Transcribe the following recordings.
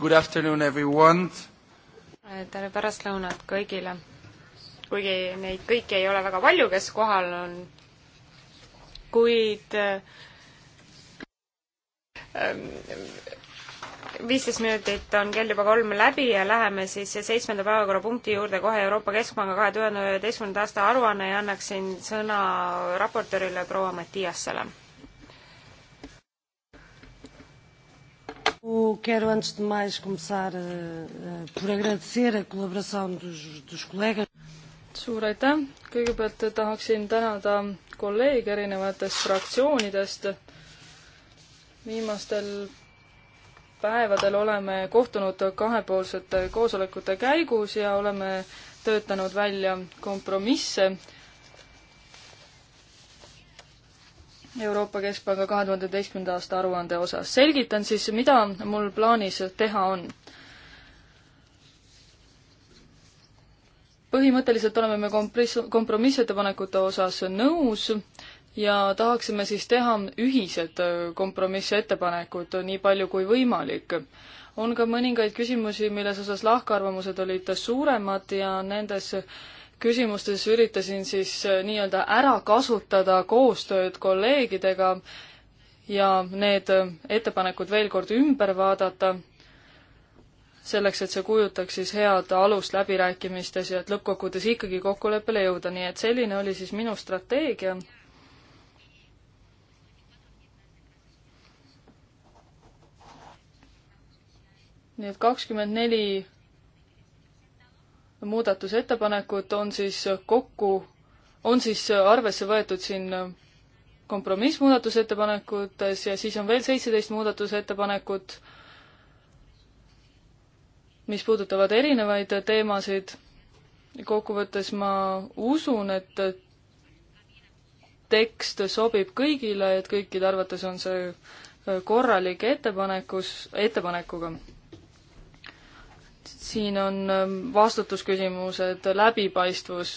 Good afternoon, everyone. tere pärastlõunat kõigile. kuigi neid kõiki ei ole väga palju, kes kohal on, kuid ähm, viisteist minutit on kell juba kolm läbi ja läheme siis seitsmenda päevakorrapunkti juurde kohe Euroopa Keskpanga kahe tuhande üheteistkümnenda aasta aruanne ja annaksin sõna raportöörile proua Mattiasele Eu quero, antes de mais, começar uh, por agradecer a colaboração dos, dos colegas. suur aitäh, kõigepealt tahaksin tänada kolleege erinevatest fraktsioonidest. viimastel päevadel oleme kohtunud kahepoolsete koosolekute käigus ja oleme töötanud välja kompromisse Euroopa Keskpanga kahe tuhande teistkümnenda aasta aruande osas. selgitan siis, mida mul plaanis teha on. põhimõtteliselt oleme me kompromiss, kompromissettepanekute osas nõus ja tahaksime siis teha ühised kompromissettepanekud nii palju kui võimalik. on ka mõningaid küsimusi, milles osas lahkarvamused olid suuremad ja nendes küsimustes üritasin siis äh, nii-öelda ära kasutada koostööd kolleegidega ja need äh, ettepanekud veel kord ümber vaadata, selleks et see kujutaks siis head alust läbirääkimistes ja et lõppkokkuvõttes ikkagi kokkuleppele jõuda, nii et selline oli siis minu strateegia nii et kakskümmend neli muudatusettepanekut on siis kokku, on siis arvesse võetud siin kompromissmuudatusettepanekutes ja siis on veel seitseteist muudatusettepanekut, mis puudutavad erinevaid teemasid. kokkuvõttes ma usun, et tekst sobib kõigile, et kõikide arvates on see korralik ettepanekus, ettepanekuga siin on ähm, vastutusküsimused, läbipaistvus,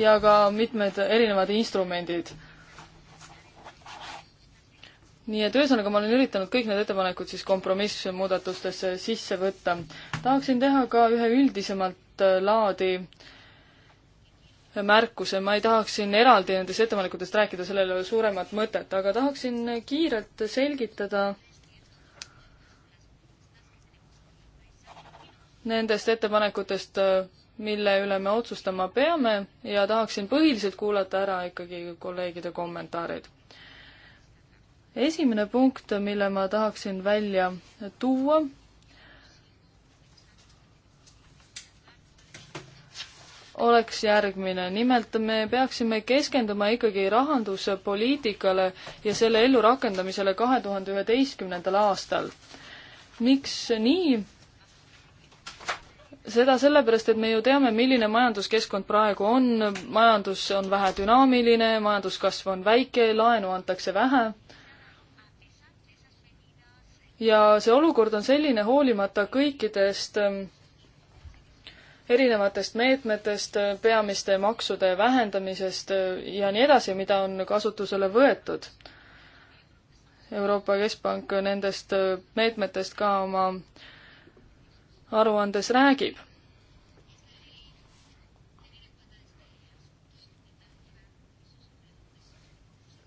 ja ka mitmed erinevad instrumendid. nii et ühesõnaga, ma olen üritanud kõik need ettepanekud siis kompromissmuudatustesse sisse võtta. tahaksin teha ka ühe üldisemalt äh, laadi äh, märkuse, ma ei tahaks siin eraldi nendest ettepanekutest rääkida, sellel ei ole suuremat mõtet, aga tahaksin kiirelt selgitada nendest ettepanekutest, mille üle me otsustama peame ja tahaksin põhiliselt kuulata ära ikkagi kolleegide kommentaarid. esimene punkt, mille ma tahaksin välja tuua, oleks järgmine. nimelt me peaksime keskenduma ikkagi rahanduspoliitikale ja selle ellurakendamisele kahe tuhande üheteistkümnendal aastal. miks nii? seda sellepärast, et me ju teame, milline majanduskeskkond praegu on, majandus on vähe dünaamiline, majanduskasv on väike, laenu antakse vähe ja see olukord on selline hoolimata kõikidest ähm, erinevatest meetmetest, peamiste maksude vähendamisest ja nii edasi, mida on kasutusele võetud. Euroopa Keskpank nendest meetmetest ka oma aruandes räägib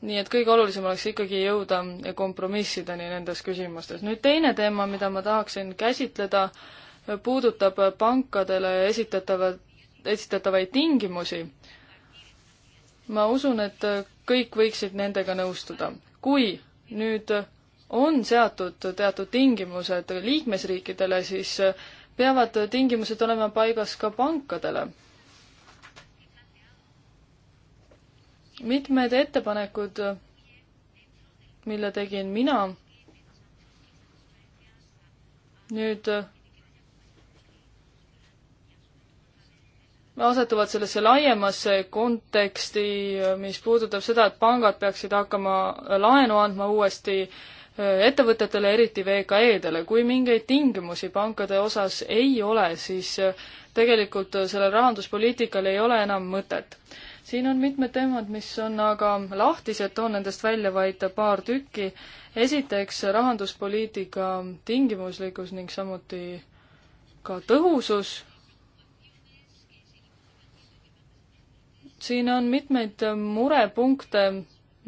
nii et kõige olulisem oleks ikkagi jõuda kompromissideni nendes küsimustes. nüüd teine teema, mida ma tahaksin käsitleda, puudutab pankadele esitatavad, esitatavaid tingimusi. ma usun, et kõik võiksid nendega nõustuda. kui nüüd on seatud teatud tingimused liikmesriikidele, siis peavad tingimused olema paigas ka pankadele. mitmed ettepanekud, mille tegin mina, nüüd asetuvad sellesse laiemasse konteksti, mis puudutab seda, et pangad peaksid hakkama laenu andma uuesti äh, ettevõtetele, eriti VKE-dele. kui mingeid tingimusi pankade osas ei ole, siis äh, tegelikult äh, sellel rahanduspoliitikal ei ole enam mõtet. siin on mitmed teemad, mis on aga lahtised, toon nendest välja vaid paar tükki. esiteks rahanduspoliitika tingimuslikkus ning samuti ka tõhusus siin on mitmeid murepunkte,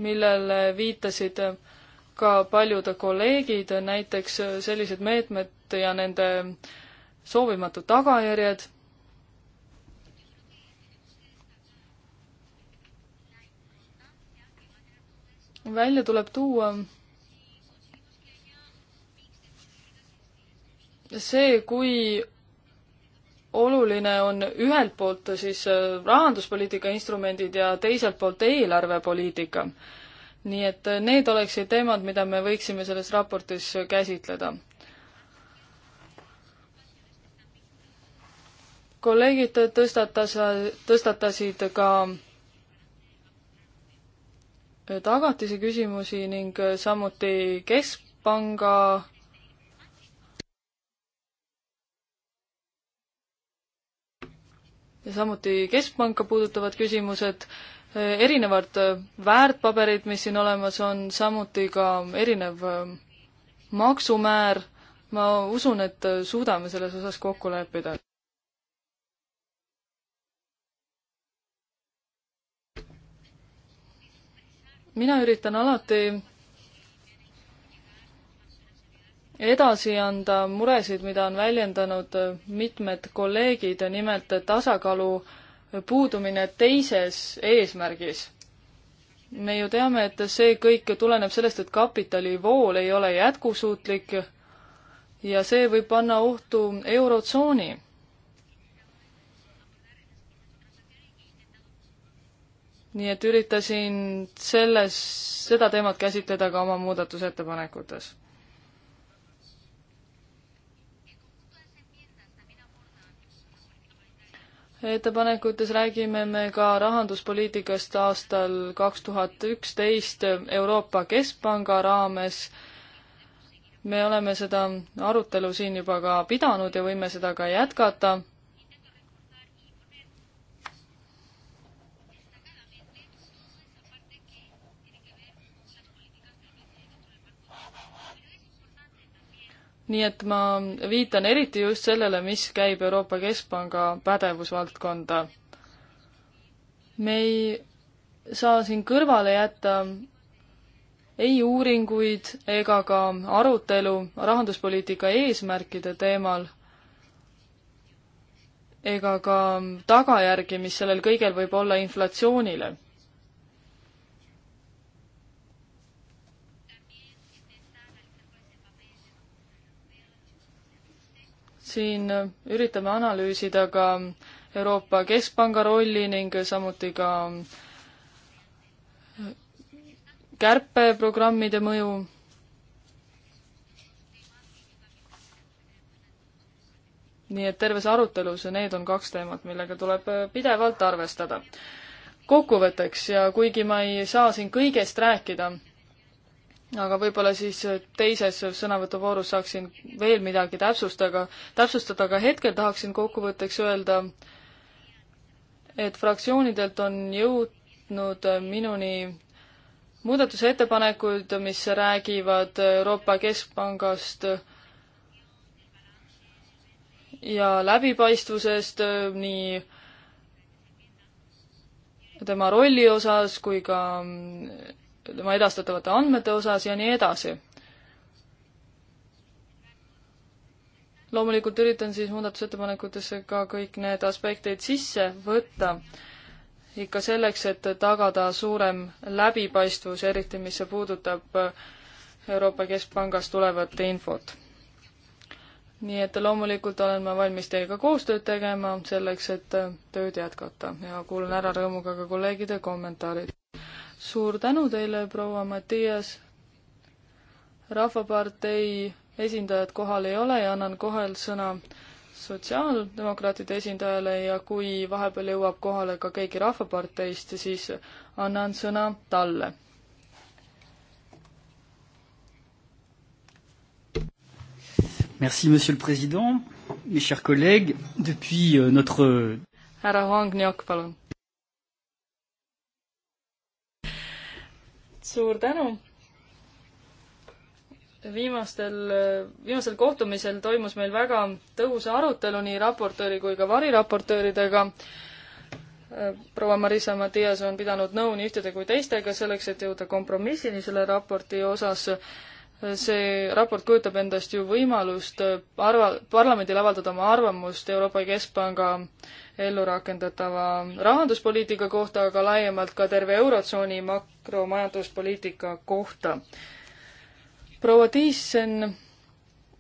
millele viitasid ka paljud kolleegid, näiteks sellised meetmed ja nende soovimatud tagajärjed välja tuleb tuua see, kui oluline on ühelt poolt siis äh, rahanduspoliitika instrumendid ja teiselt poolt eelarvepoliitika. nii et äh, need oleksid teemad, mida me võiksime selles raportis käsitleda. kolleegid tõstatas, tõstatasid ka äh, tagatise küsimusi ning samuti keskpanga samuti Keskpanka puudutavad küsimused, äh, erinevad äh, väärtpaberid, mis siin olemas on, samuti ka erinev äh, maksumäär, ma usun, et suudame selles osas kokku leppida. mina üritan alati edasi anda muresid, mida on väljendanud mitmed kolleegid, nimelt tasakaalu puudumine teises eesmärgis. me ju teame, et see kõik tuleneb sellest, et kapitalivool ei ole jätkusuutlik ja see võib panna ohtu Eurotsooni nii et üritasin selles, seda teemat käsitleda ka oma muudatusettepanekutes. ettepanekutes räägime me ka rahanduspoliitikast aastal kaks tuhat üksteist Euroopa Keskpanga raames. me oleme seda arutelu siin juba ka pidanud ja võime seda ka jätkata nii et ma viitan eriti just sellele, mis käib Euroopa Keskpanga pädevusvaldkonda. me ei saa siin kõrvale jätta ei uuringuid ega ka arutelu rahanduspoliitika eesmärkide teemal ega ka tagajärgi, mis sellel kõigel võib olla inflatsioonile siin üritame analüüsida ka Euroopa Keskpanga rolli ning samuti ka kärpeprogrammide mõju nii et terves arutelus need on kaks teemat, millega tuleb pidevalt arvestada. kokkuvõtteks ja kuigi ma ei saa siin kõigest rääkida, aga võib-olla siis äh, teises sõnavõtuvoorus saaksin veel midagi täpsustada, täpsustada, aga hetkel tahaksin kokkuvõtteks öelda, et fraktsioonidelt on jõudnud äh, minuni muudatusettepanekuid, mis räägivad Euroopa Keskpangast ja läbipaistvusest äh, nii tema rolli osas kui ka mm, tema edastatavate andmete osas ja nii edasi. loomulikult üritan siis muudatusettepanekutesse ka kõik need aspektid sisse võtta, ikka selleks, et tagada suurem läbipaistvus, eriti mis puudutab Euroopa Keskpangast tulevat infot nii et loomulikult olen ma valmis teiega koostööd tegema selleks, et tööd jätkata ja kuulan ära rõõmuga ka kolleegide kommentaarid suur tänu teile, proua Mattias. rahvapartei esindajad kohal ei ole ja annan kohal sõna sotsiaaldemokraatide esindajale ja kui vahepeal jõuab kohale ka keegi Rahvaparteist, siis annan sõna talle. Merci, monsieur le président, mes chers collègues, depuis euh, notre härra Huang Niok, palun suur tänu! viimastel, viimasel kohtumisel toimus meil väga tõhus arutelu nii raportööri kui ka variraportööridega. proua Marisa Matias on pidanud nõu nii ühtede kui teistega selleks, et jõuda kompromissini selle raporti osas see raport kujutab endast ju võimalust äh, arva-, parlamendil avaldada oma arvamust Euroopa Keskpanga ellu rakendatava rahanduspoliitika kohta, aga laiemalt ka terve Eurotsooni makromajanduspoliitika kohta. proua Thyssen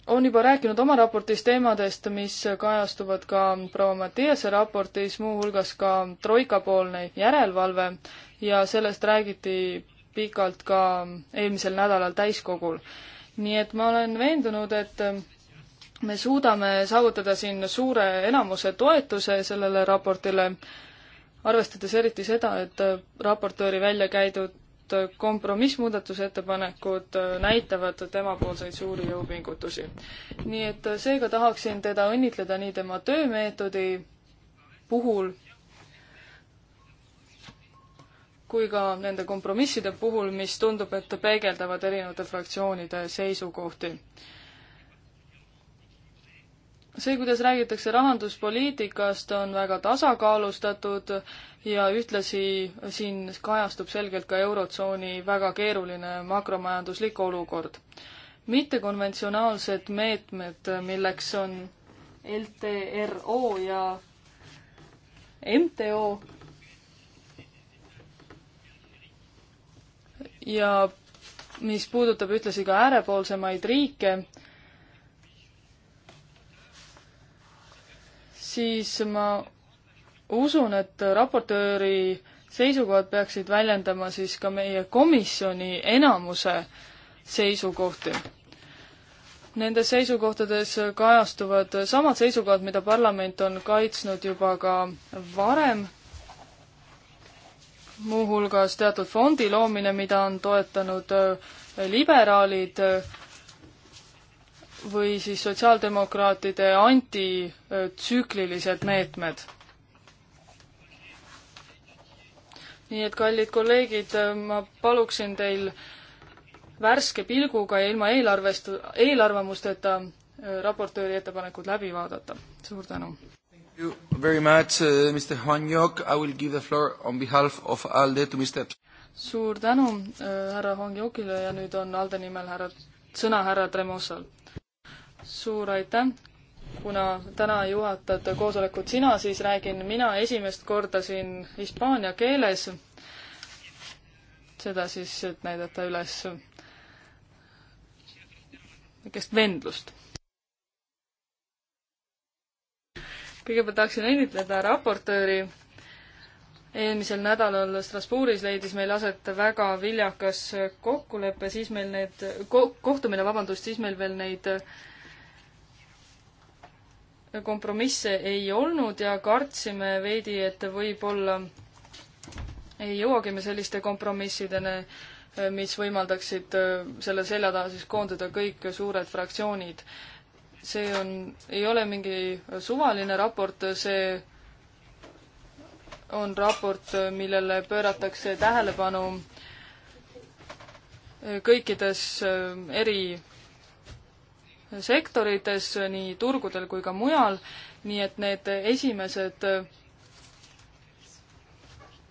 on juba rääkinud oma raportis teemadest, mis kajastuvad ka proua Mattiase raportis, muuhulgas ka troikapoolne järelevalve ja sellest räägiti pikalt ka eelmisel nädalal täiskogul. nii et ma olen veendunud, et me suudame saavutada siin suure enamuse toetuse sellele raportile, arvestades eriti seda, et raportööri välja käidud kompromissmuudatusettepanekud näitavad temapoolseid suuri jõupingutusi. nii et seega tahaksin teda õnnitleda nii tema töömeetodi puhul kui ka nende kompromisside puhul, mis tundub, et peegeldavad erinevate fraktsioonide seisukohti. see, kuidas räägitakse rahanduspoliitikast, on väga tasakaalustatud ja ühtlasi siin kajastub selgelt ka Eurotsooni väga keeruline makromajanduslik olukord. mittekonventsionaalsed meetmed, milleks on LTRO ja MTO, ja mis puudutab ühtlasi ka äärepoolsemaid riike, siis ma usun, et raportööri seisukohad peaksid väljendama siis ka meie komisjoni enamuse seisukohti. Nendes seisukohtades kajastuvad samad seisukohad, mida parlament on kaitsnud juba ka varem muuhulgas teatud fondi loomine, mida on toetanud äh, liberaalid äh, või siis sotsiaaldemokraatide antitsüklilised meetmed. nii et, kallid kolleegid, äh, ma paluksin teil värske pilguga ja ilma eelarvest, eelarvamusteta raportööri ettepanekud läbi vaadata. suur tänu! you very much uh,, Mr Honyok, I will give the floor on behalf of ALDE to Mr. suur tänu äh, härra Honyokile ja nüüd on ALDE nimel härra, sõna härra Tremosal. suur aitäh, kuna täna juhatad koosolekut sina, siis räägin mina esimest korda siin hispaania keeles. seda siis, et näidata üles väikest vendlust kõigepealt tahaksin õnnitleda raportööri. eelmisel nädalal Strasbourgis leidis meil aset väga viljakas kokkulepe, siis meil need ko-, kohtumine, vabandust, siis meil veel neid kompromisse ei olnud ja kartsime veidi, et võib-olla ei jõuagi me selliste kompromissideni, mis võimaldaksid selle selja taha siis koonduda kõik suured fraktsioonid see on, ei ole mingi suvaline raport, see on raport, millele pööratakse tähelepanu kõikides äh, eri sektorites, nii turgudel kui ka mujal, nii et need esimesed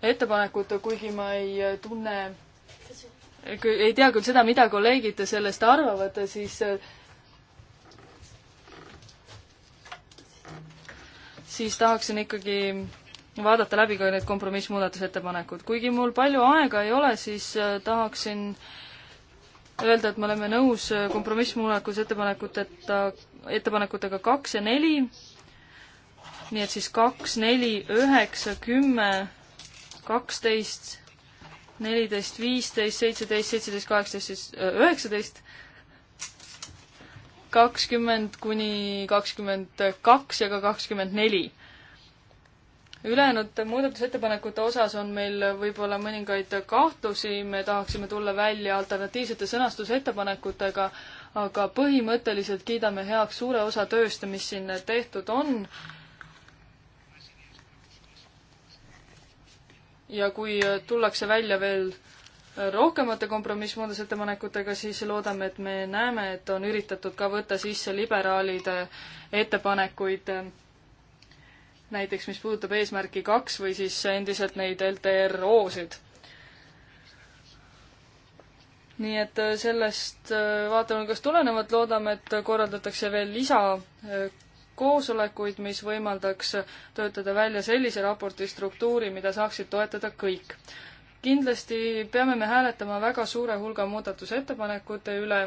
ettepanekud, kuigi ma ei äh, tunne, ei tea küll seda, mida kolleegid sellest arvavad, siis äh, siis tahaksin ikkagi vaadata läbi ka need kompromissmuudatusettepanekud. kuigi mul palju aega ei ole, siis äh, tahaksin öelda, et me oleme nõus äh, kompromissmuudatusettepanekuteta, ettepanekutega kaks ja neli, nii et siis kaks, neli, üheksa, kümme, kaksteist, neliteist, viisteist, seitseteist, seitseteist, kaheksateist, siis äh, üheksateist äh,, kakskümmend kuni kakskümmend kaks ja ka kakskümmend neli. ülejäänud muudatusettepanekute osas on meil võib-olla mõningaid kahtlusi, me tahaksime tulla välja alternatiivsete sõnastusettepanekutega, aga põhimõtteliselt kiidame heaks suure osa tööst, mis siin tehtud on. ja kui tullakse välja veel rohkemate kompromissmuudatusettepanekutega, siis loodame, et me näeme, et on üritatud ka võtta sisse liberaalide ettepanekuid, näiteks mis puudutab eesmärki kaks või siis endiselt neid LTRO-sid. nii et äh, sellest äh, vaatenurgast tulenevalt loodame, et korraldatakse veel lisa äh, koosolekuid, mis võimaldaks töötada välja sellise raporti struktuuri, mida saaksid toetada kõik kindlasti peame me hääletama väga suure hulga muudatusettepanekute üle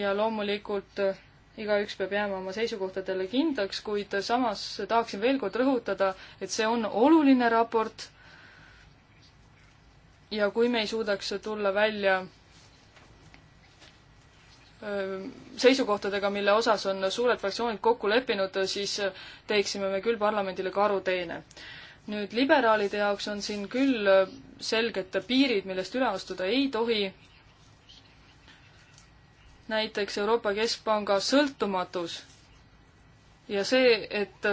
ja loomulikult äh, igaüks peab jääma oma seisukohtadele kindlaks, kuid samas tahaksin veel kord rõhutada, et see on oluline raport. ja kui me ei suudaks tulla välja äh, seisukohtadega, mille osas on suured fraktsioonid kokku leppinud, siis teeksime me küll parlamendile karuteene ka nüüd liberaalide jaoks on siin küll selged piirid, millest üle astuda ei tohi. näiteks Euroopa Keskpanga sõltumatus ja see, et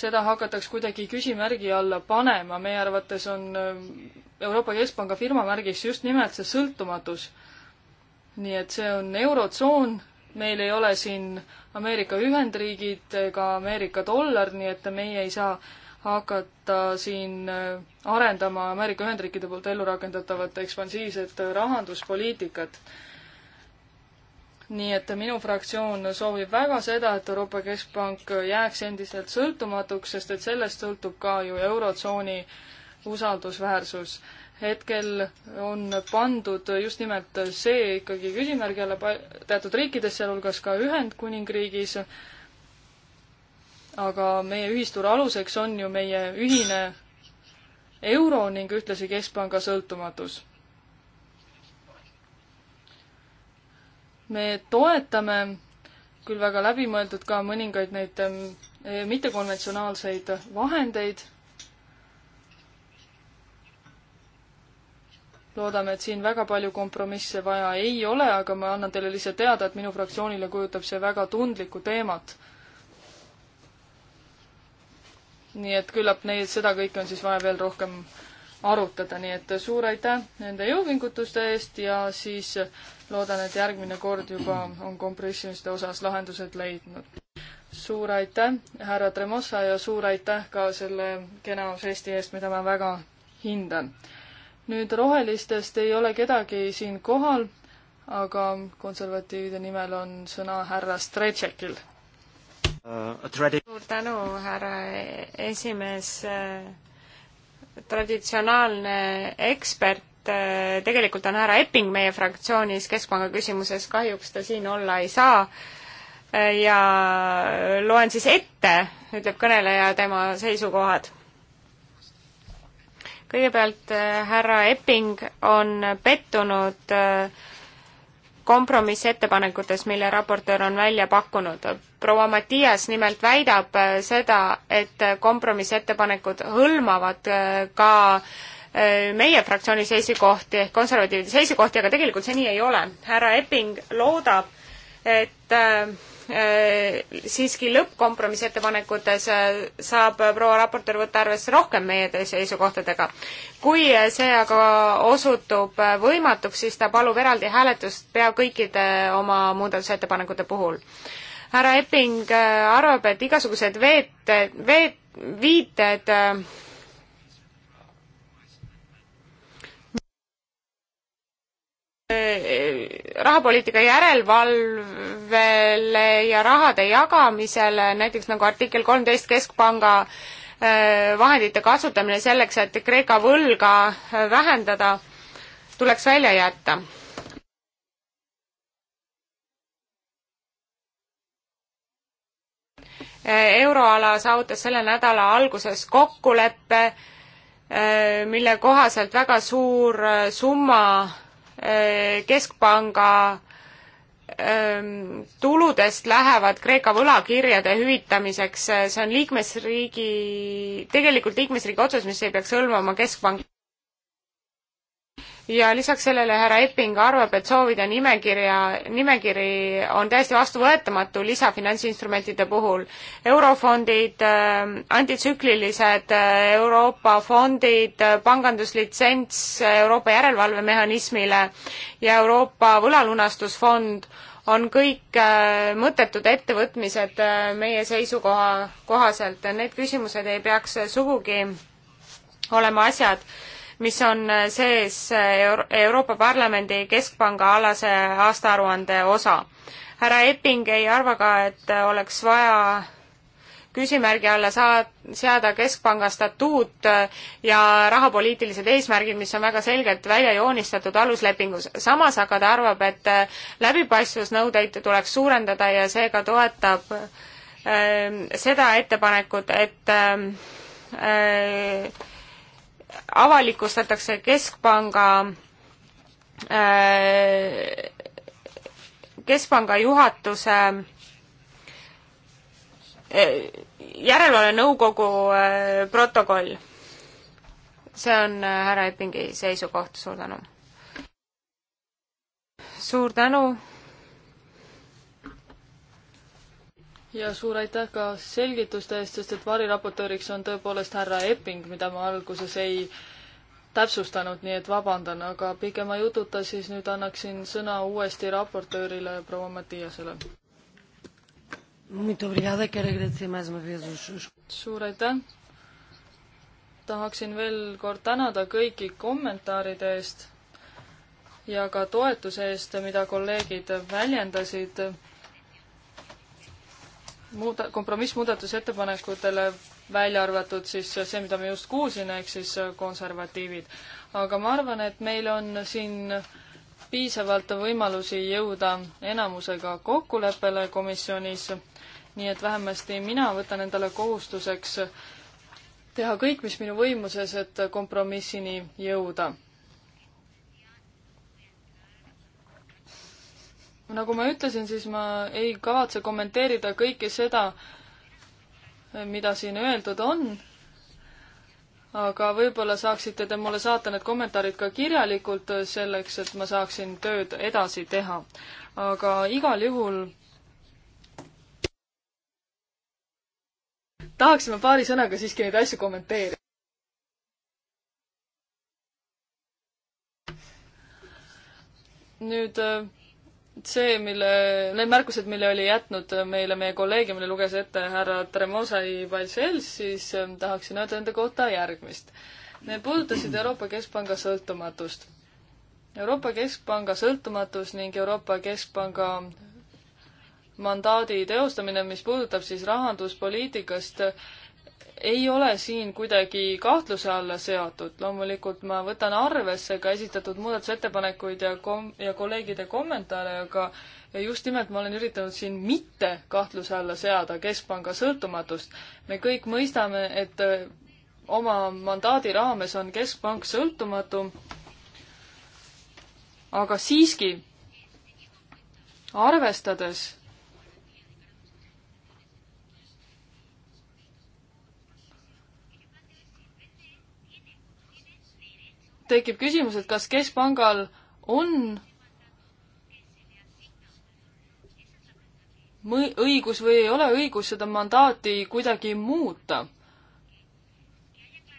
seda hakataks kuidagi küsimärgi alla panema, meie arvates on Euroopa Keskpanga firmamärgiks just nimelt see sõltumatus. nii et see on Eurotsoon, meil ei ole siin Ameerika Ühendriigid ega Ameerika dollar, nii et meie ei saa hakata siin äh, arendama Ameerika Ühendriikide poolt ellu rakendatavat ekspansiivset äh, rahanduspoliitikat. nii et minu fraktsioon soovib väga seda, et Euroopa Keskpank jääks endiselt sõltumatuks, sest et sellest sõltub ka ju Eurotsooni usaldusväärsus. hetkel on pandud just nimelt see ikkagi küsimärgi alla teatud riikides, sealhulgas ka Ühendkuningriigis, aga meie ühisturu aluseks on ju meie ühine euro ning ühtlasi keskpanga sõltumatus. me toetame küll väga läbimõeldud ka mõningaid neid ähm, eh, mittekonventsionaalseid vahendeid. loodame, et siin väga palju kompromisse vaja ei ole, aga ma annan teile lihtsalt teada, et minu fraktsioonile kujutab see väga tundlikku teemat nii et küllap neid, seda kõike on siis vaja veel rohkem arutada, nii et suur aitäh nende jõupingutuste eest ja siis loodan, et järgmine kord juba on kompromissimiste osas lahendused leidnud. suur aitäh, härra Tremosa ja suur aitäh ka selle kena žesti eest, mida ma väga hindan. nüüd rohelistest ei ole kedagi siin kohal, aga konservatiivide nimel on sõna härra Stretšekil Uh, suur tänu, härra esimees. Uh, traditsionaalne ekspert uh, tegelikult on härra Epping meie fraktsioonis Keskpanga küsimuses, kahjuks ta siin olla ei saa. ja loen siis ette, ütleb kõneleja tema seisukohad. kõigepealt härra Epping on pettunud äh, kompromissettepanekutes, mille raportöör on välja pakkunud. proua Matias nimelt väidab äh, seda, et kompromissettepanekud hõlmavad äh, ka äh, meie fraktsiooni seisukohti ehk konservatiivide seisukohti, aga tegelikult see nii ei ole. härra Epping loodab, et äh, Äh, siiski lõppkompromissettepanekutes äh, saab proua raportöör võtta arvesse rohkem meie seisukohtadega. kui äh, see aga osutub võimatuks, siis ta palub eraldi hääletust pea kõikide oma muudatusettepanekute puhul. härra Epping arvab, et igasugused veet-, veet-, viited Eh, rahapoliitika järelevalvele ja rahade jagamisele, näiteks nagu artikkel kolmteist Keskpanga eh, vahendite kasutamine selleks, et Kreeka võlga eh, vähendada, tuleks välja jätta. euroala saavutas selle nädala alguses kokkuleppe, mille kohaselt väga suur summa Äh, keskpanga ähm, tuludest lähevad Kreeka võlakirjade hüvitamiseks, äh, see on liikmesriigi, tegelikult liikmesriigi otsus, mis ei peaks hõlmama keskpank ja lisaks sellele härra Epping arvab, et soovide nimekirja, nimekiri on täiesti vastuvõetamatu lisafinantsinstrumentide puhul. eurofondid, äh, antitsüklilised äh, Euroopa fondid, äh, panganduslitsents Euroopa järelevalvemehhanismile ja Euroopa võlalunastusfond on kõik mõttetud ettevõtmised meie seisukoha kohaselt. Need küsimused ei peaks sugugi olema asjad, mis on sees Euro Euroopa Parlamendi Keskpanga alase aastaaruande osa. härra Epping ei arva ka, et oleks vaja küsimärgi alla saa-, seada Keskpanga statuut ja rahapoliitilised eesmärgid, mis on väga selgelt välja joonistatud aluslepingus. samas aga ta arvab, et läbipaistvusnõudeid tuleks suurendada ja seega toetab äh, seda ettepanekut, et ähm, äh, äh, avalikustatakse Keskpanga äh, keskpanga juhatuse äh, järelevalvenõukogu äh, protokoll. see on härra Eppingi seisukoht, suur tänu. suur tänu ja suur aitäh ka selgituste eest, sest et variraportööriks on tõepoolest härra Epping, mida ma alguses ei täpsustanud, nii et vabandan, aga pikema jututa siis nüüd annaksin sõna uuesti raportöörile proua Mattiasele. suur aitäh! tahaksin veel kord tänada kõiki kommentaaride eest ja ka toetuse eest, mida kolleegid väljendasid muuda-, kompromissmuudatusettepanekutele, välja arvatud siis see, mida me just kuulsime, ehk siis äh, konservatiivid. aga ma arvan, et meil on siin piisavalt võimalusi jõuda enamusega kokkuleppele komisjonis, nii et vähemasti mina võtan endale kohustuseks teha kõik, mis minu võimuses, et kompromissini jõuda nagu ma ütlesin, siis ma ei kavatse kommenteerida kõike seda, mida siin öeldud on, aga võib-olla saaksite te mulle saata need kommentaarid ka kirjalikult, selleks et ma saaksin tööd edasi teha. aga igal juhul tahaksime paari sõnaga siiski neid asju kommenteerida. nüüd äh, see, mille, need märkused, mille oli jätnud meile meie kolleeg ja mille luges ette härra Tremosai Valsels, siis ähm, tahaksin öelda nende kohta järgmist. Need puudutasid Euroopa Keskpanga sõltumatust. Euroopa Keskpanga sõltumatus ning Euroopa Keskpanga mandaadi teostamine, mis puudutab siis rahanduspoliitikast äh, ei ole siin kuidagi kahtluse alla seatud. loomulikult ma võtan arvesse ka esitatud muudatusettepanekuid ja kom-, ja kolleegide kommentaare, aga just nimelt ma olen üritanud siin mitte kahtluse alla seada Keskpanga sõltumatust. me kõik mõistame, et äh, oma mandaadi raames on Keskpank sõltumatu, aga siiski, arvestades tekib küsimus, et kas keskpangal on mõ-, õigus või ei ole õigus seda mandaati kuidagi muuta.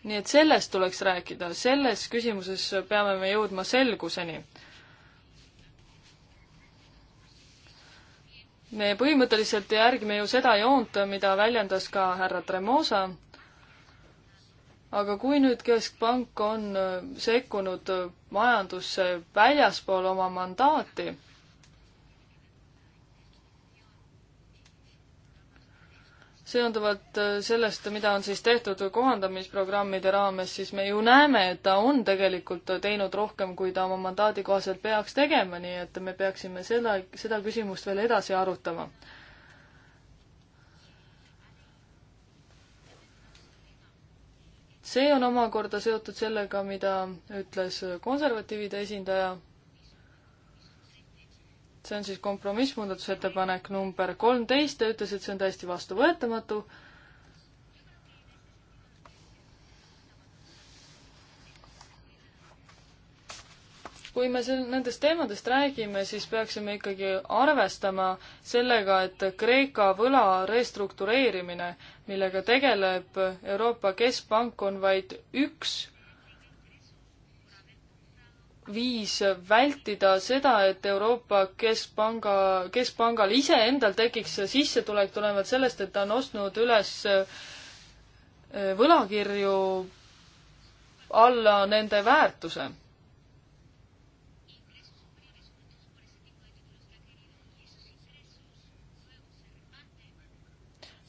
nii et sellest tuleks rääkida, selles küsimuses peame me jõudma selguseni. me põhimõtteliselt järgime ju seda joont, mida väljendas ka härra Tremosa aga kui nüüd Keskpank on äh, sekkunud äh, majandusse väljaspool oma mandaati, seonduvalt äh, sellest, mida on siis tehtud kohandamisprogrammide raames, siis me ju näeme, et ta on tegelikult teinud rohkem, kui ta oma mandaadi kohaselt peaks tegema, nii et me peaksime selle, seda küsimust veel edasi arutama. see on omakorda seotud sellega, mida ütles konservatiivide esindaja. see on siis kompromissmuudatusettepanek number kolmteist, ta ütles, et see on täiesti vastuvõetamatu kui me sel-, nendest teemadest räägime, siis peaksime ikkagi arvestama sellega, et Kreeka võla restruktureerimine, millega tegeleb Euroopa Keskpank, on vaid üks viis vältida seda, et Euroopa Keskpanga, Keskpangal iseendal tekiks sissetulek tulenevalt sellest, et ta on ostnud üles äh, võlakirju alla nende väärtuse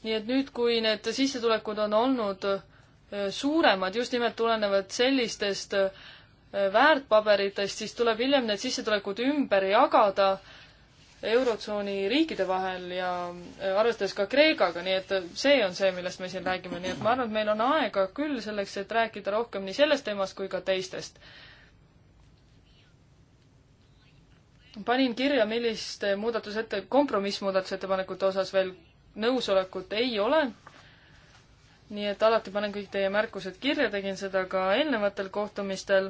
nii et nüüd, kui need sissetulekud on olnud eh, suuremad just nimelt tulenevad sellistest eh, väärtpaberitest, siis tuleb hiljem need sissetulekud ümber jagada Eurotsooni riikide vahel ja eh, arvestades ka Kreekaga, nii et see on see, millest me siin räägime, nii et ma arvan, et meil on aega küll selleks, et rääkida rohkem nii sellest teemast kui ka teistest. panin kirja, milliste muudatusette, kompromissmuudatusettepanekute osas veel nõusolekut ei ole. nii et alati panen kõik teie märkused kirja, tegin seda ka eelnevatel kohtumistel.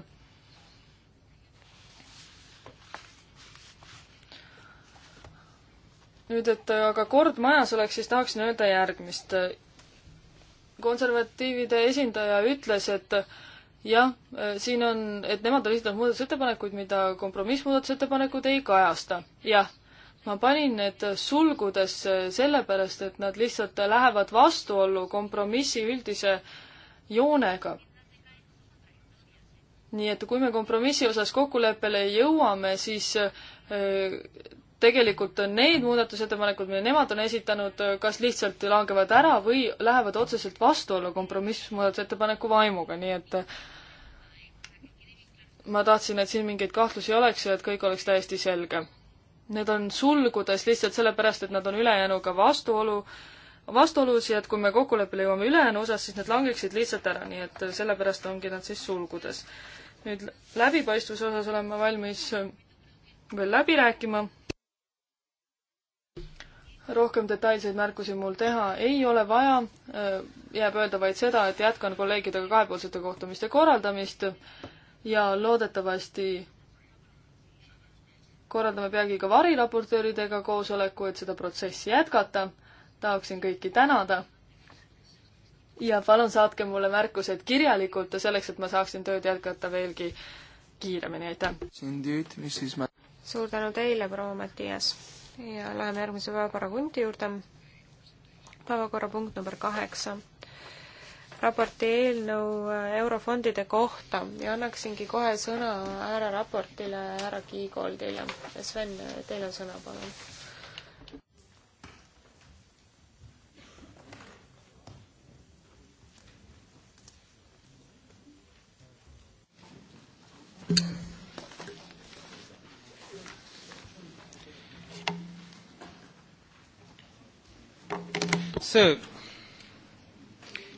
nüüd, et aga kord majas oleks, siis tahaksin öelda järgmist. konservatiivide esindaja ütles, et jah, siin on, et nemad on esitanud muudatusettepanekuid, mida kompromissmuudatusettepanekud ei kajasta. jah ma panin need sulgudesse sellepärast, et nad lihtsalt lähevad vastuollu kompromissi üldise joonega. nii et kui me kompromissi osas kokkuleppele jõuame, siis äh, tegelikult need muudatusettepanekud, mille nemad on esitanud, kas lihtsalt langevad ära või lähevad otseselt vastuollu kompromiss muudatusettepaneku vaimuga, nii et äh, ma tahtsin, et siin mingeid kahtlusi oleks ja et kõik oleks täiesti selge Need on sulgudes lihtsalt sellepärast, et nad on ülejäänuga vastuolu, vastuolus ja et kui me kokkuleppele jõuame ülejäänu osas, siis need langeksid lihtsalt ära, nii et sellepärast ongi nad siis sulgudes. nüüd läbipaistvuse osas olen ma valmis veel läbi rääkima. rohkem detailseid märkusi mul teha ei ole vaja, jääb öelda vaid seda, et jätkan kolleegidega kahepoolsete kohtumiste korraldamist ja loodetavasti korraldame peagi ka variraportööridega koosoleku, et seda protsessi jätkata. tahaksin kõiki tänada. ja palun saatke mulle märkused kirjalikult ja selleks, et ma saaksin tööd jätkata veelgi kiiremini, aitäh! suur tänu teile, proua Mattias! ja läheme järgmise päevakorrapunkti juurde. päevakorrapunkt number kaheksa raporti eelnõu äh, eurofondide kohta ja annaksingi kohe sõna härra raportile, härra Kiigoldile. Sven, teil on sõna, palun. So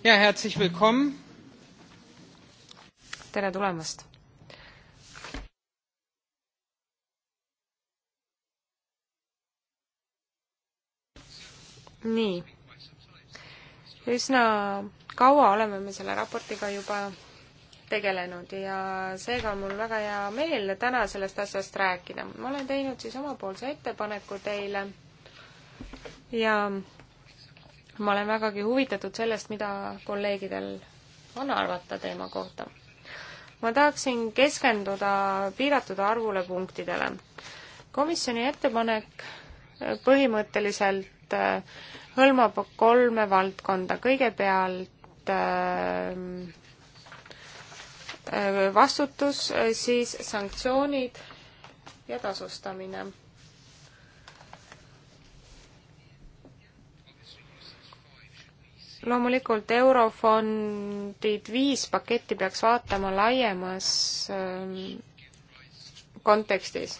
ja herzlich willkommen. tere tulemast. nii, üsna kaua oleme me selle raportiga juba tegelenud ja seega on mul väga hea meel täna sellest asjast rääkida. ma olen teinud siis omapoolse ettepaneku teile ja ma olen vägagi huvitatud sellest, mida kolleegidel on arvata teema kohta. ma tahaksin keskenduda piiratud arvule punktidele. komisjoni ettepanek põhimõtteliselt äh, hõlmab kolme valdkonda, kõigepealt äh, äh, vastutus, siis sanktsioonid ja tasustamine loomulikult Eurofondid viis paketti peaks vaatama laiemas ähm, kontekstis.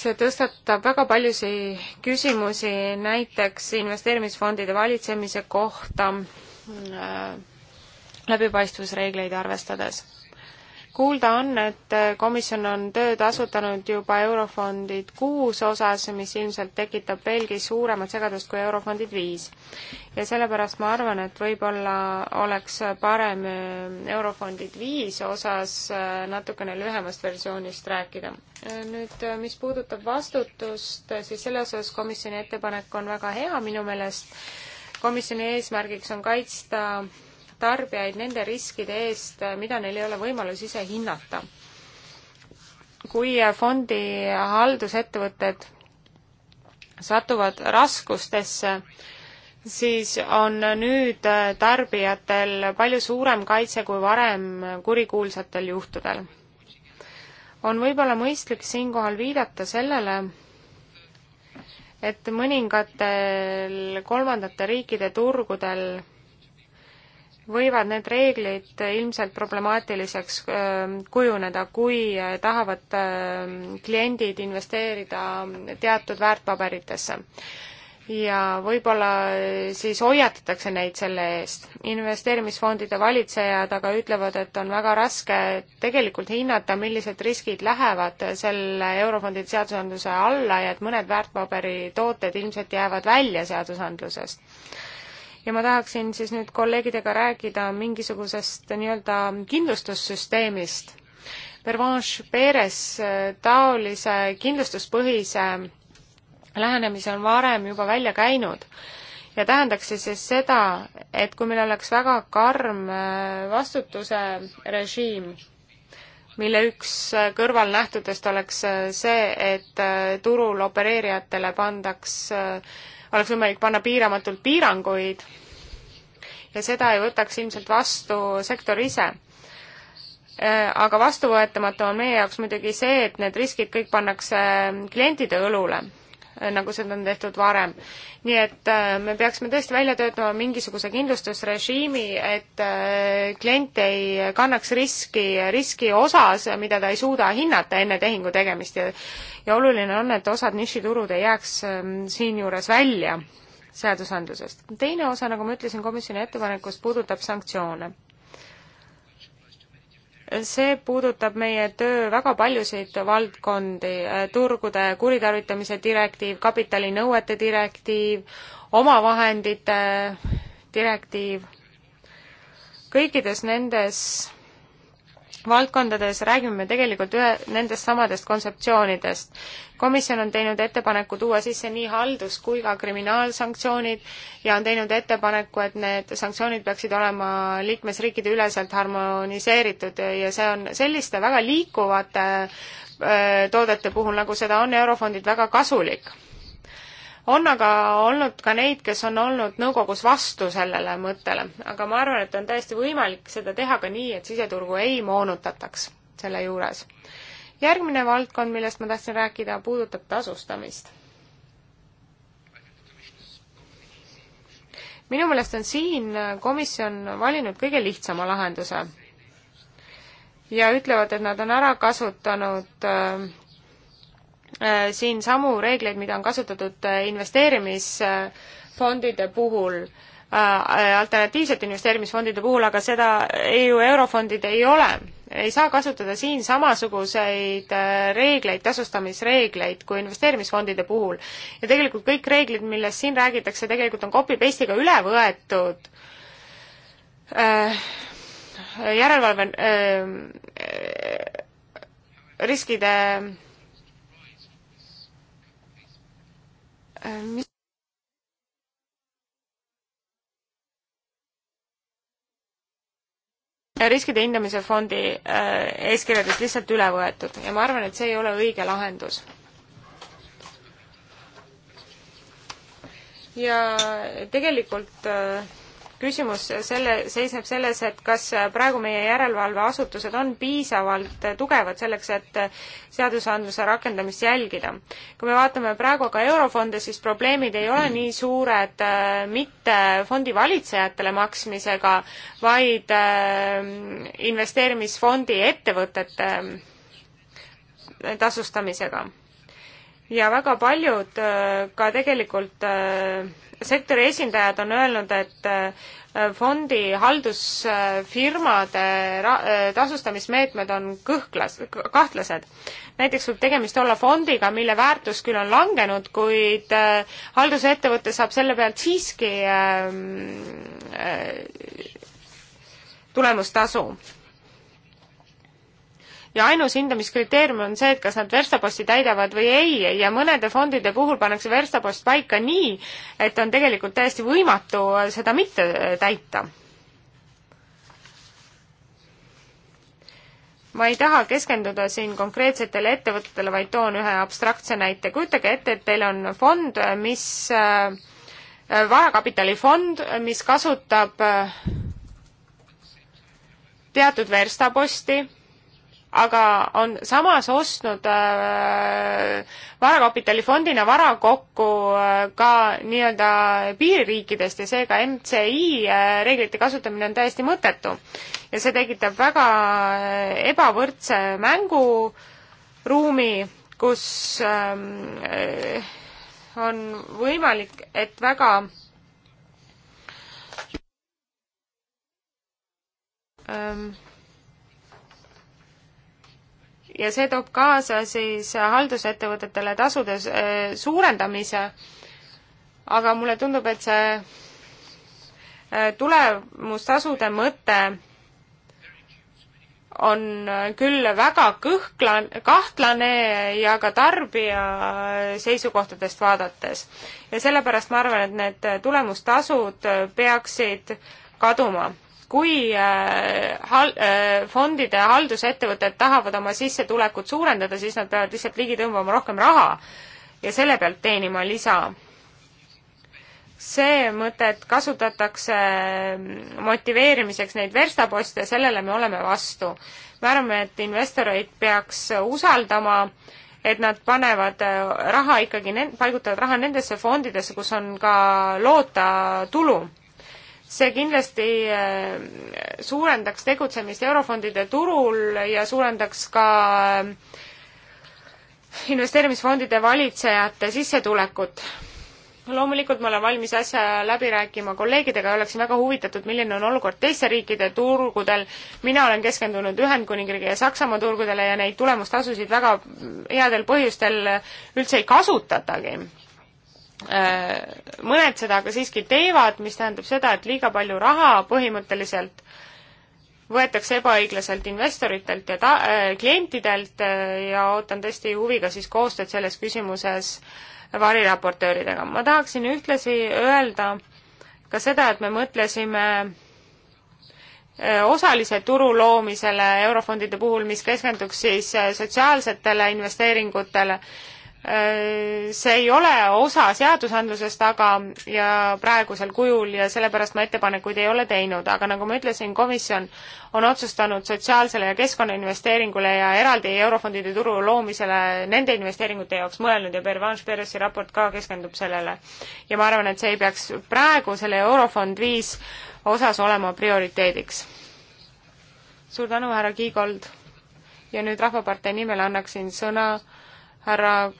see tõstatab väga paljusid küsimusi, näiteks investeerimisfondide valitsemise kohta äh, läbipaistvusreegleid arvestades kuulda on, et komisjon on tööd asutanud juba Eurofondid kuus osas, mis ilmselt tekitab veelgi suuremat segadust kui Eurofondid viis. ja sellepärast ma arvan, et võib-olla oleks parem eh, Eurofondid viis osas eh, natukene lühemast versioonist rääkida. Eh, nüüd, mis puudutab vastutust, siis selle osas komisjoni ettepanek on väga hea minu meelest. komisjoni eesmärgiks on kaitsta tarbijaid nende riskide eest, mida neil ei ole võimalus ise hinnata. kui fondi haldusettevõtted satuvad raskustesse, siis on nüüd tarbijatel palju suurem kaitse kui varem kurikuulsatel juhtudel. on võib-olla mõistlik siinkohal viidata sellele, et mõningatel kolmandate riikide turgudel võivad need reeglid ilmselt problemaatiliseks ähm, kujuneda, kui äh, tahavad ähm, kliendid investeerida teatud väärtpaberitesse. ja võib-olla äh, siis hoiatatakse neid selle eest. investeerimisfondide valitsejad aga ütlevad, et on väga raske tegelikult hinnata, millised riskid lähevad selle eurofondide seadusandluse alla ja et mõned väärtpaberitooted ilmselt jäävad välja seadusandlusest ja ma tahaksin siis nüüd kolleegidega rääkida mingisugusest nii-öelda kindlustussüsteemist. Pervanche Perez äh, taolise kindlustuspõhise lähenemise on varem juba välja käinud ja tähendaks see siis seda, et kui meil oleks väga karm äh, vastutuse režiim, mille üks äh, kõrvalnähtudest oleks see, et turul opereerijatele pandaks oleks võimalik panna piiramatult piiranguid ja seda ei võtaks ilmselt vastu sektor ise. Äh, aga vastuvõetamatu on meie jaoks muidugi see, et need riskid kõik pannakse klientide õlule Äh, nagu seda on tehtud varem. nii et äh, me peaksime tõesti välja töötama mingisuguse kindlustusrežiimi, et äh, klient ei kannaks riski, riski osas, mida ta ei suuda hinnata enne tehingu tegemist ja ja oluline on, et osad nišiturud ei jääks ähm, siinjuures välja seadusandlusest. teine osa, nagu ma ütlesin, komisjoni ettepanekust puudutab sanktsioone see puudutab meie töö väga paljusid valdkondi, turgude kuritarvitamise direktiiv, kapitalinõuete direktiiv, omavahendite direktiiv, kõikides nendes valdkondades räägime me tegelikult ühe nendest samadest kontseptsioonidest. komisjon on teinud ettepaneku tuua sisse nii haldus kui ka kriminaalsanktsioonid ja on teinud ettepaneku, et need sanktsioonid peaksid olema liikmesriikide üleselt harmoniseeritud ja see on selliste väga liikuvate äh, toodete puhul, nagu seda on Eurofondid, väga kasulik on aga olnud ka neid, kes on olnud nõukogus vastu sellele mõttele, aga ma arvan, et on täiesti võimalik seda teha ka nii, et siseturgu ei moonutataks selle juures. järgmine valdkond, millest ma tahtsin rääkida, puudutab tasustamist minu meelest on siin komisjon valinud kõige lihtsama lahenduse ja ütlevad, et nad on ära kasutanud äh, Äh, siin samu reegleid, mida on kasutatud äh, investeerimisfondide puhul, äh, alternatiivsete investeerimisfondide puhul, aga seda ju e eurofondid ei ole. ei saa kasutada siin samasuguseid reegleid, tasustamisreegleid kui investeerimisfondide puhul. ja tegelikult kõik reeglid, millest siin räägitakse, tegelikult on copy-paste'iga üle võetud äh, järelevalve äh, riskide äh, mis riskide hindamise fondi äh, eeskirjadest lihtsalt üle võetud ja ma arvan, et see ei ole õige lahendus. ja tegelikult äh, küsimus selle, seisneb selles, et kas praegu meie järelevalveasutused on piisavalt tugevad selleks, et seadusandluse rakendamist jälgida. kui me vaatame praegu aga eurofonde, siis probleemid ei ole nii suured äh, mitte fondivalitsejatele maksmisega, vaid äh, investeerimisfondi ettevõtete äh, tasustamisega ja väga paljud äh, ka tegelikult äh, sektori esindajad on öelnud, et äh, fondi haldusfirmade tasustamismeetmed on kõhklas, kahtlased. näiteks võib tegemist olla fondiga, mille väärtus küll on langenud, kuid haldusettevõte saab selle pealt siiski ähm, tulemustasu ja ainus hindamiskriteerium on see, et kas nad verstaposti täidavad või ei ja mõnede fondide puhul pannakse verstapost paika nii, et on tegelikult täiesti võimatu seda mitte täita. ma ei taha keskenduda siin konkreetsetele ettevõtetele, vaid toon ühe abstraktse näite. kujutage ette, et teil on fond, mis äh, varakapitalifond, mis kasutab äh, teatud verstaposti aga on samas ostnud äh, varakapitalifondina vara kokku äh, ka nii-öelda piiririikidest ja seega MCI äh, reeglite kasutamine on täiesti mõttetu. ja see tekitab väga äh, ebavõrdse mänguruumi, kus ähm, äh, on võimalik, et väga ähm, ja see toob kaasa siis haldusettevõtetele tasude äh, suurendamise, aga mulle tundub, et see äh, tulemustasude mõte on äh, küll väga kõhklan-, kahtlane ja ka tarbija seisukohtadest vaadates. ja sellepärast ma arvan, et need tulemustasud peaksid kaduma kui äh, hal-, äh, fondide haldusettevõtted tahavad oma sissetulekut suurendada, siis nad peavad lihtsalt ligi tõmbama rohkem raha ja selle pealt teenima lisa. see mõte, et kasutatakse ähm, motiveerimiseks neid verstaposte, sellele me oleme vastu. me arvame, et investoreid peaks usaldama et nad panevad äh, raha ikkagi, paigutavad raha nendesse fondidesse, kus on ka loota tulu see kindlasti äh, suurendaks tegutsemist eurofondide turul ja suurendaks ka äh, investeerimisfondide valitsejate sissetulekut. loomulikult ma olen valmis asja läbi rääkima kolleegidega ja oleksin väga huvitatud, milline on olukord teiste riikide turgudel. mina olen keskendunud Ühendkuningriigi ja Saksamaa turgudele ja neid tulemustasusid väga headel põhjustel üldse ei kasutatagi Äh, mõned seda aga siiski teevad, mis tähendab seda, et liiga palju raha põhimõtteliselt võetakse ebaõiglaselt investoritelt ja ta- äh,, klientidelt äh, ja ootan tõesti huviga siis koostööd selles küsimuses variraportööridega. ma tahaksin ühtlasi öelda ka seda, et me mõtlesime äh, osalise turu loomisele eurofondide puhul, mis keskenduks siis sotsiaalsetele investeeringutele see ei ole osa seadusandlusest, aga ja praegusel kujul ja sellepärast ma ettepanekuid ei ole teinud, aga nagu ma ütlesin, komisjon on otsustanud sotsiaalsele ja keskkonnainvesteeringule ja eraldi eurofondide turu loomisele nende investeeringute jaoks mõelnud ja Pervanche Peresi raport ka keskendub sellele. ja ma arvan, et see ei peaks praegu selle Eurofond viis osas olema prioriteediks. suur tänu, härra Kiigold! ja nüüd Rahvapartei nimel annaksin sõna härra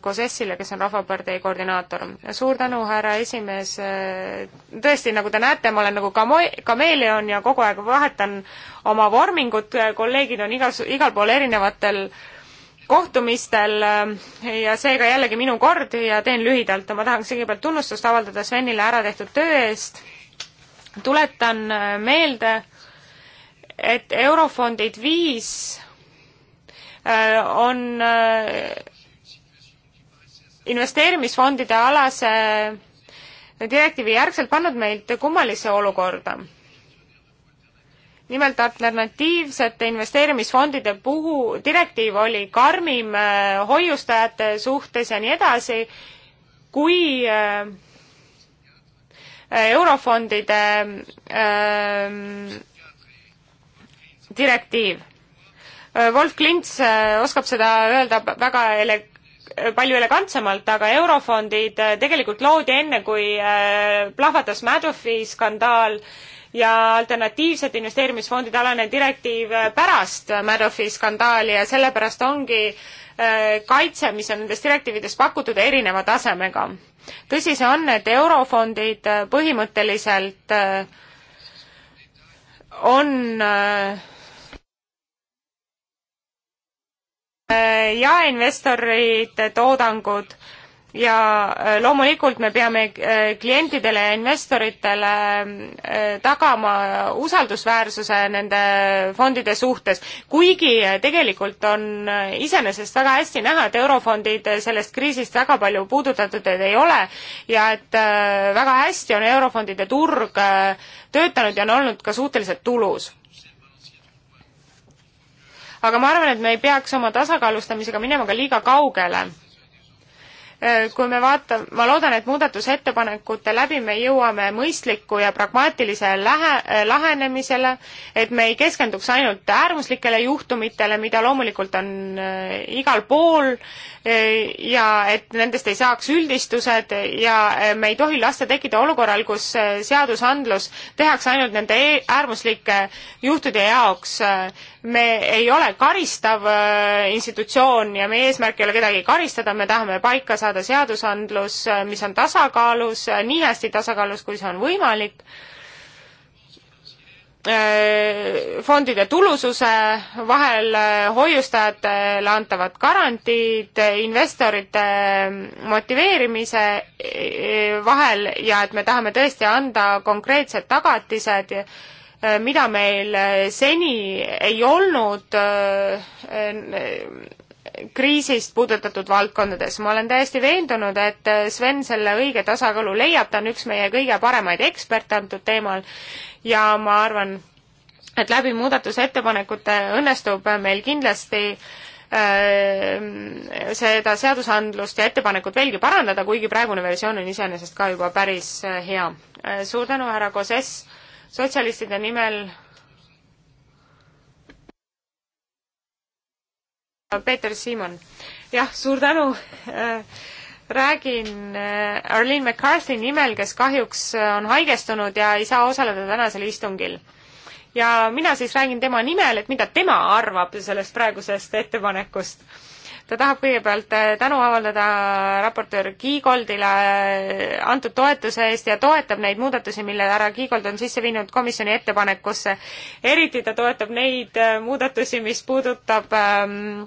Kosessile, äh, kes on Rahvapartei koordinaator. suur tänu, härra esimees, äh, tõesti, nagu te näete, ma olen nagu kamo-, kameeleon ja kogu aeg vahetan oma vormingut, kolleegid on igas, igal pool erinevatel kohtumistel äh, ja seega jällegi minu kord ja teen lühidalt. ma tahaks kõigepealt tunnustust avaldada Svenile ära tehtud töö eest, tuletan meelde, et Eurofondid viis Äh, on äh, investeerimisfondide alase direktiivi järgselt pannud meid kummalisse olukorda. nimelt alternatiivsete investeerimisfondide puhu direktiiv oli karmim äh, hoiustajate suhtes ja nii edasi, kui eurofondide ähm, direktiiv Äh, Wolf Klints äh, oskab seda öelda väga ele-, palju elegantsemalt, aga eurofondid äh, tegelikult loodi enne, kui plahvatas Madoffi skandaal ja alternatiivsete investeerimisfondide alane direktiiv pärast Madoffi skandaali ja sellepärast ongi kaitse, mis on nendes direktiivides pakutud, erineva tasemega. tõsi see on, et eurofondid põhimõtteliselt on äh, Äh, jaeinvestorite toodangud ja äh, loomulikult me peame äh, klientidele ja investoritele tagama usaldusväärsuse nende fondide suhtes, kuigi tegelikult on iseenesest väga hästi näha, et eurofondid sellest kriisist väga palju puudutatud ei ole ja et väga hästi on eurofondide turg töötanud ja on olnud ka suhteliselt tulus aga ma arvan, et me ei peaks oma tasakaalustamisega minema ka liiga kaugele. Äh, kui me vaatame, ma loodan, et muudatusettepanekute läbi me jõuame mõistliku ja pragmaatilise lähe-, äh, lahenemisele, et me ei keskenduks ainult äärmuslikele juhtumitele, mida loomulikult on äh, igal pool äh, ja et nendest ei saaks üldistused ja eh, me ei tohi lasta tekkida olukorral, kus eh, seadusandlus tehakse ainult nende e-, äärmuslike juhtude jaoks. me ei ole karistav eh, institutsioon ja meie eesmärk ei ole kedagi karistada, me tahame paika saada seadusandlus, mis on tasakaalus, nii hästi tasakaalus, kui see on võimalik Äh, fondide tulususe vahel äh, hoiustajatele antavad garantiid, investorite motiveerimise äh, vahel ja et me tahame tõesti anda konkreetsed tagatised, mida meil seni ei olnud kriisist puudutatud valdkondades. ma olen täiesti veendunud, et Sven selle õige tasakaalu leiab, ta on üks meie kõige paremaid eksperte antud teemal ja ma arvan, et läbi muudatusettepanekute õnnestub meil kindlasti äh, seda seadusandlust ja ettepanekut veelgi parandada, kuigi praegune versioon on iseenesest ka juba päris äh, hea. Äh, suur tänu, härra Koses, sotsialistide nimel Peeter Siimon. jah, suur tänu räägin äh, Arlene McCarthy nimel, kes kahjuks äh, on haigestunud ja ei saa osaleda tänasel istungil. ja mina siis räägin tema nimel, et mida tema arvab sellest praegusest ettepanekust ta tahab kõigepealt äh, tänu avaldada raportöör Kiigoldile antud toetuse eest ja toetab neid muudatusi, mille härra Kiigold on sisse viinud komisjoni ettepanekusse. eriti ta toetab neid muudatusi, mis puudutab ähm,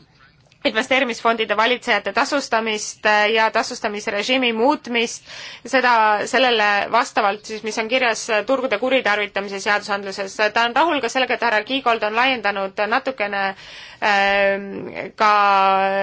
investeerimisfondide valitsejate tasustamist äh, ja tasustamisrežiimi muutmist, seda, sellele vastavalt siis, mis on kirjas äh, turgude kuritarvitamise seadusandluses. ta on rahul ka sellega, et härra Kiigold on laiendanud natukene äh, ka äh,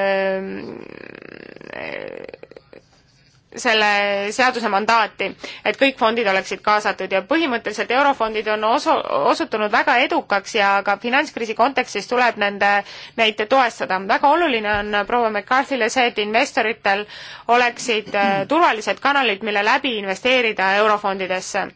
selle seaduse mandaati, et kõik fondid oleksid kaasatud ja põhimõtteliselt eurofondid on osu-, osutunud väga edukaks ja ka finantskriisi kontekstis tuleb nende, neid toestada. väga oluline on proua McCarthy'le see, et investoritel oleksid äh, turvalised kanalid, mille läbi investeerida eurofondidesse.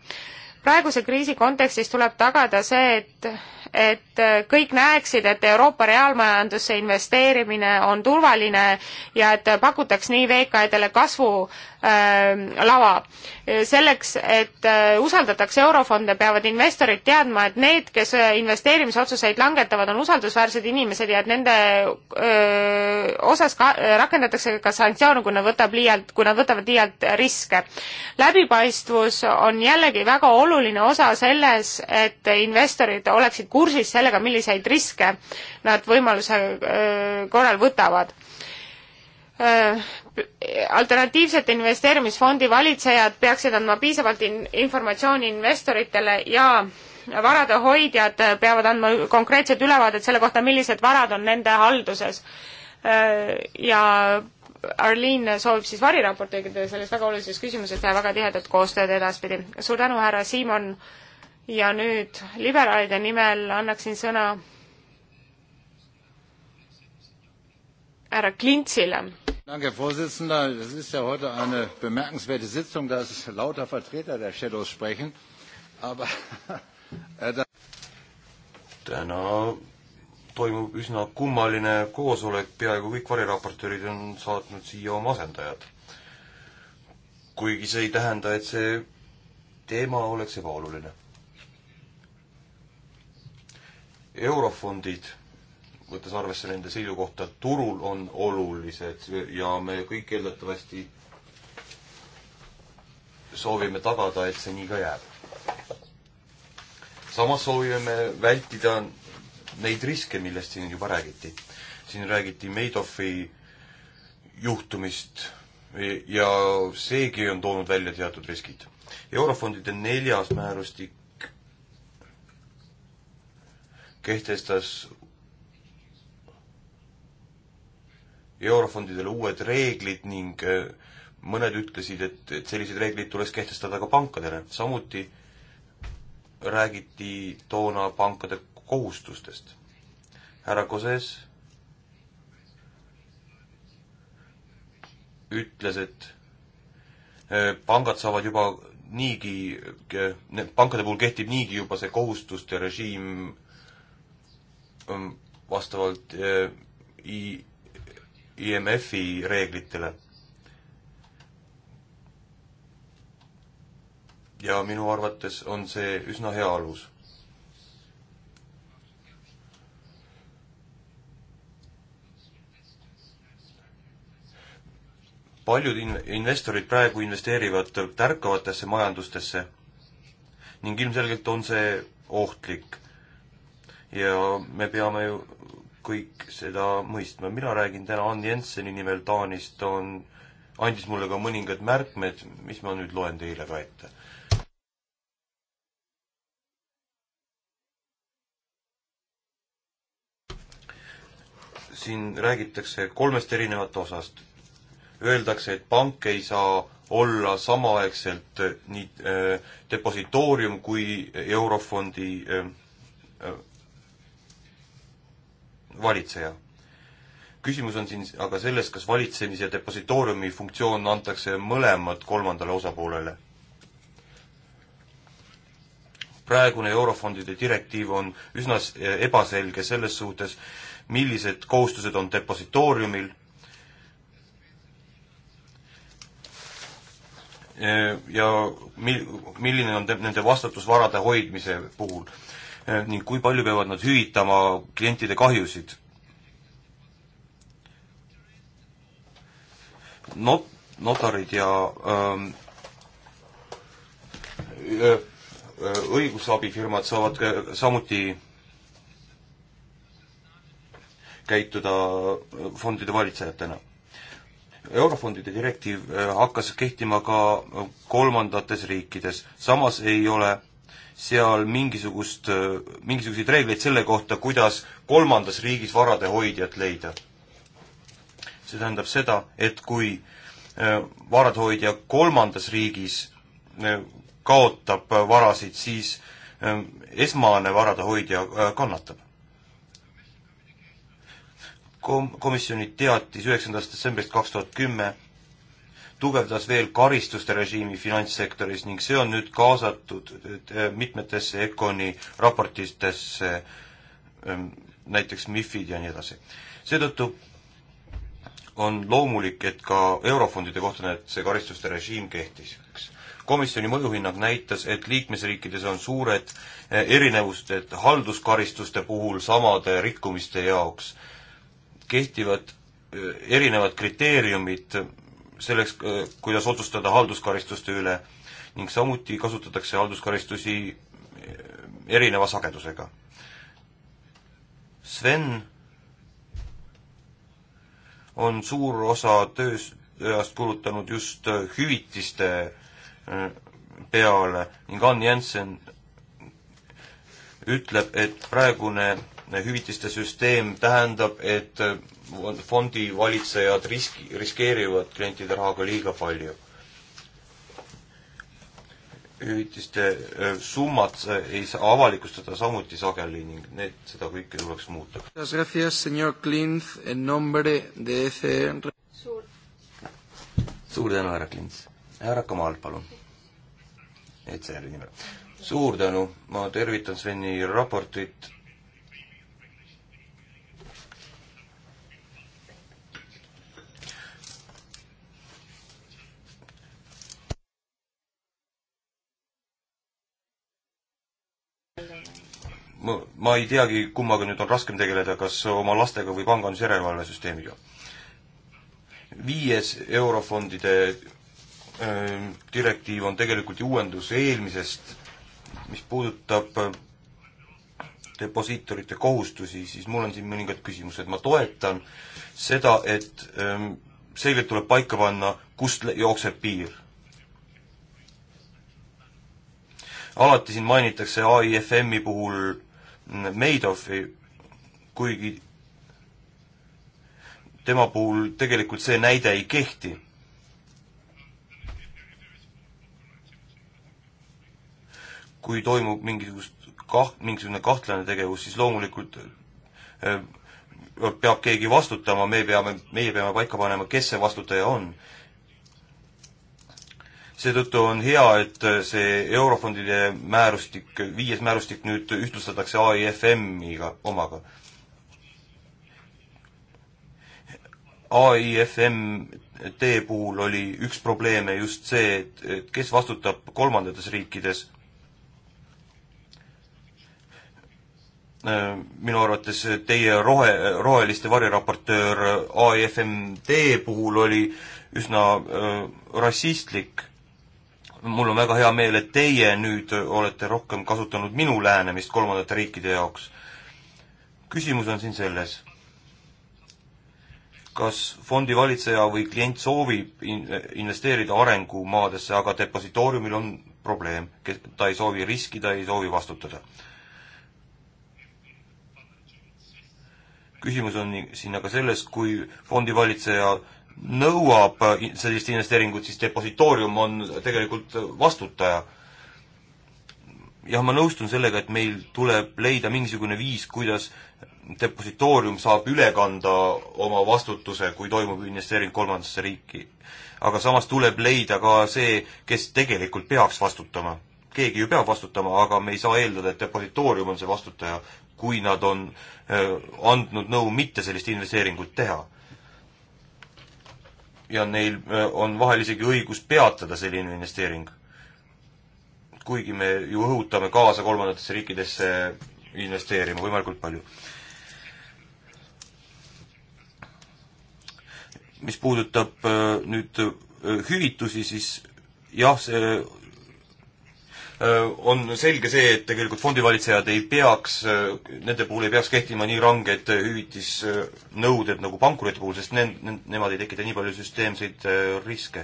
praeguse kriisi kontekstis tuleb tagada see, et et äh, kõik näeksid, et Euroopa reaalmajandusse investeerimine on turvaline ja et pakutaks nii VKD-le kasvulava ähm, äh,. selleks, et äh, usaldatakse eurofonde, peavad investorid teadma, et need, kes äh, investeerimisotsuseid langetavad, on usaldusväärsed inimesed ja et nende öö, äh, osas ka, rakendatakse ka sanktsioone, kui nad võtab liialt, kui nad võtavad liialt riske. läbipaistvus on jällegi väga oluline osa selles, et investorid oleksid kursis kursis sellega, milliseid riske nad võimaluse korral võtavad alternatiivsete investeerimisfondi valitsejad peaksid andma piisavalt in informatsiooni investoritele ja varade hoidjad peavad andma konkreetsed ülevaadet selle kohta, millised varad on nende halduses. ja Arliin soovib siis variraportööridele selles väga olulises küsimuses teha väga tihedat koostööd edaspidi. suur tänu, härra Siimon ja nüüd liberaalide nimel annaksin sõna härra Klintsile. Danke, Vorsitzender. Das ist ja heute eine bemerkenswerte Sitzung, dass lauter Vertreter der Shadows sprechen. Aber äh, täna toimub üsna kummaline koosolek, peaaegu kõik variraportöörid on saatnud siia oma asendajad. kuigi see ei tähenda, et see teema oleks ebaoluline eurofondid, võttes arvesse nende seisukohta, turul on olulised ja me kõik eeldatavasti soovime tagada, et see nii ka jääb. samas soovime vältida neid riske, millest siin juba räägiti. siin räägiti Madoffi juhtumist ja seegi on toonud välja teatud riskid. eurofondide neljas määrustik kehtestas eurofondidele uued reeglid ning äh, mõned ütlesid, et, et sellised reeglid tuleks kehtestada ka pankadele. samuti räägiti toona pankade kohustustest. härra Koses ütles, et äh, pangad saavad juba niigi, äh, pankade puhul kehtib niigi juba see kohustuste režiim Ähm, vastavalt äh, I-, IMF-i reeglitele. ja minu arvates on see üsna hea alus paljud in-, investorid praegu investeerivad tärkavatesse majandustesse ning ilmselgelt on see ohtlik ja me peame ju kõik seda mõistma. mina räägin täna Ann Jenseni nimel Taanist, ta on, andis mulle ka mõningad märkmed, mis ma nüüd loen teile ka ette. siin räägitakse kolmest erinevat osast. Öeldakse, et pank ei saa olla samaaegselt nii äh, depositoorium kui Eurofondi äh, äh valitseja. küsimus on siin aga selles, kas valitsemise ja depositooriumi funktsioon antakse mõlemad kolmandale osapoolele. praegune eurofondide direktiiv on üsna ebaselge selles suhtes, millised kohustused on depositooriumil ja mil-, milline on te-, nende vastutus varade hoidmise puhul. Eh, ning kui palju peavad nad hüvitama klientide kahjusid? Not-, notarid ja ähm, õigusabifirmad saavad samuti käituda äh, fondide valitsejatena. eurofondide direktiiv äh, hakkas kehtima ka kolmandates riikides, samas ei ole seal mingisugust, mingisuguseid reegleid selle kohta, kuidas kolmandas riigis varade hoidjat leida. see tähendab seda, et kui äh, varade hoidja kolmandas riigis äh, kaotab varasid, siis äh, esmane varade hoidja kannatab. Kom-, komisjoni teatis üheksandast detsembrist kaks tuhat kümme tugevdas veel karistuste režiimi finantssektoris ning see on nüüd kaasatud eh, mitmetesse ECONi raportitesse, ehm, näiteks MIFID ja nii edasi. seetõttu on loomulik, et ka eurofondide kohta need, see karistuste režiim kehtis, eks. komisjoni mõjuhinnang näitas, et liikmesriikides on suured eh, erinevused halduskaristuste puhul samade rikkumiste jaoks. kehtivad eh, erinevad kriteeriumid selleks, äh, kuidas otsustada halduskaristuste üle ning samuti kasutatakse halduskaristusi äh, erineva sagedusega. Sven on suur osa töös, ajast kulutanud just äh, hüvitiste peale ning Ann Jensen ütleb, et praegune hüvitiste süsteem tähendab, et fondi valitsejad riski, riskeerivad klientide rahaga liiga palju. hüvitiste äh, summad ei saa avalikustada samuti sageli ning need, seda kõike tuleks muuta. suur, suur tänu, härra Klints. härra Kamal, palun. ECR-i nimel. suur tänu, ma tervitan Sveni raportit ma, ma ei teagi, kummaga nüüd on raskem tegeleda, kas oma lastega või pangandusjärelevalvesüsteemiga. viies eurofondide direktiiv on tegelikult ju uuendus eelmisest, mis puudutab deposiitorite kohustusi, siis mul on siin mõningad küsimused, ma toetan seda, et selgelt tuleb paika panna, kust jookseb piir alati siin mainitakse AIFM-i puhul Meidoffi, kuigi tema puhul tegelikult see näide ei kehti. kui toimub mingisugust kaht-, mingisugune kahtlane tegevus, siis loomulikult äh, peab keegi vastutama, me peame, meie peame paika panema, kes see vastutaja on seetõttu on hea, et see Eurofondide määrustik, viies määrustik nüüd ühtlustatakse AIFM-iga, omaga. AIFMT puhul oli üks probleeme just see, et, et kes vastutab kolmandates riikides. minu arvates teie rohe, roheliste variraportöör AIFMT puhul oli üsna äh, rassistlik mul on väga hea meel, et teie nüüd olete rohkem kasutanud minu lähenemist kolmandate riikide jaoks. küsimus on siin selles, kas fondi valitseja või klient soovib in-, investeerida arengumaadesse, aga depositooriumil on probleem, kes, ta ei soovi riskida, ei soovi vastutada. küsimus on siin aga selles, kui fondi valitseja nõuab äh, sellist investeeringut, siis depositoorium on tegelikult äh, vastutaja. jah, ma nõustun sellega, et meil tuleb leida mingisugune viis, kuidas depositoorium saab üle kanda oma vastutuse, kui toimub investeering kolmandasse riiki. aga samas tuleb leida ka see, kes tegelikult peaks vastutama. keegi ju peab vastutama, aga me ei saa eeldada, et depositoorium on see vastutaja, kui nad on äh, andnud nõu mitte sellist investeeringut teha ja neil äh, on vahel isegi õigus peatada selline investeering. kuigi me ju õhutame kaasa kolmandatesse riikidesse investeerima võimalikult palju. mis puudutab äh, nüüd äh, hüvitusi, siis jah, see Äh, on selge see, et tegelikult fondivalitsejad ei peaks, äh, nende puhul ei peaks kehtima nii ranged äh, hüvitisnõuded nagu pankurite puhul, sest ne-, ne-, nemad ei tekita nii palju süsteemseid riske.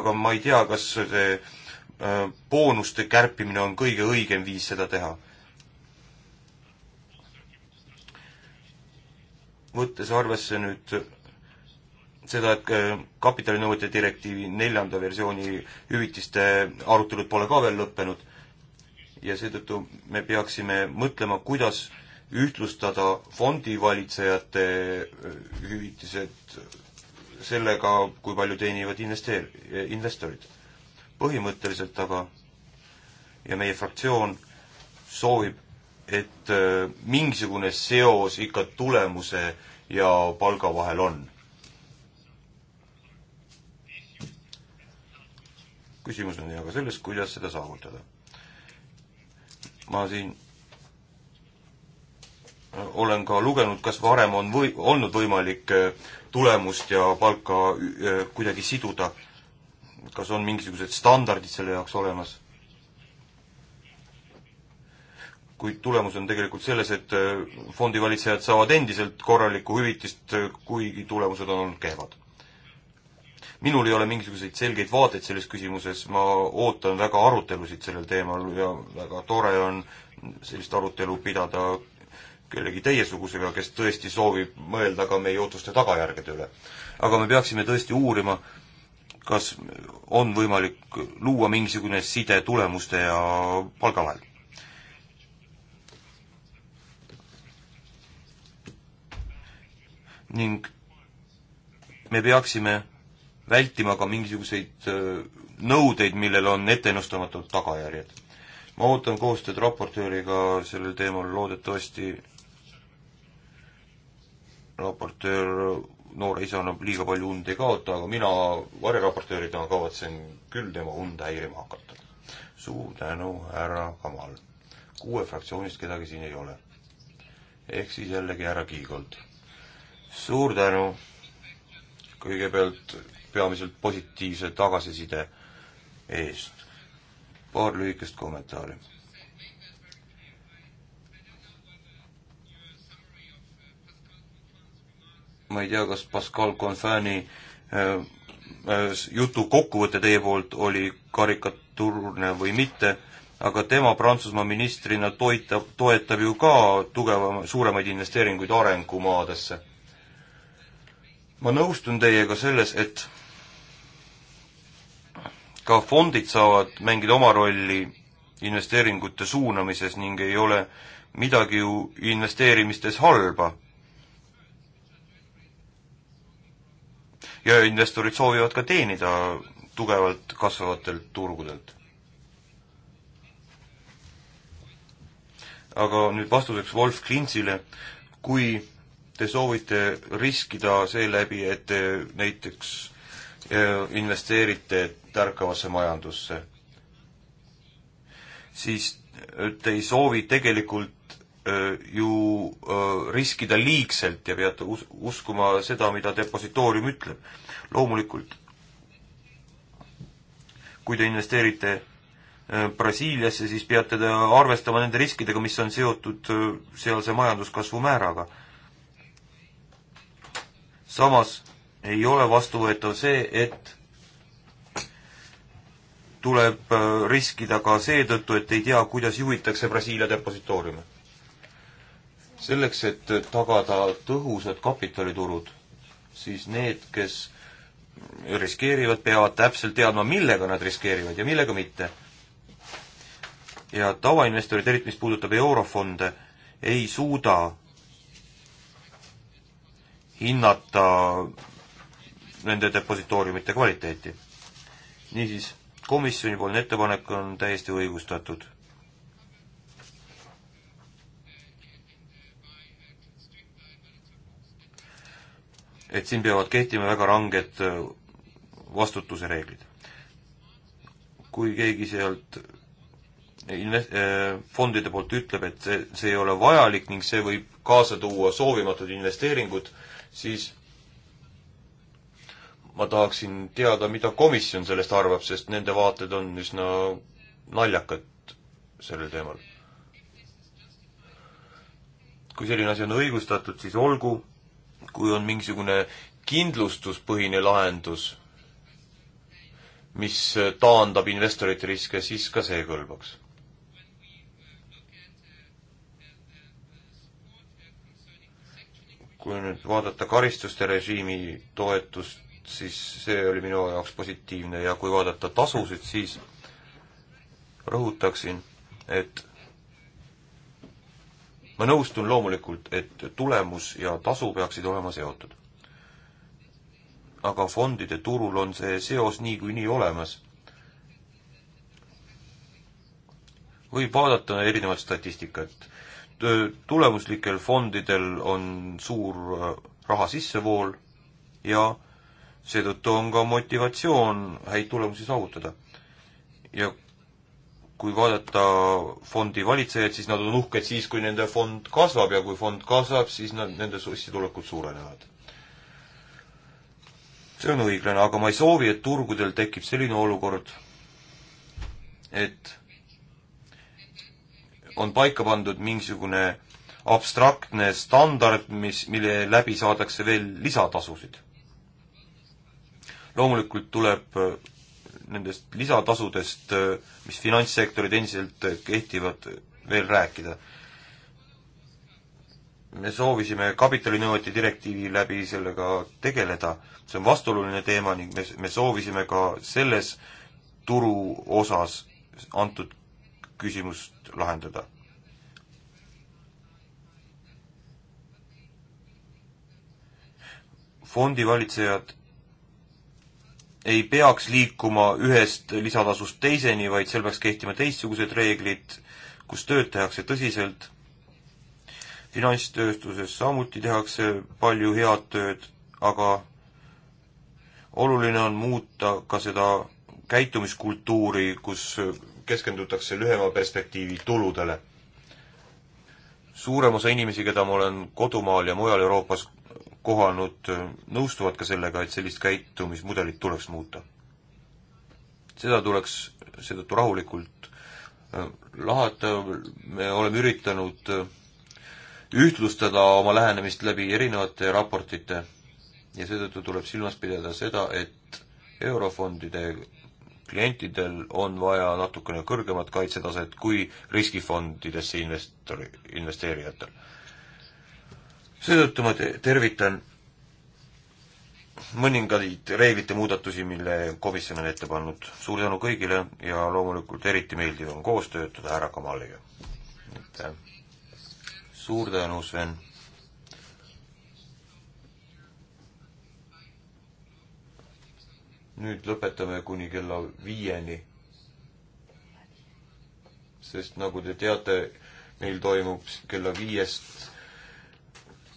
aga ma ei tea, kas see boonuste kärpimine on kõige õigem viis seda teha. võttes arvesse nüüd seda, et äh, kapitalinõuete direktiivi neljanda versiooni hüvitiste arutelud pole ka veel lõppenud ja seetõttu me peaksime mõtlema, kuidas ühtlustada fondivalitsejate äh, hüvitised sellega, kui palju teenivad investeer-, äh, investorid. põhimõtteliselt aga ja meie fraktsioon soovib, et mingisugune seos ikka tulemuse ja palga vahel on küsimus on ju aga selles, kuidas seda saavutada. ma siin olen ka lugenud, kas varem on või-, olnud võimalik äh, tulemust ja palka äh, kuidagi siduda, kas on mingisugused standardid selle jaoks olemas? kuid tulemus on tegelikult selles, et äh, fondivalitsejad saavad endiselt korralikku hüvitist, kuigi tulemused on olnud kehvad minul ei ole mingisuguseid selgeid vaateid selles küsimuses, ma ootan väga arutelusid sellel teemal ja väga tore on sellist arutelu pidada kellegi teiesugusega, kes tõesti soovib mõelda ka meie otsuste tagajärgede üle. aga me peaksime tõesti uurima, kas on võimalik luua mingisugune side tulemuste ja palga vahel. ning me peaksime vältima ka mingisuguseid äh, nõudeid, millel on etteennustamatud tagajärjed. ma ootan koostööd raportööriga sellel teemal, loodetavasti raportöör noore isana liiga palju und ei kaota, aga mina varjeraportöörina kavatsen küll tema und häirima hakata. suur tänu, härra Kamal. kuue fraktsioonist kedagi siin ei ole. ehk siis jällegi härra Kiigold. suur tänu kõigepealt peamiselt positiivse tagasiside eest. paar lühikest kommentaari. ma ei tea, kas Pascal Confani äh, äh, jutu kokkuvõte teie poolt oli karikatuurne või mitte, aga tema Prantsusmaa ministrina toitab, toetab ju ka tugevama, suuremaid investeeringuid arengumaadesse. ma nõustun teiega selles, et ka fondid saavad mängida oma rolli investeeringute suunamises ning ei ole midagi ju investeerimistes halba. ja investorid soovivad ka teenida tugevalt kasvavatelt turgudelt. aga nüüd vastuseks Wolf Klintsile, kui te soovite riskida seeläbi, et te näiteks eh, investeerite tärkavasse majandusse, siis äh, te ei soovi tegelikult äh, ju äh, riskida liigselt ja peate us-, uskuma seda, mida depositoorium ütleb. loomulikult, kui te investeerite Brasiiliasse, siis peate te arvestama nende riskidega, mis on seotud sealse majanduskasvu määraga. samas ei ole vastuvõetav see, et tuleb äh, riskida ka seetõttu, et ei tea, kuidas juhitakse Brasiilia depositooriume. selleks, et tagada tõhusad kapitaliturud, siis need, kes riskeerivad, peavad täpselt teadma, millega nad riskeerivad ja millega mitte. ja tavainvestorid, eriti mis puudutab eurofonde, ei suuda hinnata nende depositooriumite kvaliteeti. niisiis komisjonipoolne ettepanek on täiesti õigustatud. et siin peavad kehtima väga ranged äh, vastutuse reeglid. kui keegi sealt invest-, äh, fondide poolt ütleb, et see, see ei ole vajalik ning see võib kaasa tuua soovimatud investeeringud, siis ma tahaksin teada, mida komisjon sellest arvab, sest nende vaated on üsna naljakad sellel teemal. kui selline asi on õigustatud, siis olgu, kui on mingisugune kindlustuspõhine lahendus, mis taandab investorite riske, siis ka see kõlbaks kui nüüd vaadata karistuste režiimi toetust, siis see oli minu jaoks positiivne ja kui vaadata tasusid, siis rõhutaksin, et ma nõustun loomulikult, et tulemus ja tasu peaksid olema seotud. aga fondide turul on see seos niikuinii nii olemas. võib vaadata erinevat statistikat. tulemuslikel fondidel on suur äh, raha sissevool ja seetõttu on ka motivatsioon häid tulemusi saavutada. ja kui vaadata fondi valitsejaid, siis nad on uhked siis, kui nende fond kasvab ja kui fond kasvab, siis nad, nende sissetulekud suurenevad. see on õiglane, aga ma ei soovi, et turgudel tekib selline olukord, et on paika pandud mingisugune abstraktne standard, mis, mille läbi saadakse veel lisatasusid loomulikult tuleb äh, nendest lisatasudest, äh, mis finantssektorid endiselt äh, kehtivad, veel rääkida. me soovisime kapitalinõuete direktiivi läbi sellega tegeleda, see on vastuoluline teema ning me, me soovisime ka selles turu osas antud küsimust lahendada fondivalitsejad ei peaks liikuma ühest lisatasust teiseni, vaid seal peaks kehtima teistsugused reeglid, kus tööd tehakse tõsiselt, finantstööstuses samuti tehakse palju head tööd, aga oluline on muuta ka seda käitumiskultuuri, kus keskendutakse lühema perspektiivi tuludele. suurem osa inimesi, keda ma olen kodumaal ja mujal Euroopas kohanud, nõustuvad ka sellega, et sellist käitumismudelit tuleks muuta. seda tuleks seetõttu rahulikult äh, lahata, me oleme üritanud äh, ühtlustada oma lähenemist läbi erinevate raportite ja seetõttu tuleb silmas pidada seda, et eurofondide klientidel on vaja natukene kõrgemat kaitsetaset kui riskifondidesse investori, investeerijatel seetõttu ma tervitan mõningaid reeglite muudatusi, mille komisjon on ette pannud. suur tänu kõigile ja loomulikult eriti meeldiv on koos töötada härra Kamaliga. aitäh. suur tänu, Sven. nüüd lõpetame kuni kella viieni. sest nagu te teate, meil toimub kella viiest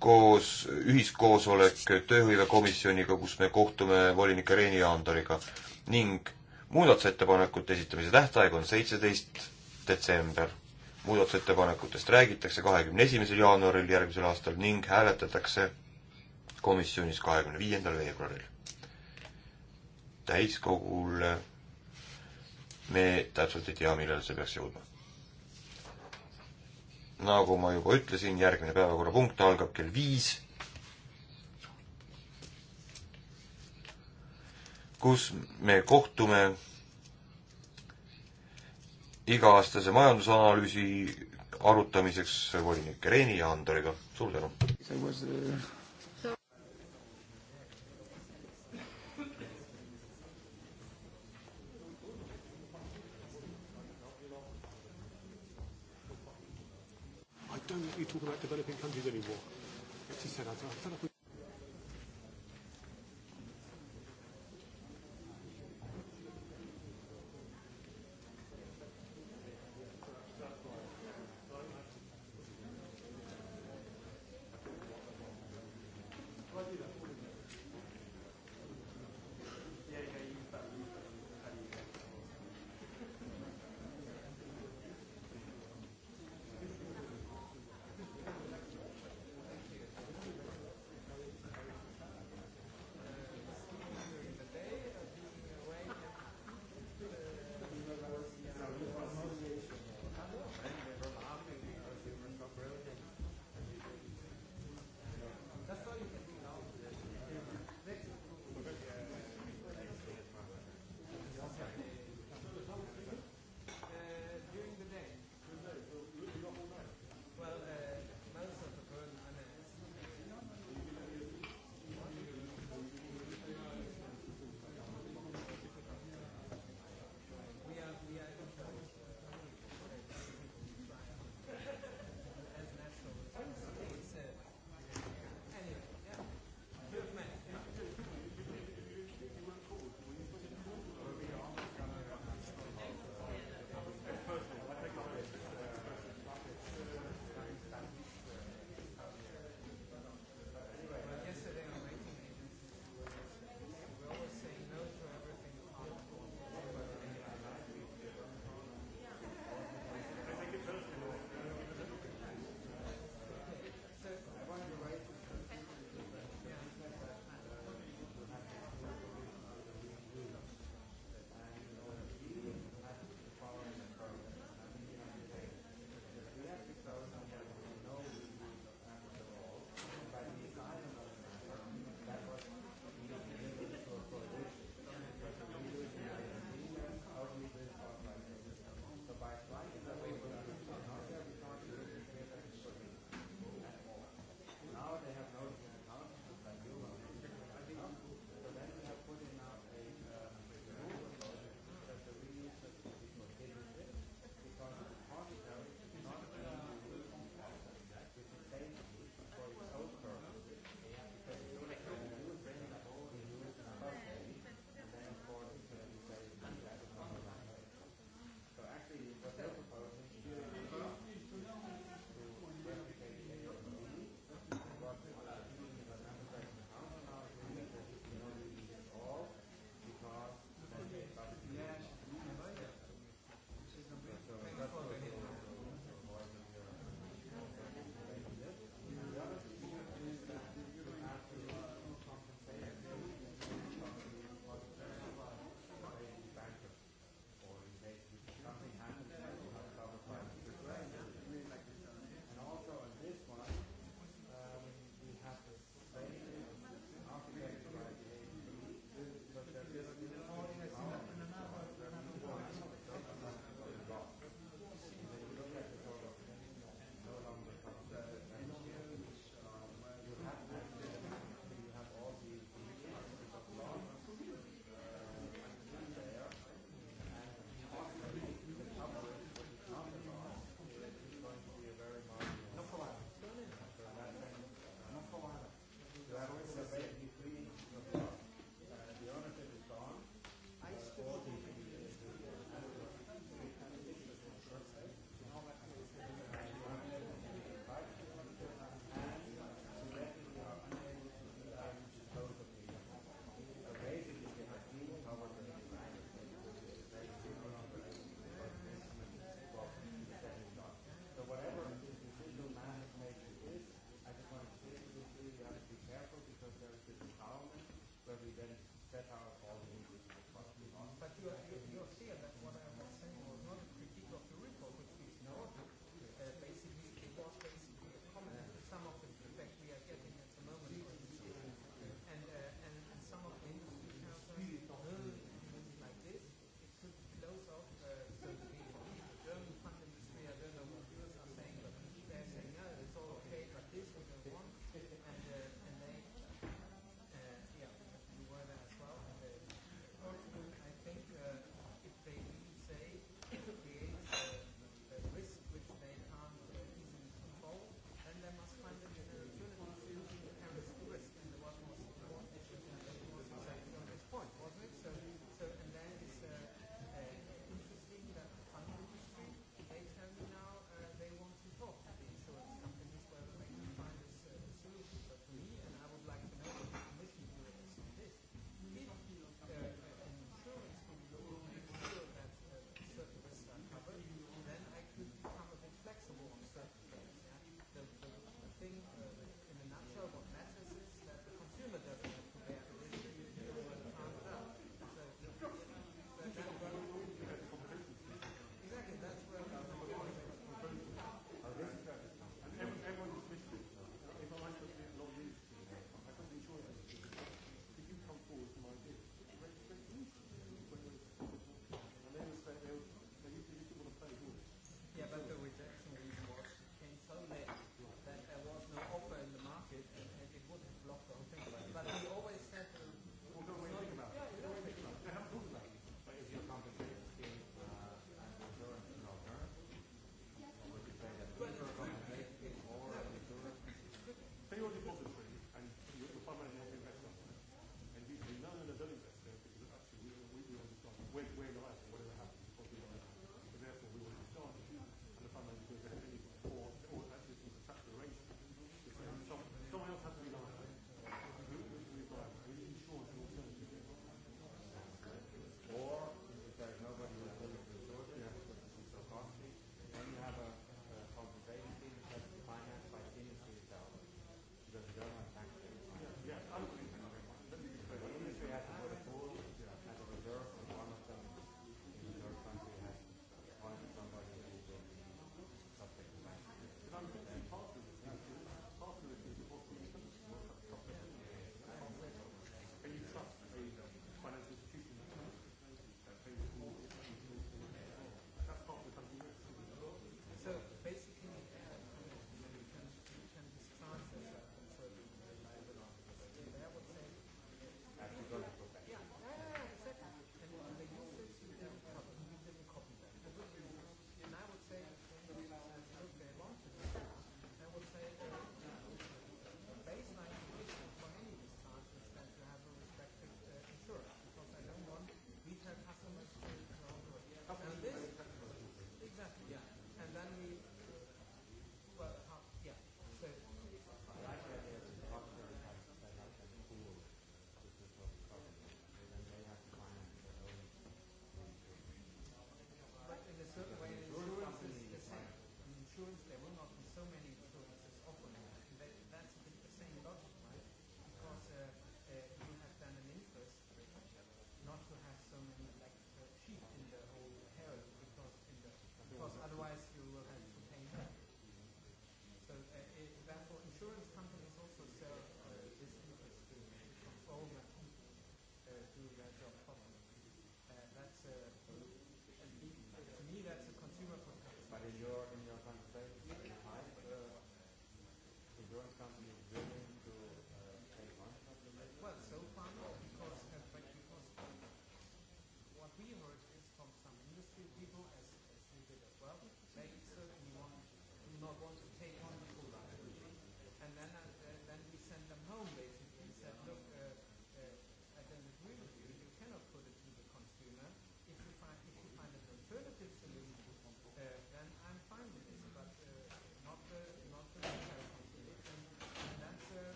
koos, ühiskoosolek tööhõivekomisjoniga, kus me kohtume volinik Reini Jaandoriga ning muudatusettepanekute esitamise tähtaeg on seitseteist detsember. muudatusettepanekutest räägitakse kahekümne esimesel jaanuaril järgmisel aastal ning hääletatakse komisjonis kahekümne viiendal veebruaril. täiskogul me täpselt ei tea, millal see peaks jõudma nagu ma juba ütlesin, järgmine päevakorrapunkt algab kell viis, kus me kohtume iga-aastase majandusanalüüsi arutamiseks volinik Reini ja Andoriga. suur tänu! don't let you talk about developing countries anymore. She said, I thought I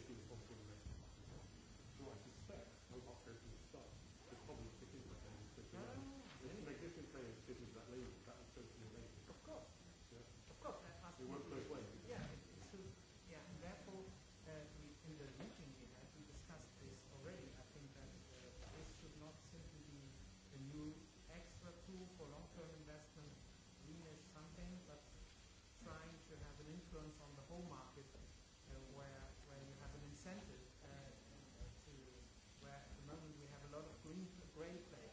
13 comes from the next episode. So I suspect Robot 13 starts the problem sticking with them sticking out. It's an existing thing that sticking to that label. That was totally amazing. Of course. Yeah. Of course. That has it works both ways. Yeah. So, yeah, and therefore, uh, we, in the meeting we had, we discussed this already. I think that uh, this should not simply be a new extra tool for long-term investment. Lean is something, but trying to have an influence on the whole market incentive uh, to where at the moment we have a lot of green gray play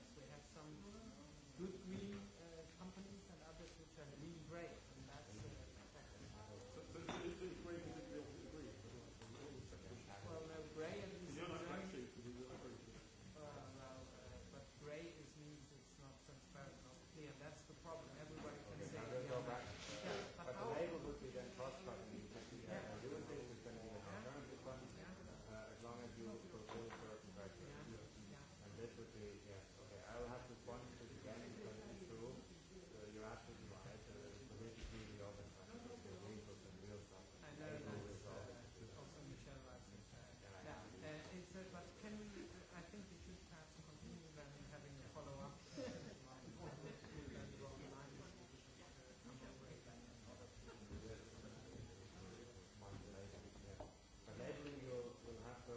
could be, yes. Okay, I will have to respond to it again because it's true. So you're absolutely right. Uh, the major really often happens. The wrinkles and real stuff. I know that's uh, also Michelle Rice's Yeah, yeah. Uh, it's, uh, but can we, uh, I think we should perhaps continue then having a follow-up. But later you'll, you'll have to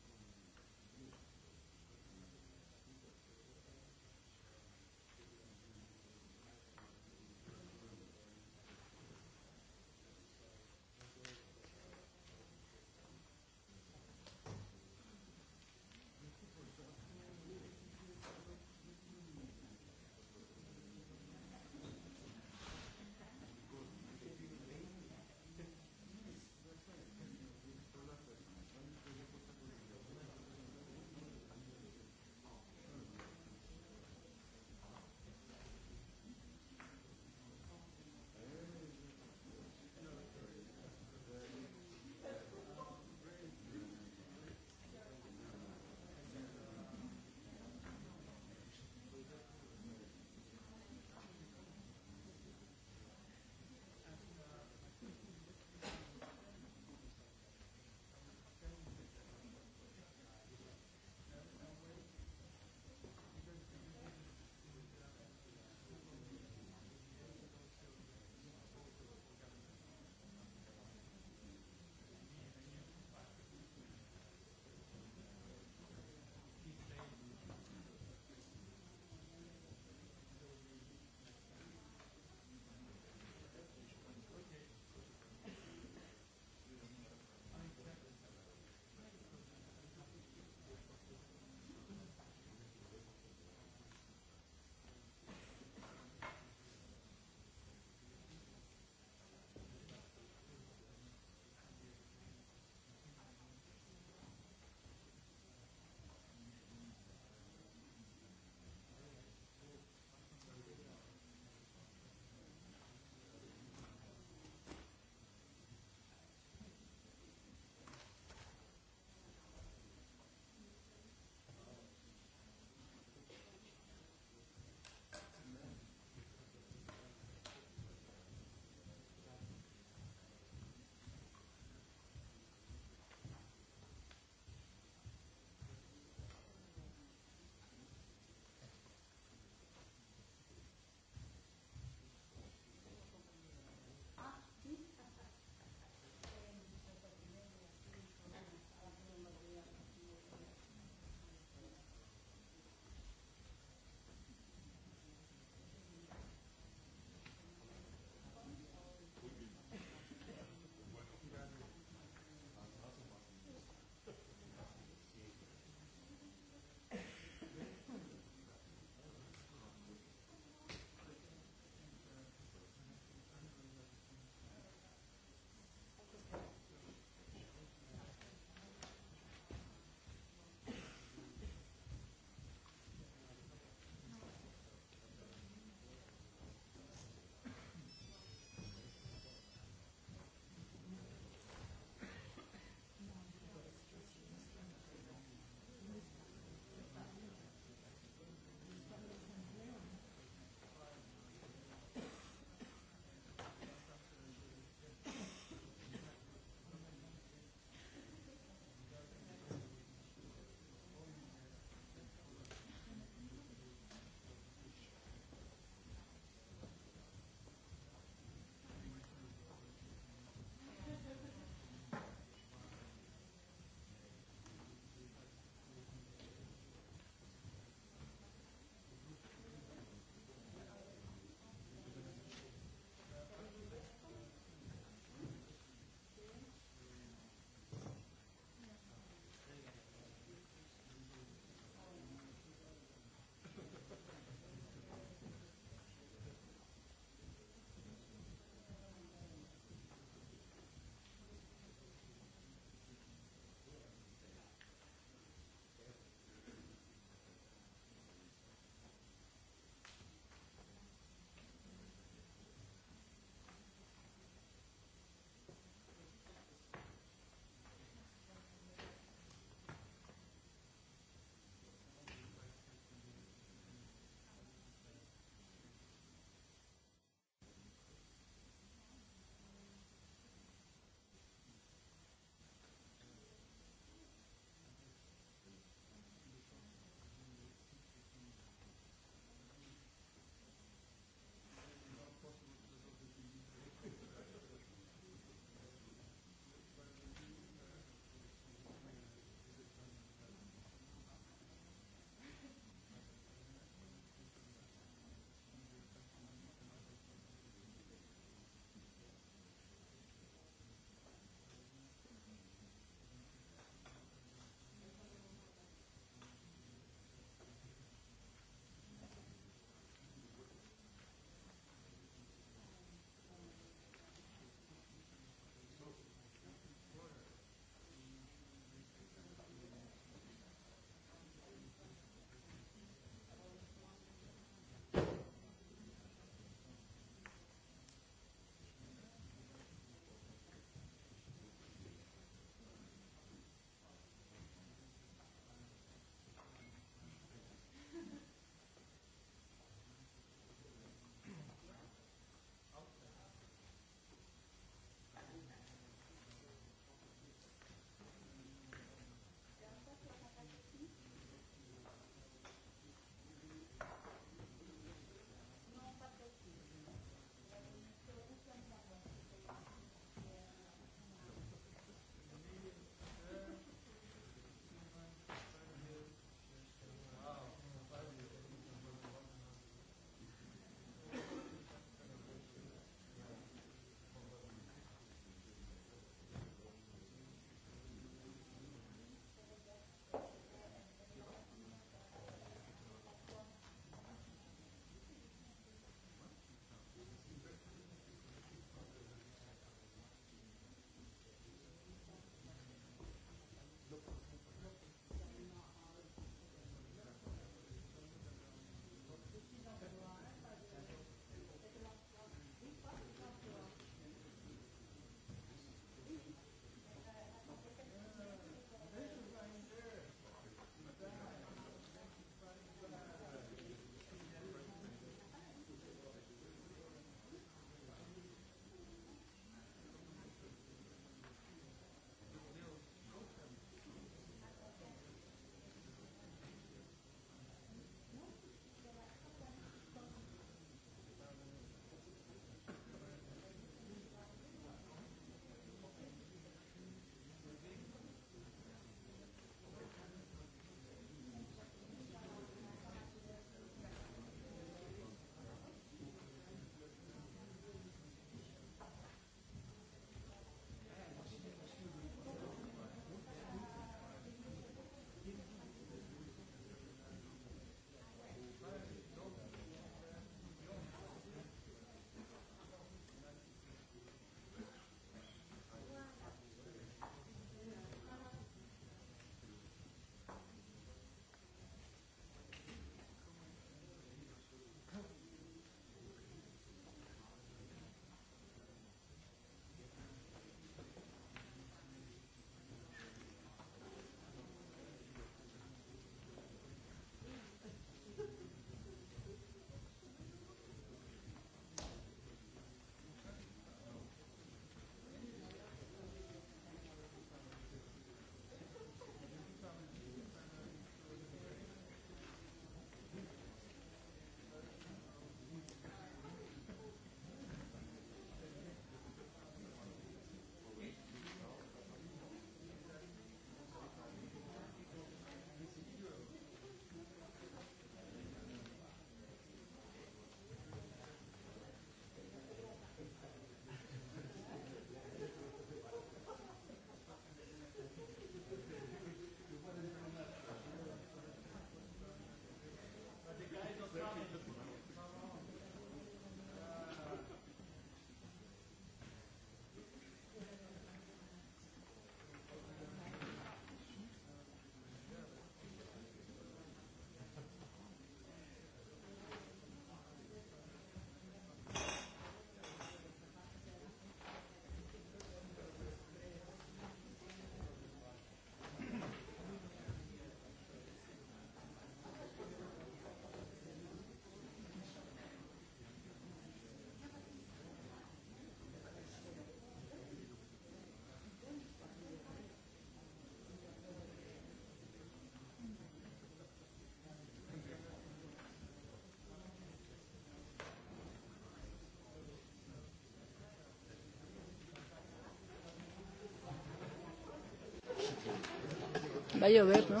Va a llover, ¿no?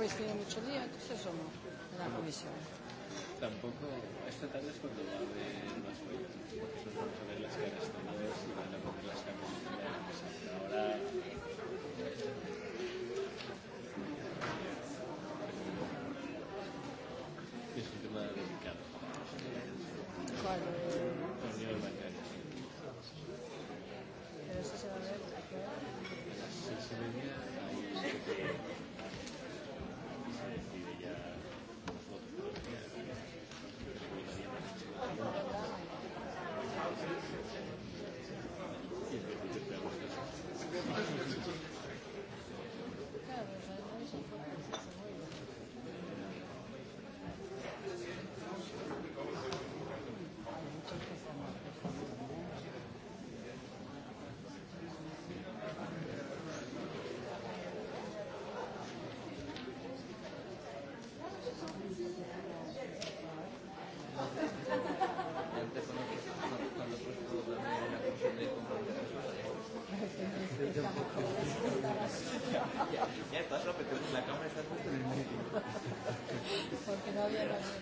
habéis tenido mucho día, entonces o no, en la comisión. Tampoco, esta tarde es cuando va a haber más huellas, porque nosotros vamos a ver las caras tomadas y van a poner las caras Ahora. Es un tema delicado. ¿Cuál? Unión bancaria. Pero eso se va a ver a qué hora. A las seis y media. Gracias.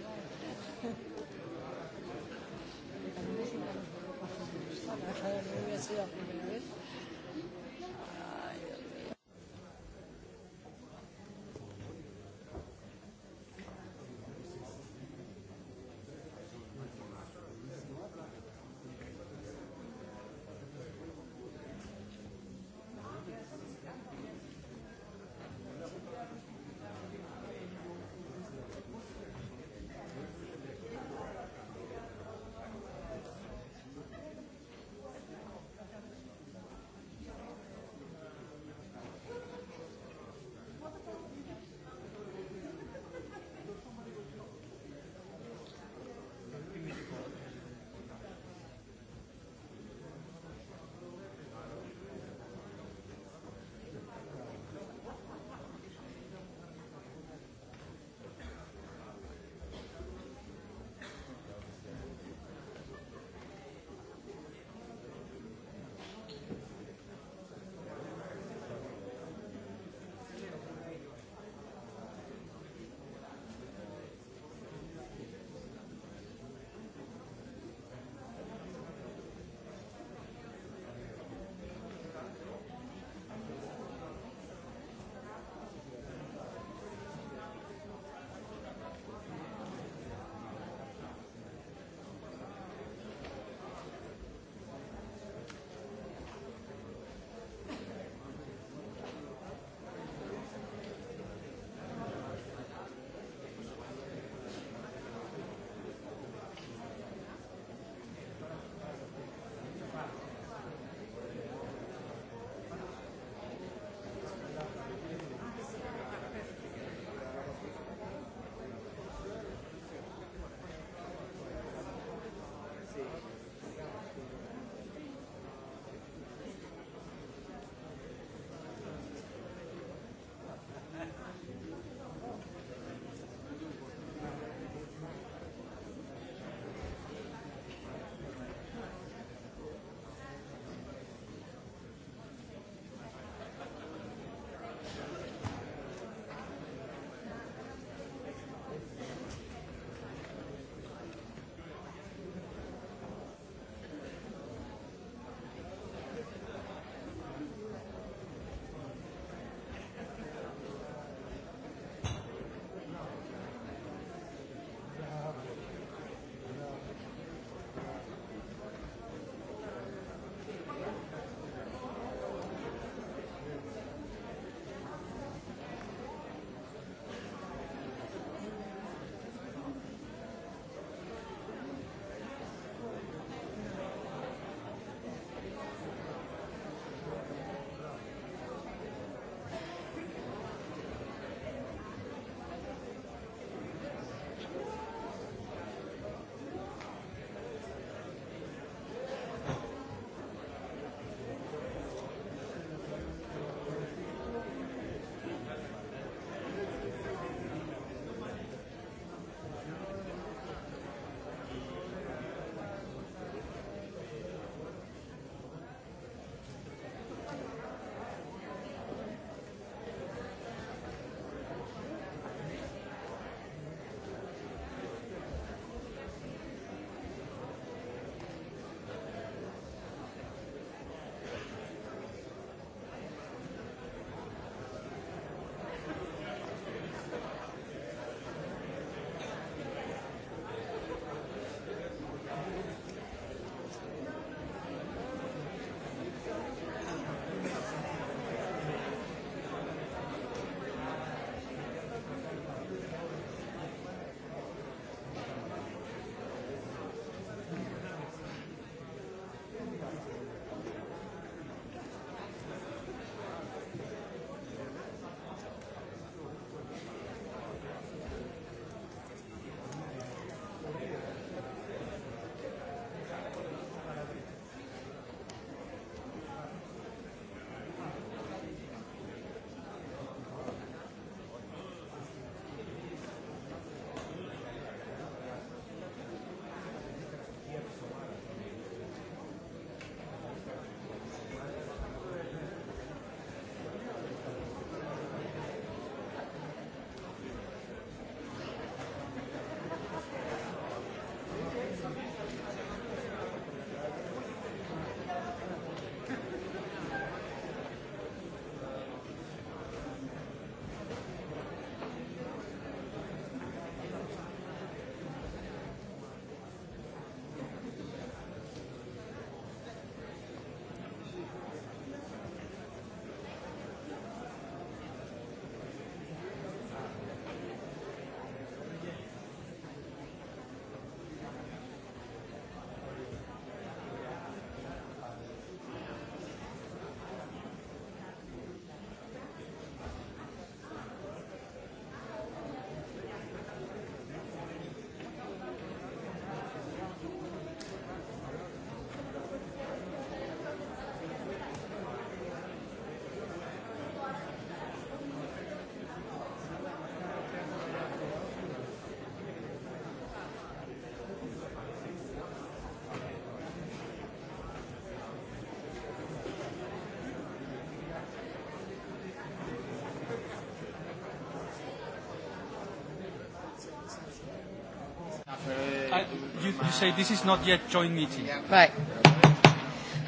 you, you say this is not yet joint meeting. Right.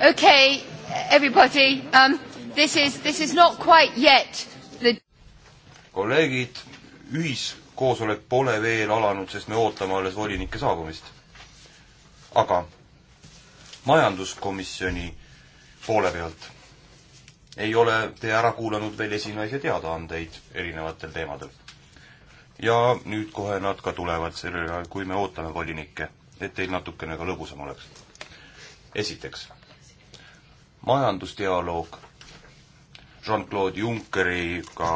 Okay, everybody, um, this is, this is not quite yet the... kolleegid, ühiskoosolek pole veel alanud, sest me ootame alles volinike saabumist. aga majanduskomisjoni poole pealt ei ole te ära kuulanud veel esinaise teadaandeid erinevatel teemadel. ja nüüd kohe nad ka tulevad sellele, kui me ootame volinikke et teil natukene ka lõbusam oleks. esiteks, majandusdialoog Jean-Claude Junckeriga,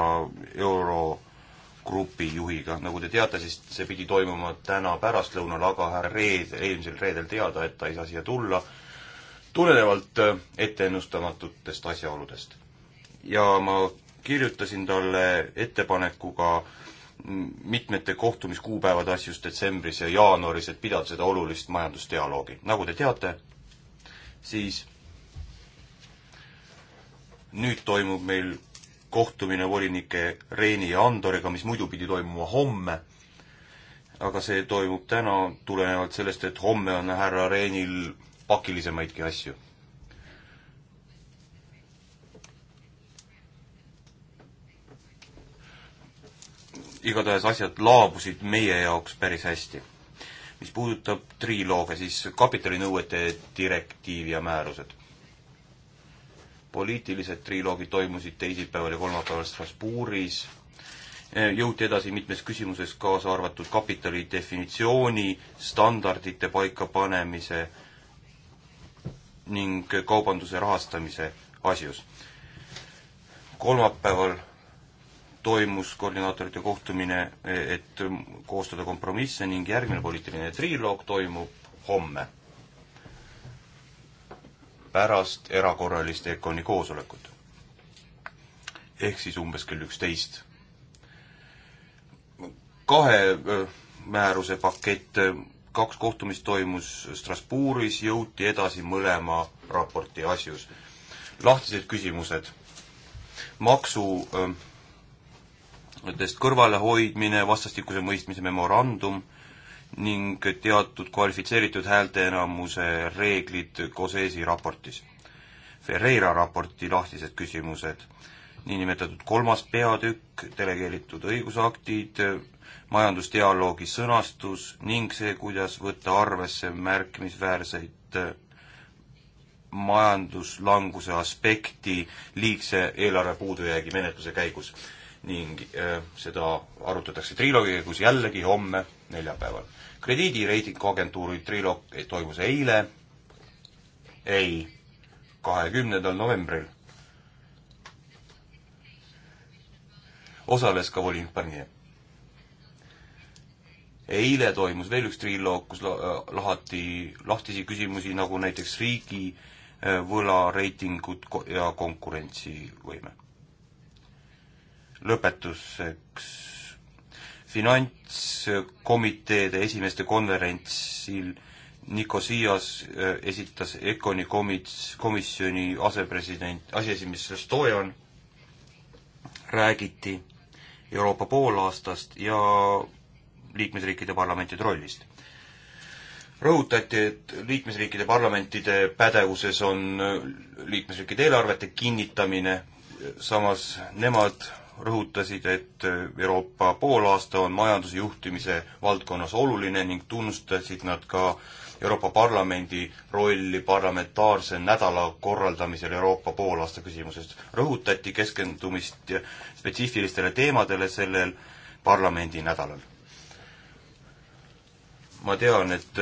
Eurogrupi juhiga, nagu te teate, siis see pidi toimuma täna pärastlõunal, aga härra Reed, eelmisel reedel teada, et ta ei saa siia tulla, tulenevalt etteennustamatutest asjaoludest. ja ma kirjutasin talle ettepanekuga äh, mitmete kohtumiskuupäevade asjus detsembris ja jaanuaris, et pidada seda olulist majandusdialoogi. nagu te teate, siis nüüd toimub meil kohtumine volinike Reini ja Andoriga, mis muidu pidi toimuma homme, aga see toimub täna tulenevalt sellest, et homme on härra Reinil pakilisemaidki asju. igatahes asjad laabusid meie jaoks päris hästi. mis puudutab triloogia, siis kapitalinõuete direktiiv ja määrused. poliitilised triloogid toimusid teisipäeval ja kolmapäeval Strasbourgis, jõuti edasi mitmes küsimuses, kaasa arvatud kapitali definitsiooni, standardite paikapanemise ning kaubanduse rahastamise asjus. kolmapäeval toimus koordinaatorite kohtumine, et koostada kompromisse ning järgmine poliitiline triloog toimub homme pärast erakorralist EKONi koosolekut. ehk siis umbes kell üksteist. kahe määruse pakett, kaks kohtumist toimus Strasbourgis, jõuti edasi mõlema raporti asjus. lahtised küsimused, maksu äh, suhetest kõrvalehoidmine, vastastikuse mõistmise memorandum ning teatud kvalifitseeritud häälteenamuse reeglid COSES-i raportis. Ferreira raporti lahtised küsimused, niinimetatud kolmas peatükk, delegeeritud õigusaktid, majandusdialoogi sõnastus ning see, kuidas võtta arvesse märkimisväärseid äh, majanduslanguse aspekti liigse eelarve puudujäägi menetluse käigus ning äh, seda arutatakse triloogiga, kus jällegi homme, neljapäeval. krediidireitinguagentuuri triloog toimus eile, ei, kahekümnendal novembril. osales ka volinik Barnier. eile toimus veel üks triloog, kus lahati lahtisi küsimusi, nagu näiteks riigi äh, võlareitingud ja konkurentsivõime lõpetuseks. finantskomiteede esimeste konverentsil Nikosias äh, esitas ECONi komits-, komisjoni asepresident, aseesimees Stojan, räägiti Euroopa poolaastast ja liikmesriikide parlamentide rollist. rõhutati, et liikmesriikide parlamentide pädevuses on liikmesriikide eelarvete kinnitamine, samas nemad rõhutasid, et Euroopa poolaasta on majandusjuhtimise valdkonnas oluline ning tunnustasid nad ka Euroopa Parlamendi rolli parlamentaarse nädala korraldamisel Euroopa poolaasta küsimuses. rõhutati keskendumist spetsiifilistele teemadele sellel parlamendi nädalal. ma tean, et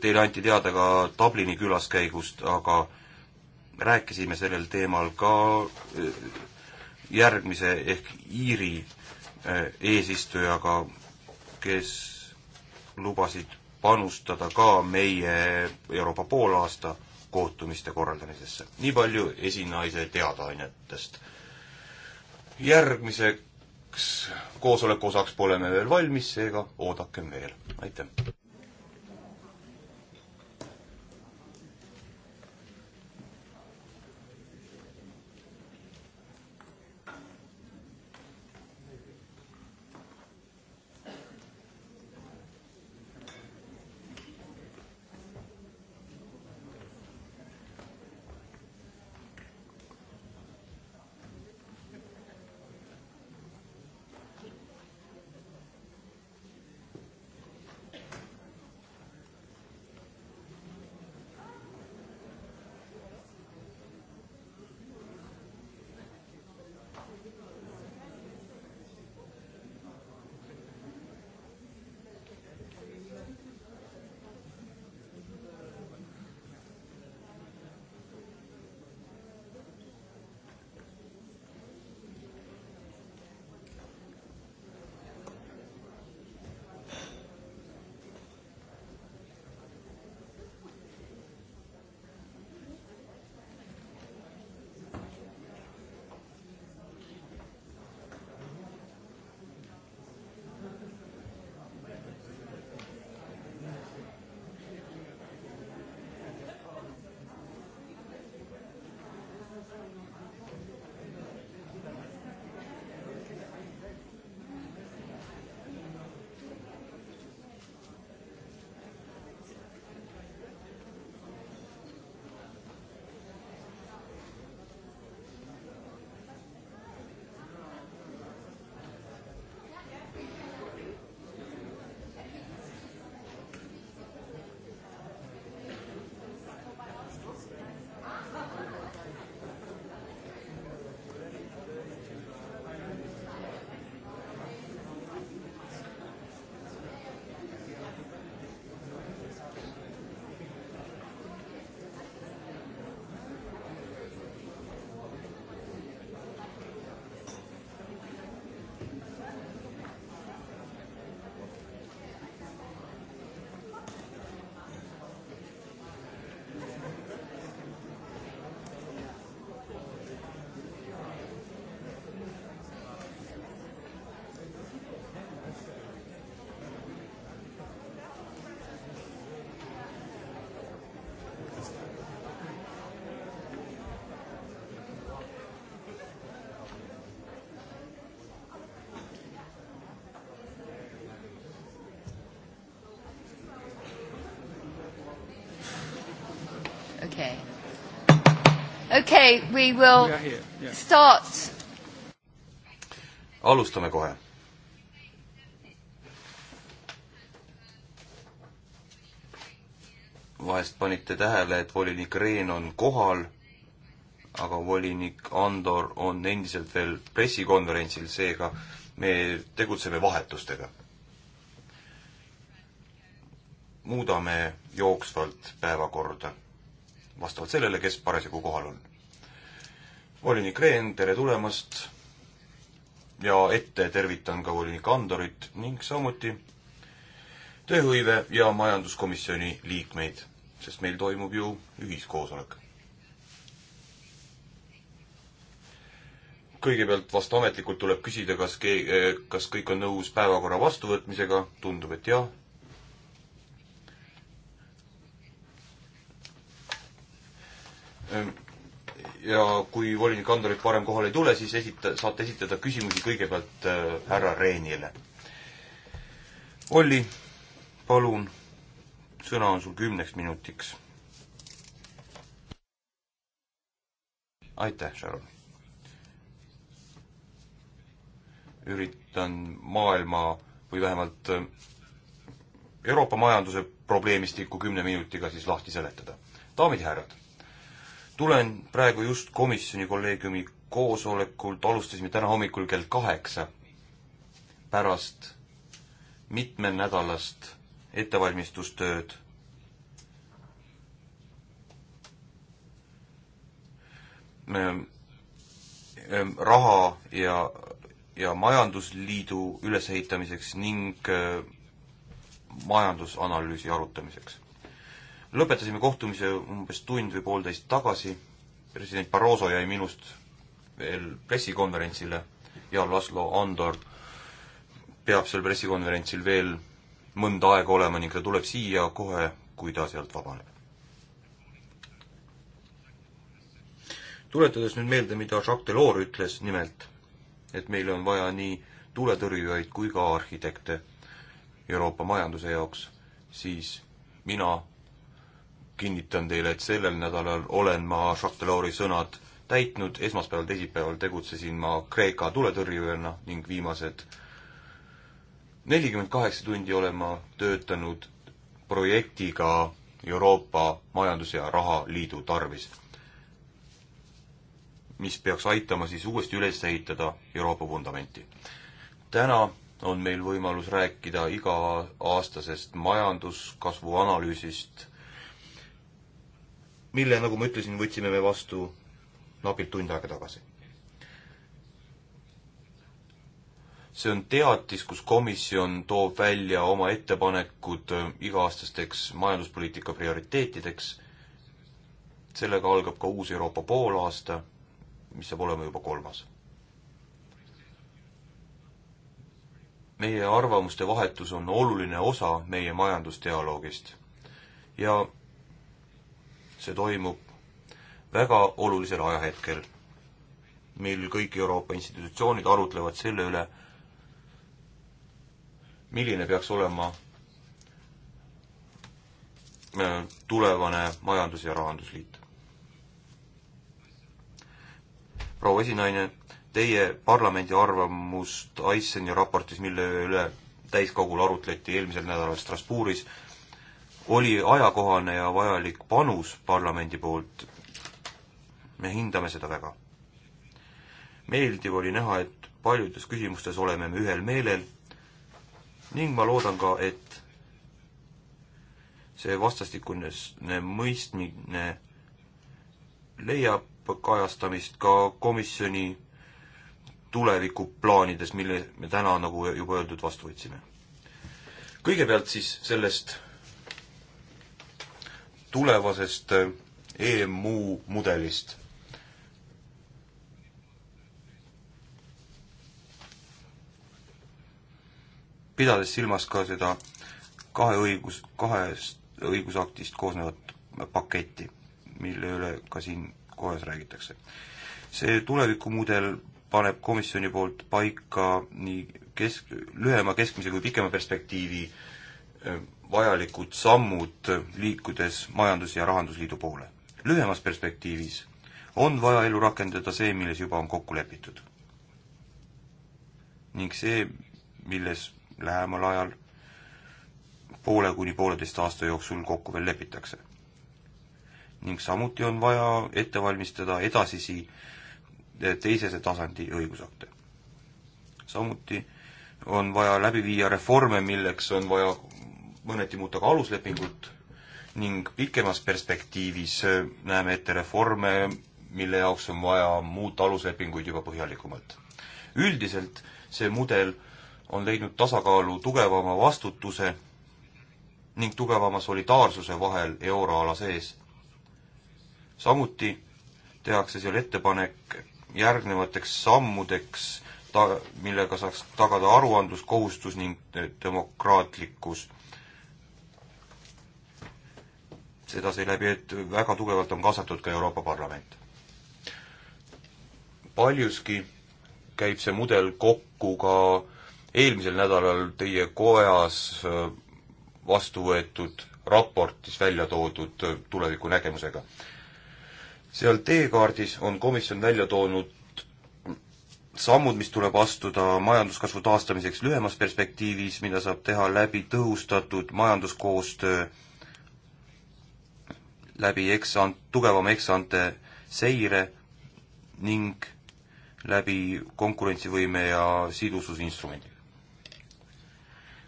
teile anti teada ka Dublini külaskäigust, aga rääkisime sellel teemal ka järgmise ehk Iiri äh, eesistujaga, kes lubasid panustada ka meie Euroopa poolaasta kohtumiste korraldamisesse. nii palju esinaise teadaannetest. järgmiseks koosoleku osaks pole me veel valmis, seega oodakem veel, aitäh! Okay, we will start. alustame kohe. vahest panite tähele, et volinik Rehn on kohal, aga volinik Andor on endiselt veel pressikonverentsil, seega me tegutseme vahetustega. muudame jooksvalt päevakorda vastavalt sellele, kes parasjagu kohal on. volinik Rehn, tere tulemast ja ette tervitan ka volinik Andorit ning samuti tööhõive- ja majanduskomisjoni liikmeid, sest meil toimub ju ühiskoosolek. kõigepealt vast ametlikult tuleb küsida, kas keegi, kas kõik on nõus päevakorra vastuvõtmisega, tundub, et jah Ehm, ja kui volinik Andorit varem kohale ei tule, siis esita-, saate esitada küsimusi kõigepealt äh, härra Reenile. Olli, palun, sõna on sul kümneks minutiks. aitäh, Sharon. üritan maailma või vähemalt äh, Euroopa majanduse probleemistikku kümne minutiga siis lahti seletada. daamid ja härrad tulen praegu just komisjoni kolleegiumi koosolekult, alustasime täna hommikul kell kaheksa pärast mitmenädalast ettevalmistustööd. raha ja, ja majandusliidu ülesehitamiseks ning majandusanalüüsi arutamiseks lõpetasime kohtumise umbes tund või poolteist tagasi, president Barroso jäi minust veel pressikonverentsile ja Laslo Andor peab seal pressikonverentsil veel mõnda aega olema ning ta tuleb siia kohe, kui ta sealt vabaneb. tuletades nüüd meelde, mida Jacques Delors ütles nimelt, et meile on vaja nii tuletõrjujaid kui ka arhitekte Euroopa majanduse jaoks, siis mina kinnitan teile, et sellel nädalal olen ma Jacques Delors'i sõnad täitnud, esmaspäeval, teisipäeval tegutsesin ma Kreeka tuletõrjujana ning viimased nelikümmend kaheksa tundi olen ma töötanud projektiga Euroopa Majandus- ja Rahaliidu tarvis, mis peaks aitama siis uuesti üles ehitada Euroopa vundamenti. täna on meil võimalus rääkida iga-aastasest majanduskasvu analüüsist mille, nagu ma ütlesin, võtsime me vastu napilt tund aega tagasi. see on teatis, kus komisjon toob välja oma ettepanekud äh, iga-aastasteks majanduspoliitika prioriteetideks. sellega algab ka uus Euroopa poolaasta, mis saab olema juba kolmas. meie arvamuste vahetus on oluline osa meie majandusdialoogist ja see toimub väga olulisel ajahetkel, mil kõik Euroopa institutsioonid arutlevad selle üle, milline peaks olema äh, tulevane majandus- ja rahandusliit. proua esinaine, teie parlamendi arvamust Iceni raportis, mille üle täiskogul arutleti eelmisel nädalal Strasbourgis, oli ajakohane ja vajalik panus parlamendi poolt. me hindame seda väga. meeldiv oli näha, et paljudes küsimustes oleme me ühel meelel ning ma loodan ka, et see vastastikune mõistmine leiab kajastamist ka komisjoni tulevikuplaanides, mille me täna, nagu juba öeldud, vastu võtsime. kõigepealt siis sellest tulevasest äh, EMU mudelist. pidades silmas ka seda kahe õigus, kahest õigusaktist koosnevat paketti, mille üle ka siin kohes räägitakse. see tulevikumudel paneb komisjoni poolt paika nii kesk, lühema, keskmise kui pikema perspektiivi äh, Eh, vajalikud sammud, liikudes Majandus- ja Rahandusliidu poole. lühemas perspektiivis on vaja ellu rakendada see, milles juba on kokku lepitud. ning see, milles lähemal ajal poole kuni pooleteist aasta jooksul kokku veel lepitakse. ning samuti on vaja ette valmistada edasisi eh, teisese tasandi õigusakte. samuti on vaja läbi viia reforme, milleks on vaja mõneti muuta ka aluslepingut ning pikemas perspektiivis äh, näeme ette reforme, mille jaoks on vaja muuta aluslepinguid juba põhjalikumalt. üldiselt see mudel on leidnud tasakaalu tugevama vastutuse ning tugevama solidaarsuse vahel euroala sees. samuti tehakse seal ettepanek järgnevateks sammudeks, ta-, millega saaks tagada aruandluskohustus ning äh, demokraatlikkus seda seeläbi, et väga tugevalt on kaasatud ka Euroopa Parlament. paljuski käib see mudel kokku ka eelmisel nädalal teie kojas äh, vastu võetud raportis välja toodud äh, tulevikunägemusega. seal teekaardis on komisjon välja toonud sammud, mis tuleb astuda majanduskasvu taastamiseks lühemas perspektiivis, mida saab teha läbi tõhustatud majanduskoostöö läbi eksant-, tugevama eksante seire ning läbi konkurentsivõime ja sidususinstrumendi.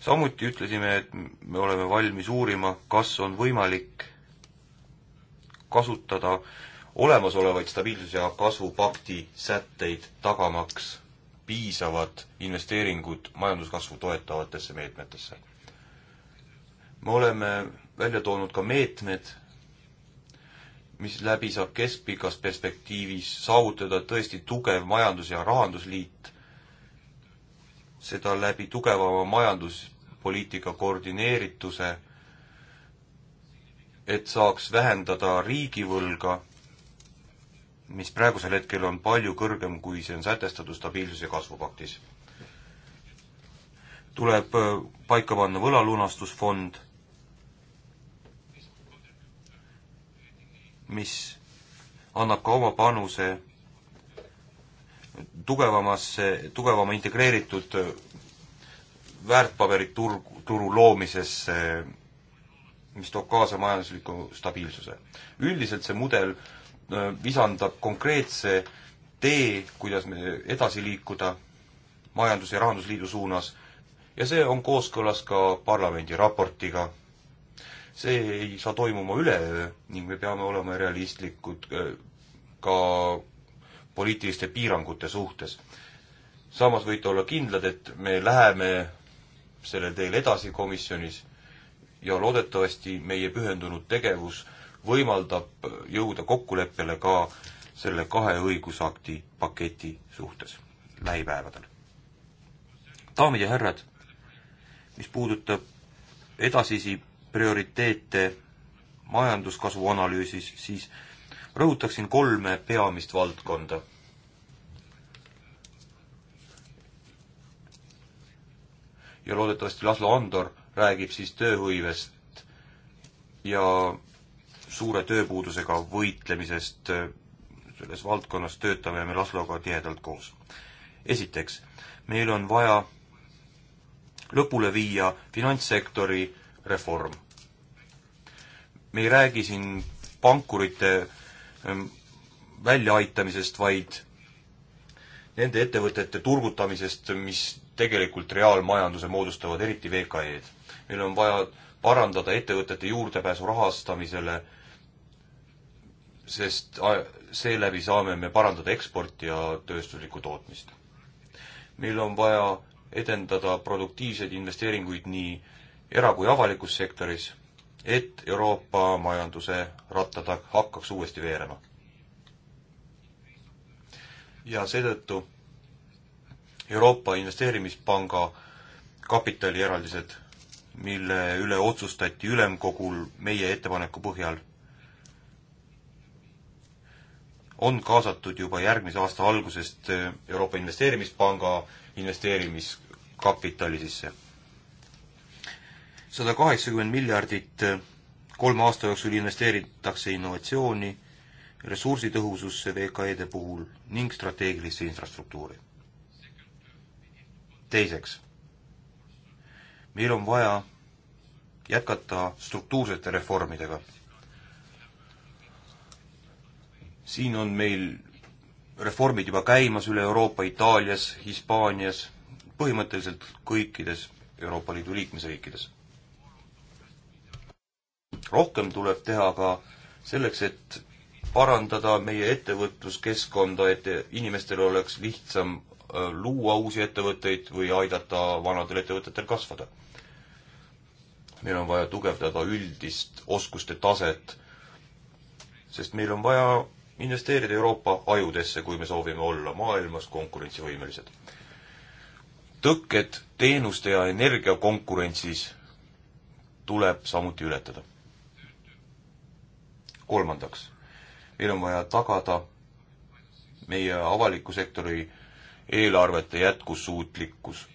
samuti ütlesime, et me oleme valmis uurima, kas on võimalik kasutada olemasolevaid stabiilsuse ja kasvupakti sätteid tagamaks piisavad investeeringud majanduskasvu toetavatesse meetmetesse. me oleme välja toonud ka meetmed, mis läbi saab keskpikas perspektiivis saavutada tõesti tugev majandus- ja rahandusliit, seda läbi tugevama majanduspoliitika koordineerituse, et saaks vähendada riigivõlga, mis praegusel hetkel on palju kõrgem, kui see on sätestatud stabiilsus- ja kasvupaktis. tuleb paika panna võlalunastusfond mis annab ka oma panuse tugevamasse, tugevama integreeritud väärtpaberiturg, turu loomisesse, mis toob kaasa majandusliku stabiilsuse. üldiselt see mudel visandab konkreetse tee, kuidas me edasi liikuda majandus- ja rahandusliidu suunas ja see on kooskõlas ka parlamendi raportiga see ei saa toimuma üleöö ning me peame olema realistlikud äh, ka poliitiliste piirangute suhtes. samas võite olla kindlad, et me läheme sellel teel edasi komisjonis ja loodetavasti meie pühendunud tegevus võimaldab jõuda kokkuleppele ka selle kahe õigusakti paketi suhtes lähipäevadel. daamid ja härrad, mis puudutab edasisi prioriteete majanduskasvu analüüsis, siis rõhutaksin kolme peamist valdkonda. ja loodetavasti Laslo Andor räägib siis tööhõivest ja suure tööpuudusega võitlemisest selles valdkonnas töötame me Lasloga tihedalt koos. esiteks, meil on vaja lõpule viia finantssektori reform me ei räägi siin pankurite ähm, väljaaitamisest, vaid nende ettevõtete turgutamisest, mis tegelikult reaalmajanduse moodustavad, eriti VKE-d. meil on vaja parandada ettevõtete juurdepääsu rahastamisele, sest äh, seeläbi saame me parandada eksporti ja tööstuslikku tootmist. meil on vaja edendada produktiivseid investeeringuid nii era- kui avalikus sektoris et Euroopa majanduse rattad hakkaks uuesti veerema. ja seetõttu Euroopa Investeerimispanga kapitalieraldised, mille üle otsustati ülemkogul meie ettepaneku põhjal, on kaasatud juba järgmise aasta algusest Euroopa Investeerimispanga investeerimiskapitali sisse sada kaheksakümmend miljardit eh, kolme aasta jooksul investeeritakse innovatsiooni, ressursitõhususse VKE-de puhul ning strateegilisse infrastruktuuri. teiseks, meil on vaja jätkata struktuursete reformidega. siin on meil reformid juba käimas üle Euroopa, Itaalias, Hispaanias, põhimõtteliselt kõikides Euroopa Liidu liikmesriikides rohkem tuleb teha ka selleks, et parandada meie ettevõtluskeskkonda, et inimestel oleks lihtsam äh, luua uusi ettevõtteid või aidata vanadel ettevõtetel kasvada. meil on vaja tugevdada üldist oskuste taset, sest meil on vaja investeerida Euroopa ajudesse, kui me soovime olla maailmas konkurentsivõimelised. tõkked teenuste ja energia konkurentsis tuleb samuti ületada kolmandaks, meil on vaja tagada meie avaliku sektori eelarvete jätkusuutlikkus.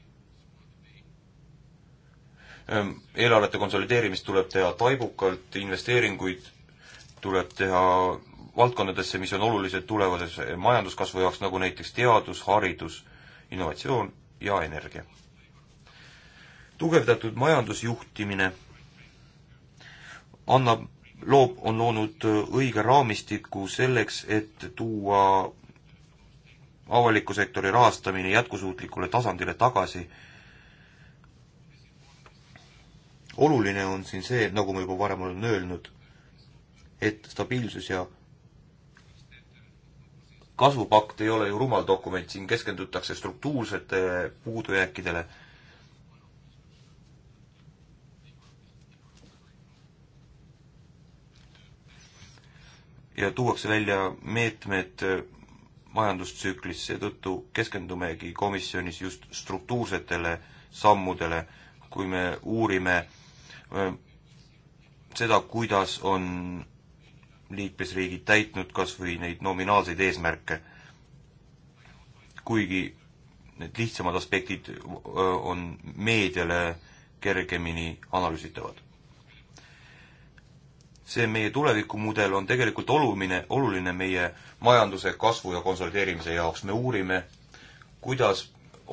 Ehm, eelarvete konsolideerimist tuleb teha taibukalt, investeeringuid tuleb teha valdkondadesse, mis on olulised tulevase eh, majanduskasvu jaoks, nagu näiteks teadus, haridus, innovatsioon ja energia. tugevdatud majandusjuhtimine annab loob, on loonud äh, õige raamistiku selleks, et tuua avaliku sektori rahastamine jätkusuutlikule tasandile tagasi. oluline on siin see, nagu ma juba varem olen öelnud, et stabiilsus ja kasvupakt ei ole ju rumal dokument, siin keskendutakse struktuursete puudujääkidele ja tuuakse välja meetmed eh, majandustsüklis, seetõttu keskendumegi komisjonis just struktuursetele sammudele, kui me uurime eh, seda, kuidas on liikmesriigid täitnud kas või neid nominaalseid eesmärke. kuigi need lihtsamad aspektid eh, on meediale kergemini analüüsitavad see meie tulevikumudel on tegelikult olumine, oluline meie majanduse kasvu ja konsolideerimise jaoks. me uurime, kuidas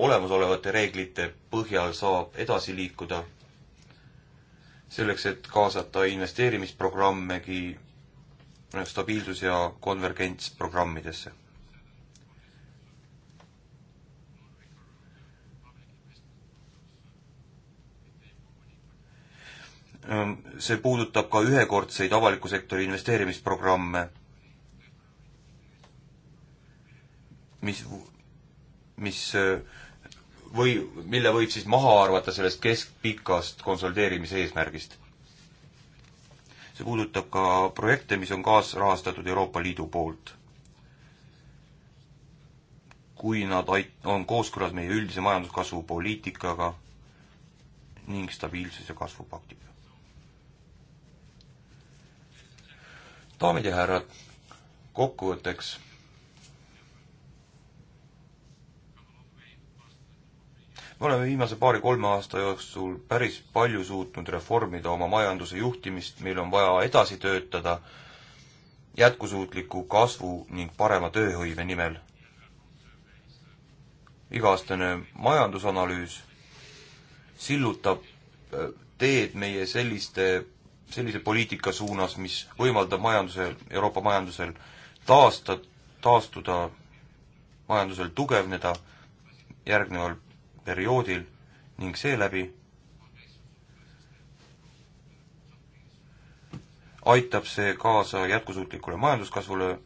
olemasolevate reeglite põhjal saab edasi liikuda, selleks et kaasata investeerimisprogrammegi stabiilsus- ja konvergentsprogrammidesse Ähm, see puudutab ka ühekordseid avaliku sektori investeerimisprogramme, mis, mis äh, või mille võib siis maha arvata sellest keskpikast konsolideerimise eesmärgist. see puudutab ka projekte, mis on kaasrahastatud Euroopa Liidu poolt. kui nad ait-, on kooskõlas meie üldise majanduskasvu poliitikaga ning stabiilsuse kasvupaktiga. daamid ja härrad, kokkuvõtteks me oleme viimase paari-kolme aasta jooksul päris palju suutnud reformida oma majanduse juhtimist, meil on vaja edasi töötada jätkusuutliku kasvu ning parema tööhõive nimel. iga-aastane majandusanalüüs sillutab äh, teed meie selliste sellise poliitika suunas, mis võimaldab majandusel, Euroopa majandusel taasta, taastuda, majandusel tugevneda järgneval perioodil ning seeläbi aitab see kaasa jätkusuutlikule majanduskasvule,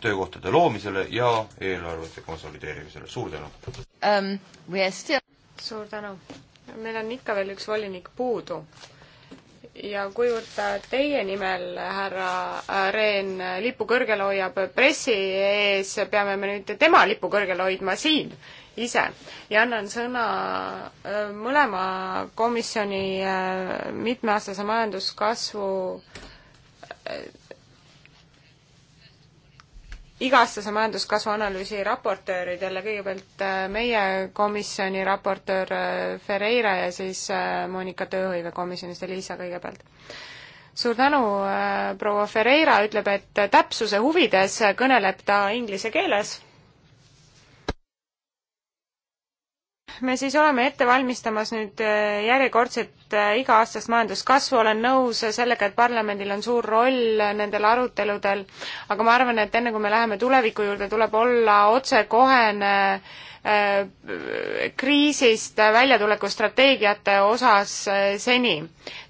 töökohtade loomisele ja eelarvete konsolideerimisele. suur tänu um,! Still... suur tänu! meil on ikka veel üks volinik puudu ja kuivõrd ta teie nimel, härra äh, Rehn, lipu kõrgel hoiab pressi ees, peame me nüüd tema lipu kõrgel hoidma siin ise ja annan sõna äh, mõlema komisjoni äh, mitmeaastase majanduskasvu iga-aastase majanduskasvu analüüsi raportööridele, kõigepealt äh, meie komisjoni raportöör äh, Ferreira ja siis äh, Monika Tööhõive komisjonist, Elisa kõigepealt. suur tänu, proua Ferreira ütleb, et täpsuse huvides kõneleb ta inglise keeles me siis oleme ette valmistamas nüüd äh, järjekordset äh, iga-aastast majanduskasvu, olen nõus sellega, et parlamendil on suur roll nendel aruteludel, aga ma arvan, et enne kui me läheme tuleviku juurde, tuleb olla otsekohene äh, kriisist väljatuleku strateegiate osas seni.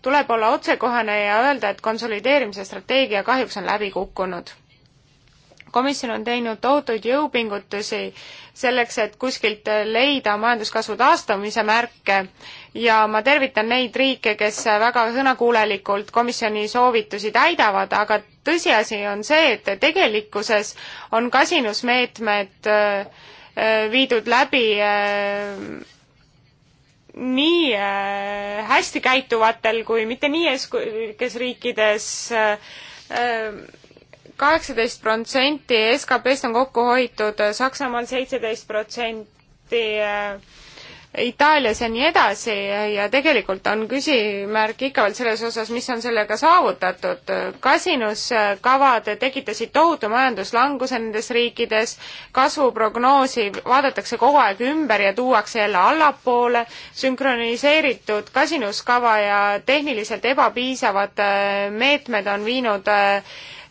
tuleb olla otsekohene ja öelda, et konsolideerimise strateegia kahjuks on läbi kukkunud komisjon on teinud tohutuid jõupingutusi selleks, et kuskilt leida majanduskasvu taastumise märke ja ma tervitan neid riike, kes väga sõnakuulelikult komisjoni soovitusi täidavad, aga tõsiasi on see, et tegelikkuses on kasinusmeetmed äh, äh, viidud läbi äh, nii äh, hästi käituvatel kui mitte nii eeskujukes riikides äh, äh, kaheksateist protsenti SKP-st on kokku hoitud, Saksamaal seitseteist protsenti, äh, Itaalias ja nii edasi ja tegelikult on küsimärk ikka veel selles osas, mis on sellega saavutatud. kasinuskavad tekitasid tohutu majanduslanguse nendes riikides, kasvuprognoosi vaadatakse kogu aeg ümber ja tuuakse jälle allapoole, sünkroniseeritud kasinuskava ja tehniliselt ebapiisavad äh, meetmed on viinud äh,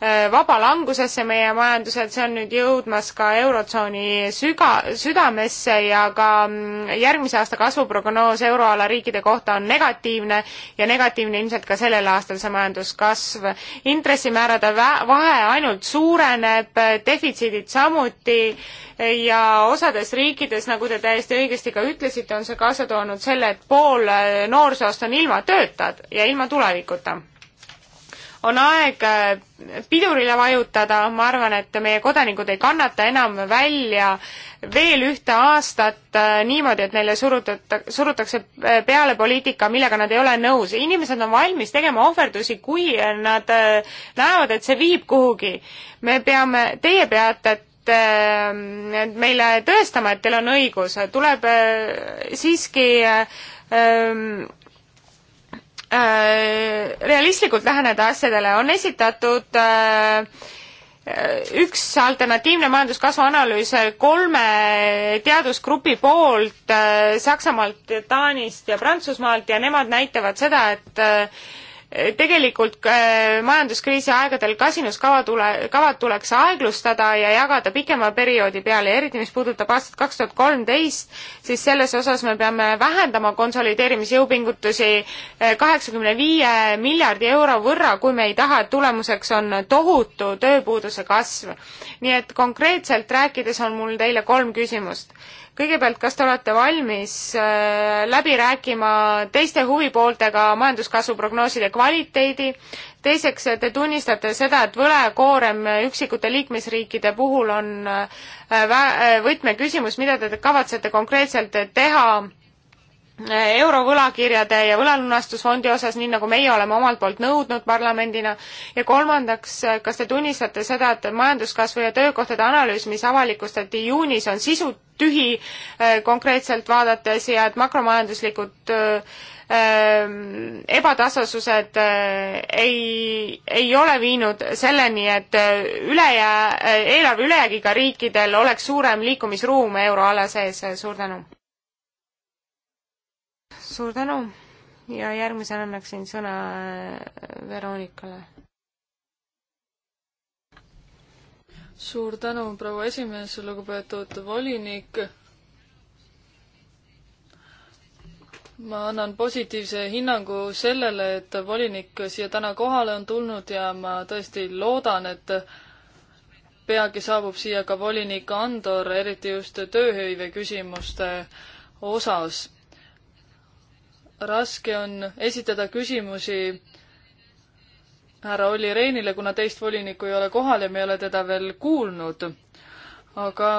Äh, vaba langusesse meie majandused, see on nüüd jõudmas ka Eurotsooni süga, südamesse ja ka mm, järgmise aasta kasvuprognoos euroala riikide kohta on negatiivne ja negatiivne ilmselt ka sellel aastal see majanduskasv. intressimäärade vahe ainult suureneb, defitsiidid samuti ja osades riikides, nagu te täiesti õigesti ka ütlesite, on see kaasa toonud selle, et pool äh, noorsoost on ilma tööta ja ilma tulevikuta on aeg äh, pidurile vajutada, ma arvan, et meie kodanikud ei kannata enam välja veel ühte aastat äh, niimoodi, et neile surutata, surutakse äh, peale poliitika, millega nad ei ole nõus. inimesed on valmis tegema ohverdusi, kui nad näevad, et see viib kuhugi. me peame, teie peate et meile tõestama, et teil on õigus, tuleb siiski ähm, Äh, realistlikult läheneda asjadele, on esitatud äh, üks alternatiivne majanduskasvu analüüs äh, kolme teadusgrupi poolt Saksamaalt, Taanist ja Prantsusmaalt ja nemad näitavad seda, et tegelikult äh, majanduskriisi aegadel kasinuskava tule, kavad tuleks aeglustada ja jagada pikema perioodi peale, eriti mis puudutab aastat kaks tuhat kolmteist, siis selles osas me peame vähendama konsolideerimisjõupingutusi äh, kaheksakümne viie miljardi euro võrra, kui me ei taha, et tulemuseks on tohutu tööpuuduse kasv. nii et konkreetselt rääkides on mul teile kolm küsimust kõigepealt, kas te olete valmis äh, läbi rääkima teiste huvipooltega majanduskasvu prognooside kvaliteedi, teiseks, te tunnistate seda, et võlekoorem üksikute liikmesriikide puhul on äh, äh, võtmeküsimus, mida te kavatsete konkreetselt teha eurovõlakirjade ja võlalunastusfondi osas, nii nagu meie oleme omalt poolt nõudnud parlamendina, ja kolmandaks, kas te tunnistate seda, et majanduskasvu ja töökohtade analüüs, mis avalikustati juunis, on sisutühi äh, konkreetselt vaadates ja et makromajanduslikud äh, ähm, ebatasasused äh, ei, ei ole viinud selleni, et ülejää, eelarve ülejäägiga riikidel oleks suurem liikumisruum euroala sees, suur tänu! suur tänu ja järgmisena annaksin sõna äh, Veronikale. suur tänu, proua esimees, lugupeetud volinik. ma annan positiivse hinnangu sellele, et volinik siia täna kohale on tulnud ja ma tõesti loodan, et peagi saabub siia ka volinik Andor, eriti just tööhõive küsimuste osas raske on esitada küsimusi härra Olli Reinile, kuna teist volinikku ei ole kohal ja me ei ole teda veel kuulnud. aga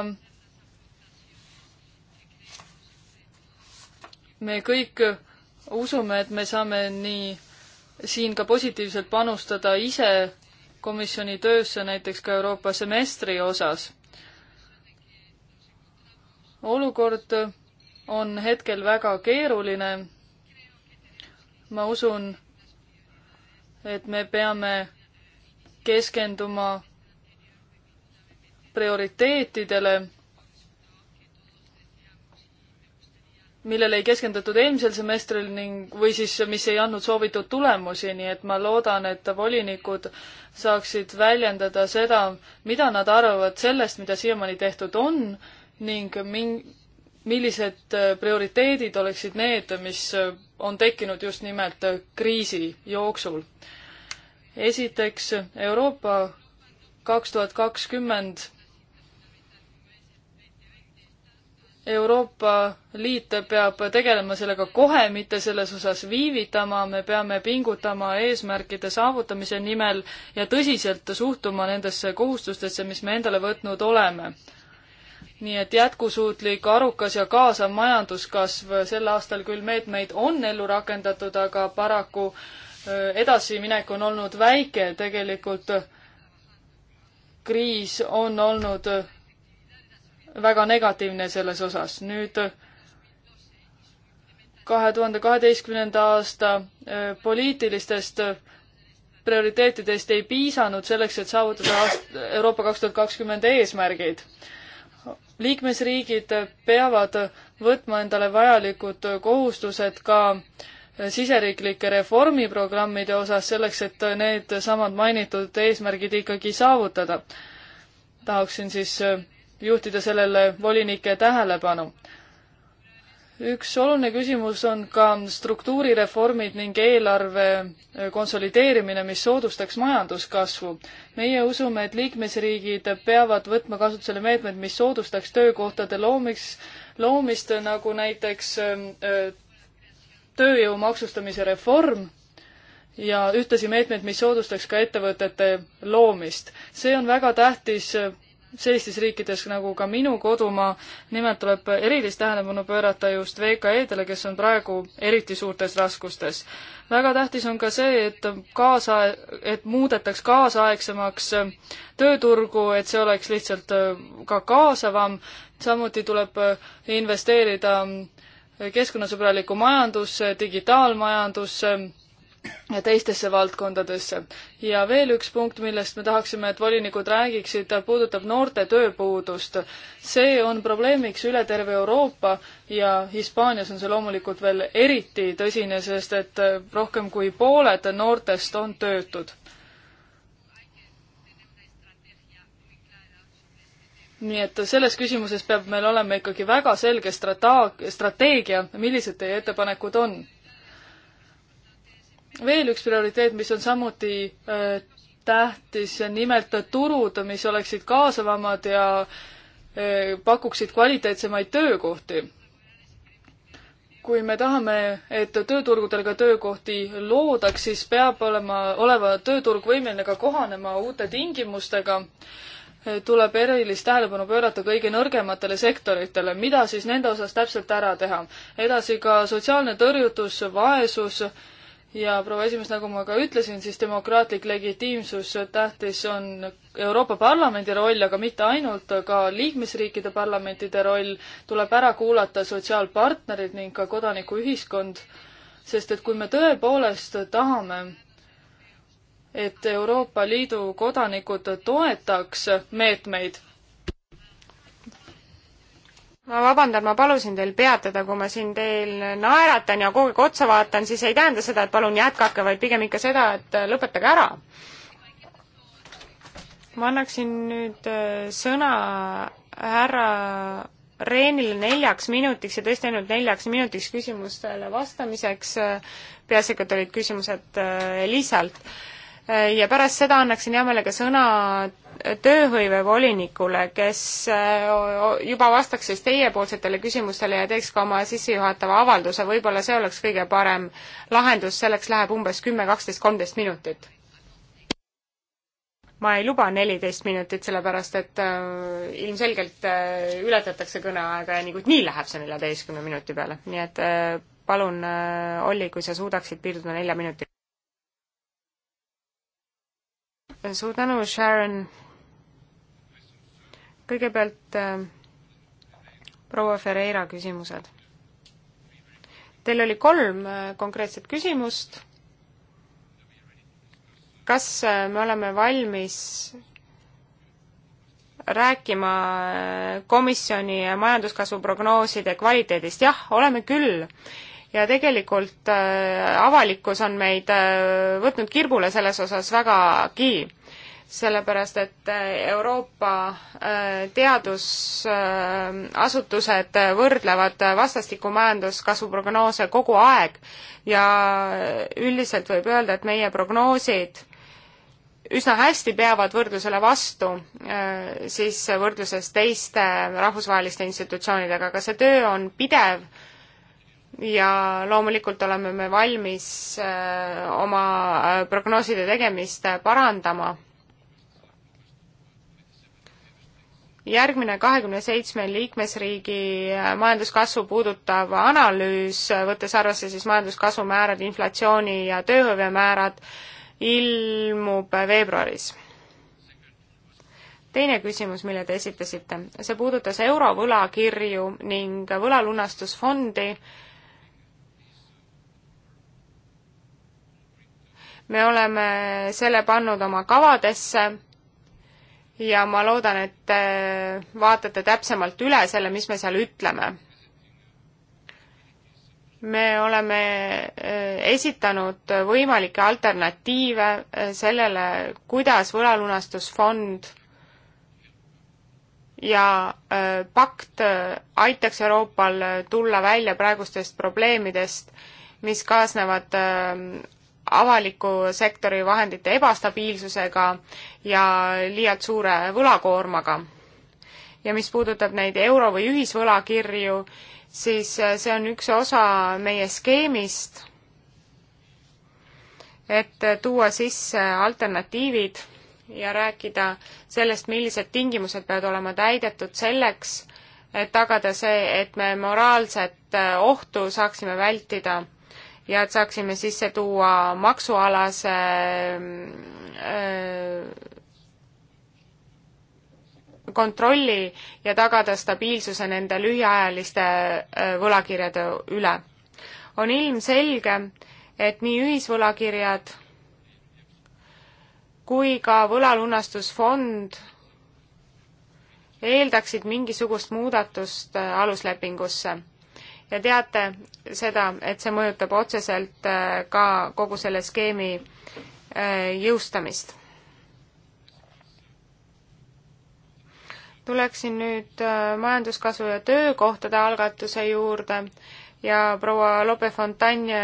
me kõik usume, et me saame nii siin ka positiivselt panustada ise komisjoni töösse, näiteks ka Euroopa semestri osas. olukord on hetkel väga keeruline ma usun, et me peame keskenduma prioriteetidele, millele ei keskendutud eelmisel semestril ning, või siis mis ei andnud soovitud tulemusi, nii et ma loodan, et volinikud saaksid väljendada seda, mida nad arvavad sellest, mida siiamaani tehtud on ning min-, millised äh, prioriteedid oleksid need, mis äh, on tekkinud just nimelt äh, kriisi jooksul. esiteks Euroopa kaks tuhat kakskümmend. Euroopa Liit peab tegelema sellega kohe, mitte selles osas viivitama, me peame pingutama eesmärkide saavutamise nimel ja tõsiselt suhtuma nendesse kohustustesse, mis me endale võtnud oleme nii et jätkusuutlik, arukas ja kaasav majanduskasv, sel aastal küll meetmeid on ellu rakendatud, aga paraku äh, edasiminek on olnud väike, tegelikult kriis on olnud äh, väga negatiivne selles osas. nüüd äh, kahe tuhande kaheteistkümnenda aasta poliitilistest prioriteetidest ei piisanud selleks, et saavutada aast-, Euroopa kaks tuhat kakskümmend eesmärgid liikmesriigid peavad võtma endale vajalikud kohustused ka siseriiklike reformiprogrammide osas selleks, et needsamad mainitud eesmärgid ikkagi saavutada. tahaksin siis juhtida sellele volinike tähelepanu üks oluline küsimus on ka struktuurireformid ning eelarve äh, konsolideerimine, mis soodustaks majanduskasvu. meie usume, et liikmesriigid peavad võtma kasutusele meetmed, mis soodustaks töökohtade loomiks, loomist, nagu näiteks äh, äh, tööjõu maksustamise reform ja ühtlasi meetmed, mis soodustaks ka ettevõtete loomist. see on väga tähtis sellistes riikides nagu ka minu kodumaa, nimelt tuleb erilist tähelepanu pöörata just VKE-dele, kes on praegu eriti suurtes raskustes. väga tähtis on ka see, et kaasa, et muudetaks kaasaegsemaks tööturgu, et see oleks lihtsalt äh, ka kaasavam, samuti tuleb äh, investeerida äh, keskkonnasõbralikku majandusse, digitaalmajandusse teistesse valdkondadesse. ja veel üks punkt, millest me tahaksime, et volinikud räägiksid, puudutab noorte tööpuudust. see on probleemiks üle terve Euroopa ja Hispaanias on see loomulikult veel eriti tõsine, sest et rohkem kui pooled noortest on töötud. nii et selles küsimuses peab meil olema ikkagi väga selge strata-, strateegia, millised teie ettepanekud on veel üks prioriteet, mis on samuti äh, tähtis, nimelt äh, turud, mis oleksid kaasavamad ja äh, pakuksid kvaliteetsemaid töökohti. kui me tahame, et tööturgudel ka töökohti loodaks, siis peab olema, oleva tööturg võimeline ka kohanema uute tingimustega tuleb erilist tähelepanu pöörata kõige nõrgematele sektoritele, mida siis nende osas täpselt ära teha. edasi ka sotsiaalne tõrjutus, vaesus ja proua esimees, nagu ma ka ütlesin, siis demokraatlik legitiimsus tähtis on Euroopa Parlamendi roll, aga mitte ainult, ka liikmesriikide parlamentide roll, tuleb ära kuulata sotsiaalpartnerid ning ka kodanikuühiskond, sest et kui me tõepoolest tahame, et Euroopa Liidu kodanikud toetaks meetmeid, ma vabandan, ma palusin teil peatada, kui ma siin teil naeratan ja kogu aeg otsa vaatan, siis ei tähenda seda, et palun jätkake, vaid pigem ikka seda, et lõpetage ära. ma annaksin nüüd äh, sõna härra Reenile neljaks minutiks ja tõesti ainult neljaks minutiks küsimustele vastamiseks. Äh, peaasjalikult olid küsimused äh, Elisalt äh, Äh, ja pärast seda annaksin hea meelega sõna tööhõivevolinikule, kes äh, juba vastaks siis teiepoolsetele küsimustele ja teeks ka oma sissejuhatava avalduse, võib-olla see oleks kõige parem lahendus, selleks läheb umbes kümme, kaksteist, kolmteist minutit. ma ei luba neliteist minutit, sellepärast et äh, ilmselgelt ületatakse kõneaega ja niikuinii läheb see neljateistkümne minuti peale, nii et palun, Olli, kui sa suudaksid piirduda nelja minutiga. suur tänu, Sharon. kõigepealt äh, proua Ferreira küsimused. Teil oli kolm äh, konkreetset küsimust. kas äh, me oleme valmis rääkima äh, komisjoni majanduskasvu prognooside kvaliteedist, jah, oleme küll ja tegelikult äh, avalikkus on meid äh, võtnud kirgule selles osas vägagi, sellepärast et äh, Euroopa teadusasutused võrdlevad vastastikku majanduskasvu prognoose kogu aeg ja üldiselt võib öelda, et meie prognoosid üsna hästi peavad võrdlusele vastu siis võrdluses teiste rahvusvaheliste institutsioonidega, aga see töö on pidev ja loomulikult oleme me valmis äh, oma äh, prognooside tegemist äh, parandama. järgmine kahekümne seitsme liikmesriigi majanduskasvu puudutav analüüs, võttes arvesse siis majanduskasvu määrad, inflatsiooni ja tööhõive määrad, ilmub veebruaris. teine küsimus, mille te esitasite, see puudutas eurovõlakirju ning võlalunastusfondi, me oleme selle pannud oma kavadesse ja ma loodan, et äh, vaatate täpsemalt üle selle, mis me seal ütleme. me oleme äh, esitanud võimalikke alternatiive äh, sellele, kuidas võlalunastusfond ja pakt aitaks Euroopal tulla välja praegustest probleemidest, mis kaasnevad avaliku sektori vahendite ebastabiilsusega ja liialt suure võlakoormaga. ja mis puudutab neid euro- või ühisvõlakirju, siis äh, see on üks osa meie skeemist, et äh, tuua sisse alternatiivid ja rääkida sellest, millised tingimused peavad olema täidetud selleks, et tagada see, et me moraalset äh, ohtu saaksime vältida ja et saaksime sisse tuua maksualase äh, kontrolli ja tagada stabiilsuse nende lühiajaliste äh, võlakirjade üle. on ilmselge, et nii ühisvõlakirjad kui ka võlalunastusfond eeldaksid mingisugust muudatust äh, aluslepingusse ja teate seda, et see mõjutab otseselt äh, ka kogu selle skeemi äh, jõustamist. tuleksin nüüd äh, majanduskasvu ja töökohtade algatuse juurde ja proua Lope Fontaine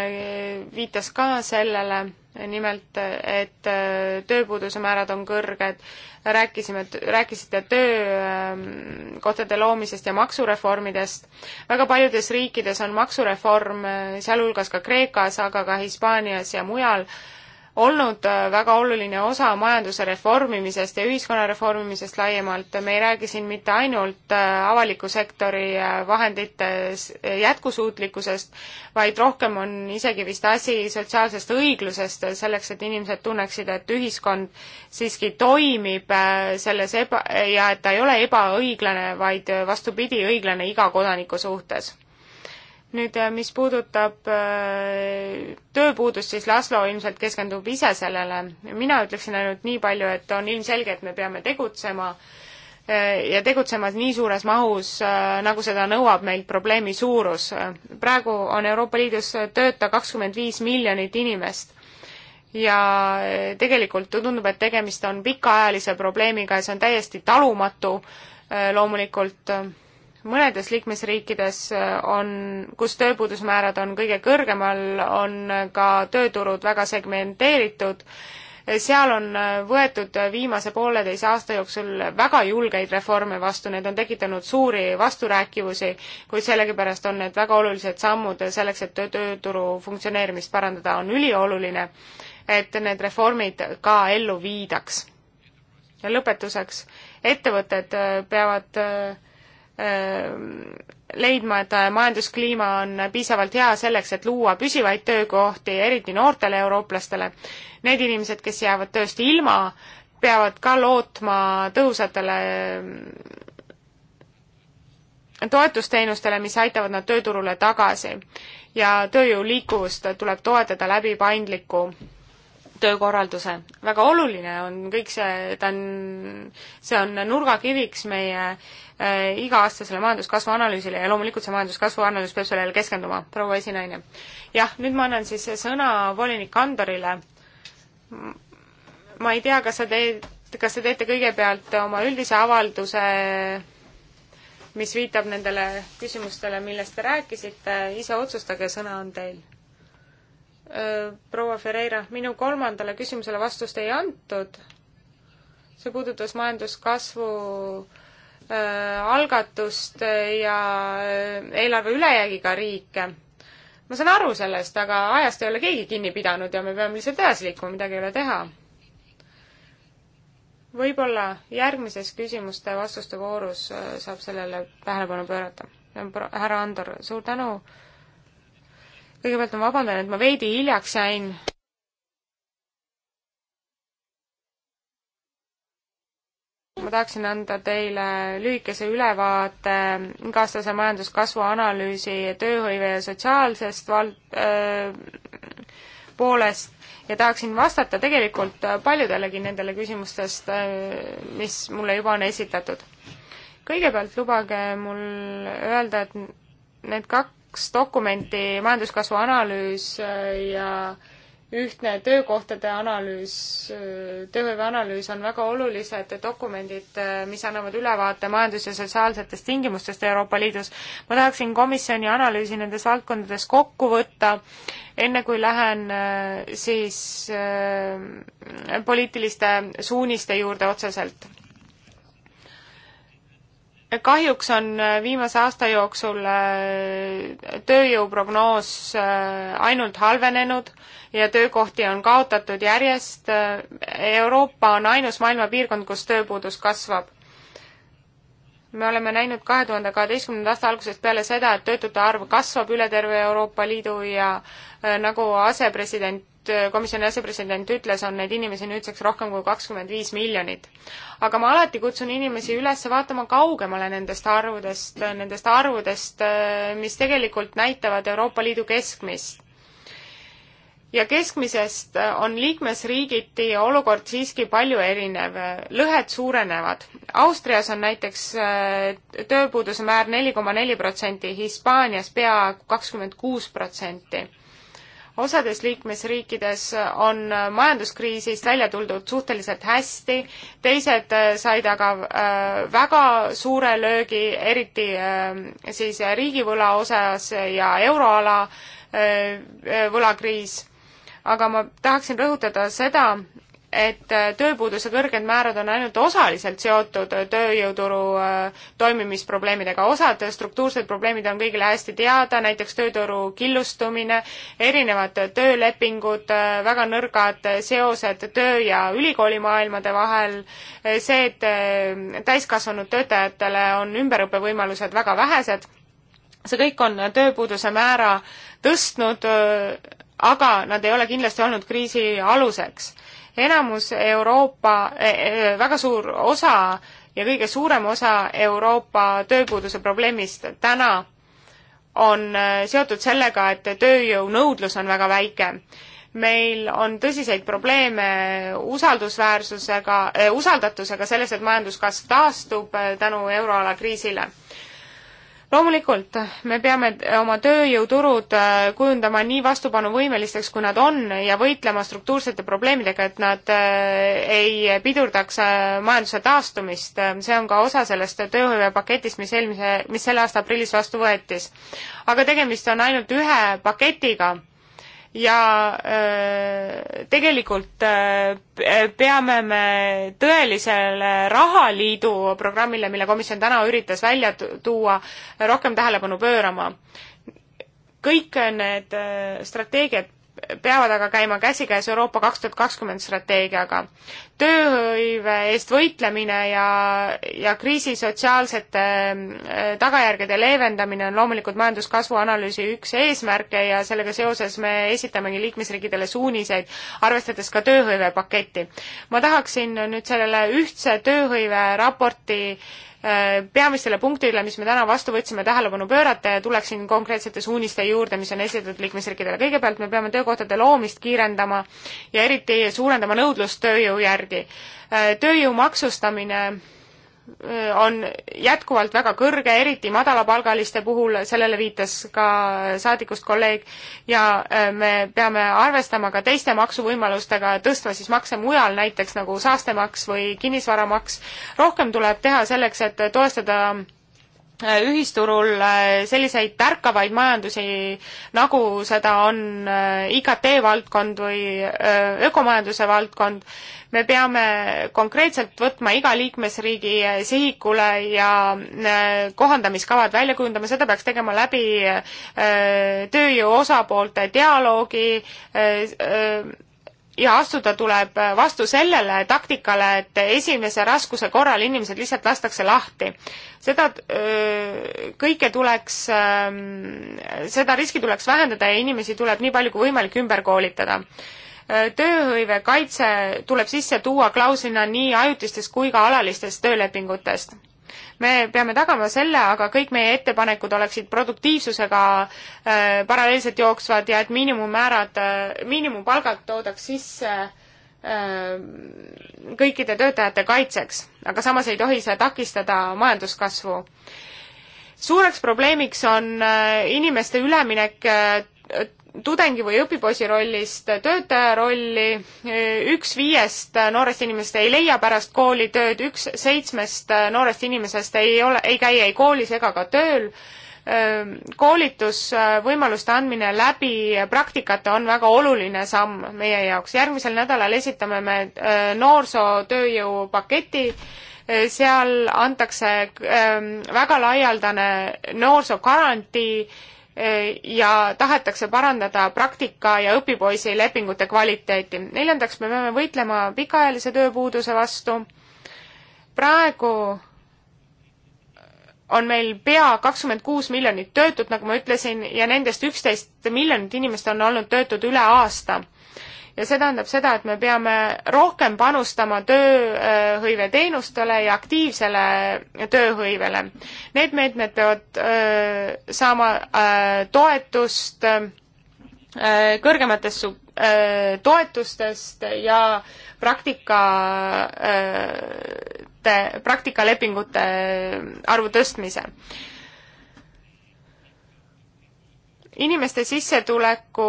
viitas ka sellele nimelt, et äh, tööpuuduse määrad on kõrged, rääkisime, rääkisite töökohtade ähm, loomisest ja maksureformidest. väga paljudes riikides on maksureform, äh, sealhulgas ka Kreekas, aga ka Hispaanias ja mujal äh, olnud äh, väga oluline osa majanduse reformimisest ja ühiskonna reformimisest laiemalt. me ei räägi siin mitte ainult äh, avaliku sektori äh, vahendite jätkusuutlikkusest, vaid rohkem on isegi vist asi sotsiaalsest õiglusest, selleks et inimesed tunneksid, et ühiskond siiski toimib selles eba- ja et ta ei ole ebaõiglane, vaid vastupidi, õiglane iga kodaniku suhtes nüüd, äh, mis puudutab äh, tööpuudust, siis Laslo ilmselt keskendub ise sellele. mina ütleksin ainult nii palju, et on ilmselge, et me peame tegutsema äh, ja tegutsema nii suures mahus, nagu seda nõuab meilt probleemi suurus. praegu on Euroopa Liidus tööta kakskümmend viis miljonit inimest ja tegelikult tundub, et tegemist on pikaajalise probleemiga ja see on täiesti talumatu loomulikult mõnedes liikmesriikides äh, on, kus tööpuudusmäärad on kõige kõrgemal, on äh, ka tööturud väga segmenteeritud, äh, seal on võetud viimase pooleteise aasta jooksul väga julgeid reforme vastu, need on tekitanud suuri vasturääkivusi, kuid sellegipärast on need väga olulised sammud selleks, et tööturu funktsioneerimist parandada, on ülioluline, et need reformid ka ellu viidaks. ja lõpetuseks, ettevõtted peavad Ähm, leidma, et äh, majanduskliima on piisavalt hea selleks, et luua püsivaid töökohti, eriti noortele eurooplastele. Need inimesed, kes jäävad tööst ilma, peavad ka lootma tõhusatele ähm, toetusteenustele, mis aitavad nad tööturule tagasi. ja tööjõu liikuvust tuleb toetada läbi paindliku töökorralduse. väga oluline on kõik see, ta on, see on nurgakiviks meie äh, iga-aastasele majanduskasvu analüüsile ja loomulikult see majanduskasvu analüüs peab sellele keskenduma, proua esinaine. jah, nüüd ma annan siis sõna volinik Andorile. ma ei tea, kas sa teed, kas te teete kõigepealt oma üldise avalduse mis viitab nendele küsimustele, millest te rääkisite, ise otsustage, sõna on teil proua Ferreira, minu kolmandale küsimusele vastust ei antud. see puudutas majanduskasvu algatust ja eelarve ülejäägiga riike. ma saan aru sellest, aga ajast ei ole keegi kinni pidanud ja me peame lihtsalt edasi liikuma, midagi ei ole teha. võib-olla järgmises küsimuste-vastuste voorus saab sellele tähelepanu pöörata. härra Andor, suur tänu kõigepealt ma vabandan, et ma veidi hiljaks jäin. ma tahaksin anda teile lühikese ülevaate iga-aastase majanduskasvu analüüsi tööhõive ja sotsiaalsest vald- äh,, poolest ja tahaksin vastata tegelikult paljudelegi nendele küsimustest, mis mulle juba on esitatud. kõigepealt lubage mul öelda, et need kak-, kaks dokumenti, majanduskasvu analüüs äh, ja ühtne töökohtade analüüs, äh, tööhõive analüüs on väga olulised dokumendid, äh, mis annavad ülevaate majandus- ja sotsiaalsetest tingimustest Euroopa Liidus. ma tahaksin komisjoni analüüsi nendes valdkondades kokku võtta, enne kui lähen siis poliitiliste suuniste juurde otseselt kahjuks on äh, viimase aasta jooksul äh, tööjõuprognoos äh, ainult halvenenud ja töökohti on kaotatud järjest. Euroopa on ainus maailma piirkond, kus tööpuudus kasvab. me oleme näinud kahe tuhande kaheteistkümnenda aasta algusest peale seda, et töötute arv kasvab üle terve Euroopa Liidu ja nagu asepresident Äh, komisjoni asepresident ütles, on neid inimesi nüüdseks rohkem kui kakskümmend viis miljonit. aga ma alati kutsun inimesi üles vaatama kaugemale nendest arvudest, nendest arvudest, äh, mis tegelikult näitavad Euroopa Liidu keskmist. ja keskmisest äh, on liikmesriigiti olukord siiski palju erinev, lõhed suurenevad. Austrias on näiteks tööpuuduse määr neli koma neli protsenti, Hispaanias pea kakskümmend kuus protsenti osades liikmesriikides on majanduskriisist välja tuldud suhteliselt hästi, teised said aga äh, väga suure löögi, eriti äh, siis riigivõla osas ja euroala äh, võlakriis. aga ma tahaksin rõhutada seda, et äh, tööpuuduse kõrged määrad on ainult osaliselt seotud äh, tööjõuturu äh, toimimisprobleemidega, osad struktuursed probleemid on kõigile hästi teada, näiteks tööturu killustumine, erinevad töölepingud, väga nõrgad seosed töö- ja ülikoolimaailmade vahel, see, et täiskasvanud töötajatele on ümberõppevõimalused väga vähesed, see kõik on tööpuuduse määra tõstnud, aga nad ei ole kindlasti olnud kriisi aluseks enamus Euroopa, eh, eh, väga suur osa ja kõige suurem osa Euroopa tööpuuduse probleemist täna on eh, seotud sellega, et tööjõunõudlus on väga väike. meil on tõsiseid probleeme usaldusväärsusega eh,, usaldatusega selles, et majanduskasv taastub tänu euroala kriisile loomulikult, me peame oma tööjõuturud äh, kujundama nii vastupanuvõimelisteks, kui nad on ja võitlema struktuursete probleemidega, et nad äh, ei pidurdaks äh, majanduse taastumist. see on ka osa sellest tööhõivepaketist, mis eelmise, mis selle aasta aprillis vastu võetis. aga tegemist on ainult ühe paketiga ja öö, äh, tegelikult öö, äh, peame me tõelisele rahaliidu programmile, mille komisjon täna üritas välja tuua, rohkem tähelepanu pöörama. kõik need äh, strateegiad peavad aga käima käsikäes Euroopa kaks tuhat kakskümmend strateegiaga. tööhõive eest võitlemine ja, ja kriisi sotsiaalsete äh, tagajärgede leevendamine on loomulikult majanduskasvu analüüsi üks eesmärke ja sellega seoses me esitamegi liikmesriikidele suuniseid, arvestades ka tööhõivepaketti. ma tahaksin nüüd sellele ühtse tööhõive raporti äh, Äh, peamistele punktidele, mis me täna vastu võtsime, tähelepanu pöörata ja tuleksin konkreetsete suuniste juurde, mis on esitatud liikmesriikidele. kõigepealt me peame töökohtade loomist kiirendama ja eriti suurendama nõudlust tööjõu järgi. Äh, tööjõu maksustamine on jätkuvalt väga kõrge, eriti madalapalgaliste puhul, sellele viitas ka saadikust kolleeg, ja äh, me peame arvestama ka teiste maksuvõimalustega, tõstma siis makse mujal, näiteks nagu saastemaks või kinnisvaramaks. rohkem tuleb teha selleks, et toestada Äh, ühisturul äh, selliseid tärkavaid majandusi, nagu seda on äh, IKT valdkond või ökomajanduse valdkond, me peame konkreetselt võtma iga liikmesriigi sihikule ja kohandamiskavad välja kujundama, seda peaks tegema läbi tööjõu osapoolte dialoogi, ja astuda tuleb vastu sellele taktikale, et esimese raskuse korral inimesed lihtsalt lastakse lahti. seda kõike tuleks, seda riski tuleks vähendada ja inimesi tuleb nii palju kui võimalik ümber koolitada. tööhõive kaitse tuleb sisse tuua klauslina nii ajutistes kui ka alalistes töölepingutest me peame tagama selle, aga kõik meie ettepanekud oleksid produktiivsusega äh, paralleelselt jooksvad ja et miinimummäärad äh,, miinimumpalgad toodaks sisse äh, kõikide töötajate kaitseks, aga samas ei tohi see takistada majanduskasvu. suureks probleemiks on äh, inimeste üleminek äh, tudengi või õpipoisi rollist töötaja rolli, üks viiest noorest inimesest ei leia pärast kooli tööd, üks seitsmest noorest inimesest ei ole, ei käi ei koolis ega ka tööl. Ehm, koolitusvõimaluste äh, andmine läbi praktikate on väga oluline samm meie jaoks. järgmisel nädalal esitame me äh, noorsootööjõu paketi äh, seal antakse ehm, väga laialdane noorsoogarantii ja tahetakse parandada praktika ja õpipoisi lepingute kvaliteeti. neljandaks, me peame võitlema pikaajalise tööpuuduse vastu. praegu on meil pea kakskümmend kuus miljonit töötut, nagu ma ütlesin, ja nendest üksteist miljonit inimest on olnud töötud üle aasta ja see tähendab seda, et me peame rohkem panustama tööhõiveteenustele ja aktiivsele tööhõivele. Need meetmed peavad öö, äh, saama öö, äh, toetust öö, äh, kõrgematest su-, toetustest ja praktika, praktikalepingute arvu tõstmise. inimeste sissetuleku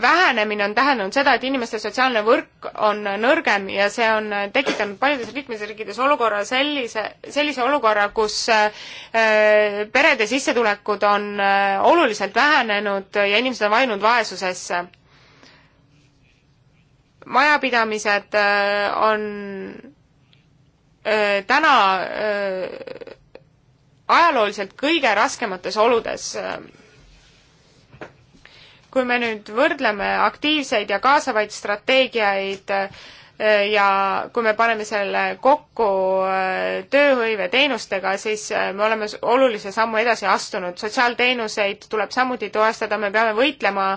vähenemine on tähendanud seda, et inimeste sotsiaalne võrk on nõrgem ja see on tekitanud paljudes liikmesriikides olukorra sellise, sellise olukorra, kus äh, perede sissetulekud on äh, oluliselt vähenenud ja inimesed on vajunud vaesusesse. majapidamised äh, on täna ajalooliselt kõige raskemates oludes kui me nüüd võrdleme aktiivseid ja kaasavaid strateegiaid äh, ja kui me paneme selle kokku äh, tööhõive teenustega, siis äh, me oleme olulise sammu edasi astunud. sotsiaalteenuseid tuleb samuti toestada, me peame võitlema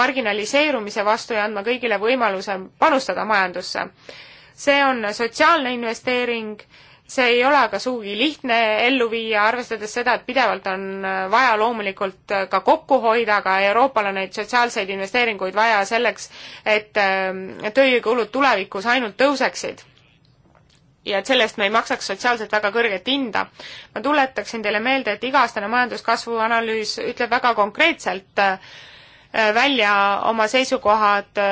marginaliseerumise vastu ja andma kõigile võimaluse panustada majandusse. see on sotsiaalne investeering see ei ole aga sugugi lihtne ellu viia, arvestades seda, et pidevalt on äh, vaja loomulikult äh, ka kokku hoida, aga Euroopal on neid sotsiaalseid investeeringuid vaja selleks, et ähm, tööjõukulud tulevikus ainult tõuseksid. ja et selle eest me ei maksaks sotsiaalselt väga kõrget hinda. ma tuletaksin teile meelde, et iga-aastane majanduskasvu analüüs ütleb väga konkreetselt äh, Äh, välja oma seisukohad äh,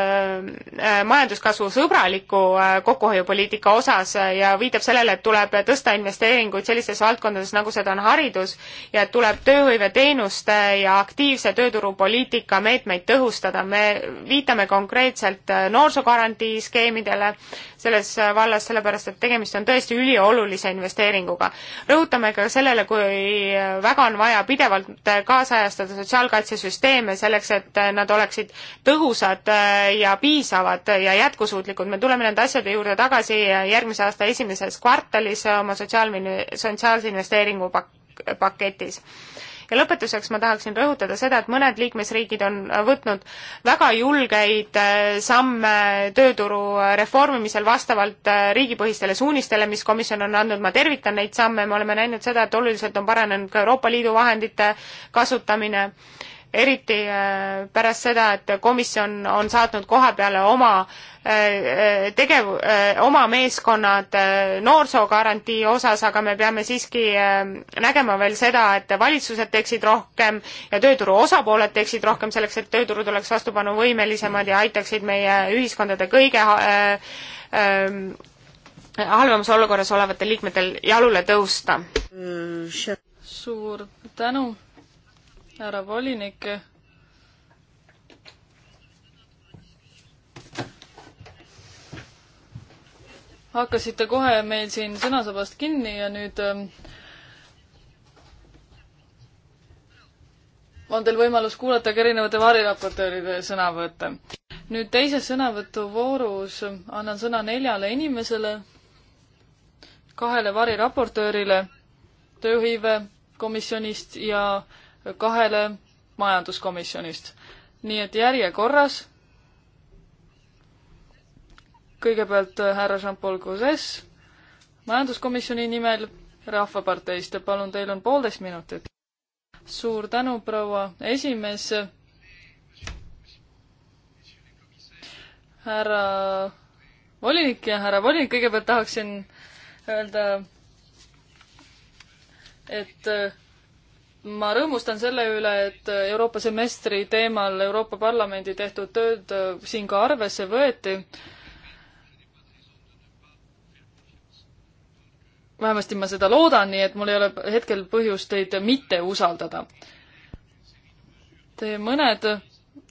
äh, majanduskasvu sõbraliku kokkuhoiupoliitika osas ja viitab sellele, et tuleb tõsta investeeringuid sellistes valdkondades, nagu seda on haridus ja et tuleb tööhõiveteenuste ja aktiivse tööturupoliitika meetmeid tõhustada. me viitame konkreetselt noorsoogarantii skeemidele selles vallas, sellepärast et tegemist on tõesti üliolulise investeeringuga. rõhutame ka sellele, kui väga on vaja pidevalt kaasajastada sotsiaalkaitsesüsteeme selleks, et et äh, nad oleksid tõhusad äh, ja piisavad ja jätkusuutlikud. me tuleme nende asjade juurde tagasi äh, järgmise aasta esimeses kvartalis oma sotsiaalmine-, sotsiaalse investeeringu pak-, paketis ja lõpetuseks ma tahaksin rõhutada seda, et mõned liikmesriigid on võtnud väga julgeid samme tööturu reformimisel vastavalt riigipõhistele suunistele, mis komisjon on andnud, ma tervitan neid samme, me oleme näinud seda, et oluliselt on paranenud ka Euroopa Liidu vahendite kasutamine eriti äh, pärast seda, et komisjon on saatnud koha peale oma äh, äh, tegev-, oma meeskonnad noorsoogarantii osas, aga me peame siiski nägema veel seda, et valitsused teeksid rohkem ja tööturu osapooled teeksid rohkem selleks, et tööturud oleks vastupanuvõimelisemad ja aitaksid meie ühiskondade kõige halvemas olukorras olevatel liikmetel jalule tõusta. suur tänu härra volinik. hakkasite kohe meil siin sõnasabast kinni ja nüüd ähm, on teil võimalus kuulata ka erinevate variraportööride sõnavõtte. nüüd teises sõnavõtuvoorus annan sõna neljale inimesele, kahele variraportöörile tööhõive komisjonist ja kahele majanduskomisjonist. nii et järjekorras kõigepealt härra Jean-Paul Gauzes majanduskomisjoni nimel Rahvaparteist ja palun, teil on poolteist minutit. suur tänu, proua esimees. härra volinik ja härra volinik, kõigepealt tahaksin öelda, et ma rõõmustan selle üle, et Euroopa semestri teemal Euroopa Parlamendi tehtud tööd äh, siin ka arvesse võeti. vähemasti ma seda loodan, nii et mul ei ole hetkel põhjust teid mitte usaldada. Te mõned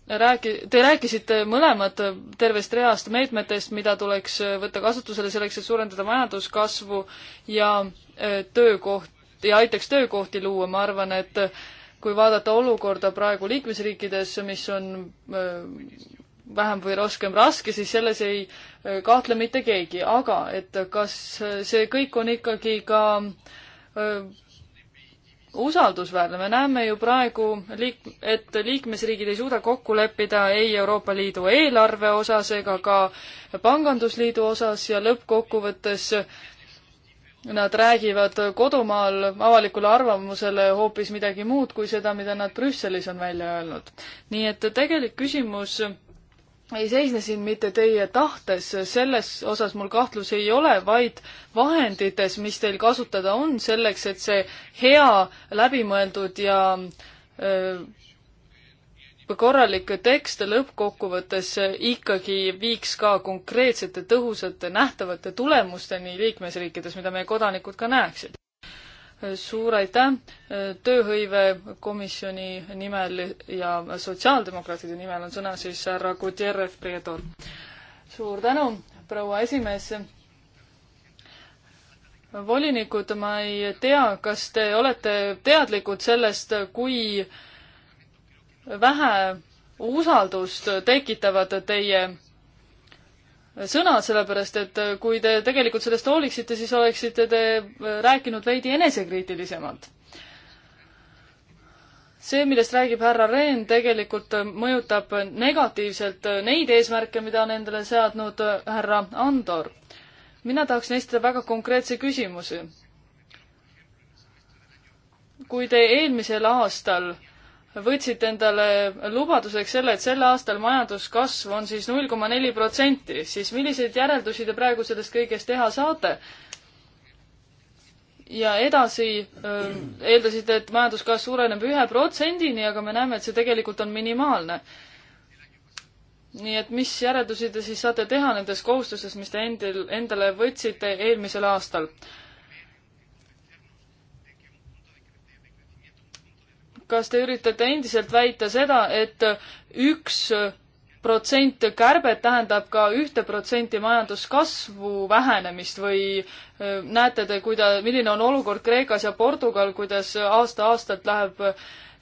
räägi-, te rääkisite mõlemad tervest reast meetmetest, mida tuleks võtta kasutusele selleks, et suurendada majanduskasvu ja äh, töökohti ja aitaks töökohti luua, ma arvan, et kui vaadata olukorda praegu liikmesriikides, mis on äh, vähem või raskem raske, siis selles ei äh, kahtle mitte keegi, aga et kas äh, see kõik on ikkagi ka öö, usaldusväärne, me näeme ju praegu liik-, et liikmesriigid ei suuda kokku leppida ei Euroopa Liidu eelarve osas ega ka pangandusliidu osas ja lõppkokkuvõttes öö, nad räägivad kodumaal avalikule arvamusele hoopis midagi muud kui seda, mida nad Brüsselis on välja öelnud. nii et tegelik küsimus ei seisne siin mitte teie tahtes, selles osas mul kahtlusi ei ole, vaid vahendites, mis teil kasutada on selleks, et see hea, läbimõeldud ja öö, äh, korralik tekst lõppkokkuvõttes ikkagi viiks ka konkreetsete tõhusate nähtavate tulemusteni liikmesriikides, mida meie kodanikud ka näeksid. suur aitäh tööhõivekomisjoni nimel ja sotsiaaldemokraatide nimel on sõna siis härra Gutierrez Prietor. suur tänu, proua esimees volinikud, ma ei tea, kas te olete teadlikud sellest, kui vähe usaldust tekitavad teie sõnad, sellepärast et kui te tegelikult sellest hooliksite, siis oleksite te rääkinud veidi enesekriitilisemalt. see, millest räägib härra Rehn, tegelikult mõjutab negatiivselt neid eesmärke, mida on endale seadnud härra Andor. mina tahaksin esitada väga konkreetse küsimuse. kui te eelmisel aastal võtsid endale lubaduseks selle, et sel aastal majanduskasv on siis null koma neli protsenti, siis milliseid järeldusi te praegu sellest kõigest teha saate? ja edasi ähm, eeldasite, et majanduskasv suureneb ühe protsendini, aga me näeme, et see tegelikult on minimaalne. nii et mis järeldusi te siis saate teha nendest kohustustest, mis te endil, endale võtsite eelmisel aastal? kas te üritate endiselt väita seda et, et üks protsent kärbet tähendab ka ühte protsenti majanduskasvu vähenemist või äh, näete te, kuida-, milline on olukord Kreekas ja Portugal, kuidas aasta-aastalt läheb,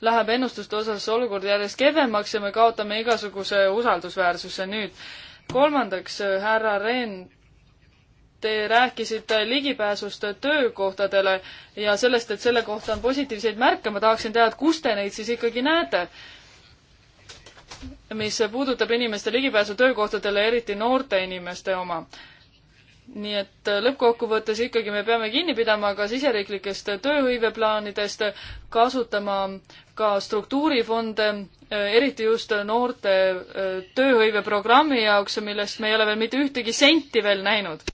läheb ennustuste osas olukord järjest kehvemaks ja me kaotame igasuguse usaldusväärsuse nüüd. kolmandaks, äh, härra Rehn, Te rääkisite ligipääsust töökohtadele ja sellest, et selle kohta on positiivseid märke, ma tahaksin teada, kus te neid siis ikkagi näete? mis puudutab inimeste ligipääsu töökohtadele, eriti noorte inimeste oma. nii et lõppkokkuvõttes ikkagi me peame kinni pidama ka siseriiklikest tööhõiveplaanidest, kasutama ka struktuurifonde, eriti just noorte tööhõiveprogrammi jaoks, millest me ei ole veel mitte ühtegi senti veel näinud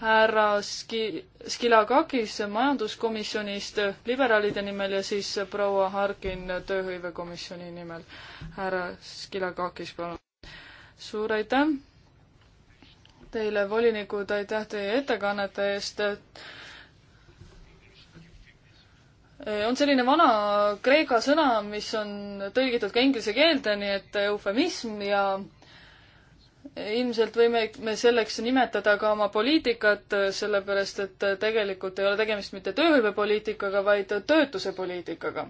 härra Ski-, Skilakakis majanduskomisjonist liberaalide nimel ja siis proua Harkin tööhõivekomisjoni nimel. härra Skilakakis, palun. suur aitäh teile, volinikud, aitäh teie ettekannete eest et on selline vana kreeka sõna, mis on tõlgitud ka inglise keelde, nii et eufemism ja ilmselt võime me selleks nimetada ka oma poliitikat, sellepärast et tegelikult ei ole tegemist mitte tööhõivepoliitikaga, vaid töötuse poliitikaga.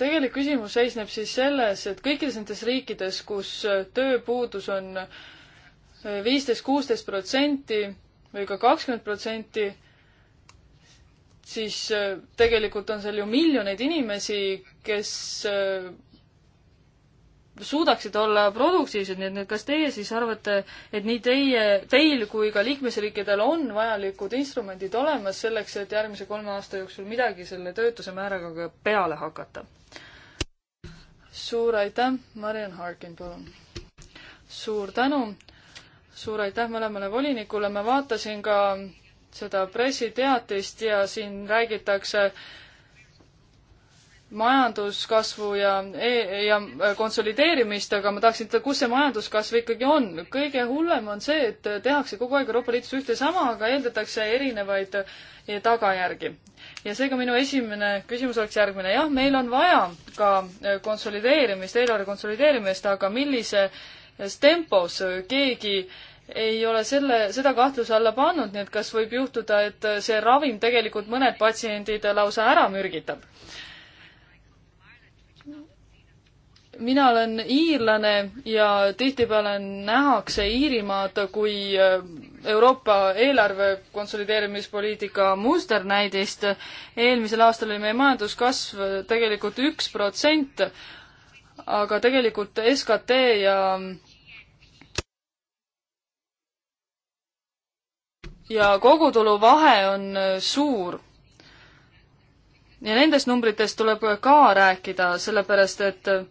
tegelik küsimus seisneb siis selles, et kõikides nendes riikides, kus tööpuudus on viisteist, kuusteist protsenti või ka kakskümmend protsenti, siis tegelikult on seal ju miljoneid inimesi, kes suudaksid olla produktiivsed, nii et nüüd kas teie siis arvate, et nii teie, teil kui ka liikmesriikidel on vajalikud instrumendid olemas selleks, et järgmise kolme aasta jooksul midagi selle töötuse määraga ka peale hakata? suur aitäh, Marian Harkin, palun. suur tänu, suur aitäh mõlemale volinikule, ma vaatasin ka seda pressiteatist ja siin räägitakse äh, majanduskasvu ja e, ja äh, konsolideerimist, aga ma tahaksin teada, kus see majanduskasv ikkagi on. kõige hullem on see, et tehakse kogu aeg Euroopa Liidus ühte sama, aga eeldatakse erinevaid äh, tagajärgi. ja seega minu esimene küsimus oleks järgmine. jah, meil on vaja ka äh, konsolideerimist, eelarve konsolideerimist, aga millises tempos keegi ei ole selle, seda kahtluse alla pannud, nii et kas võib juhtuda, et see ravim tegelikult mõned patsiendid lausa ära mürgitab? mina olen iirlane ja tihtipeale nähakse Iirimaad kui äh, Euroopa eelarve konsolideerimispoliitika musternäidist. eelmisel aastal oli meie majanduskasv tegelikult üks protsent, aga tegelikult SKT ja ja kogutulu vahe on äh, suur ja nendest numbritest tuleb ka rääkida, sellepärast et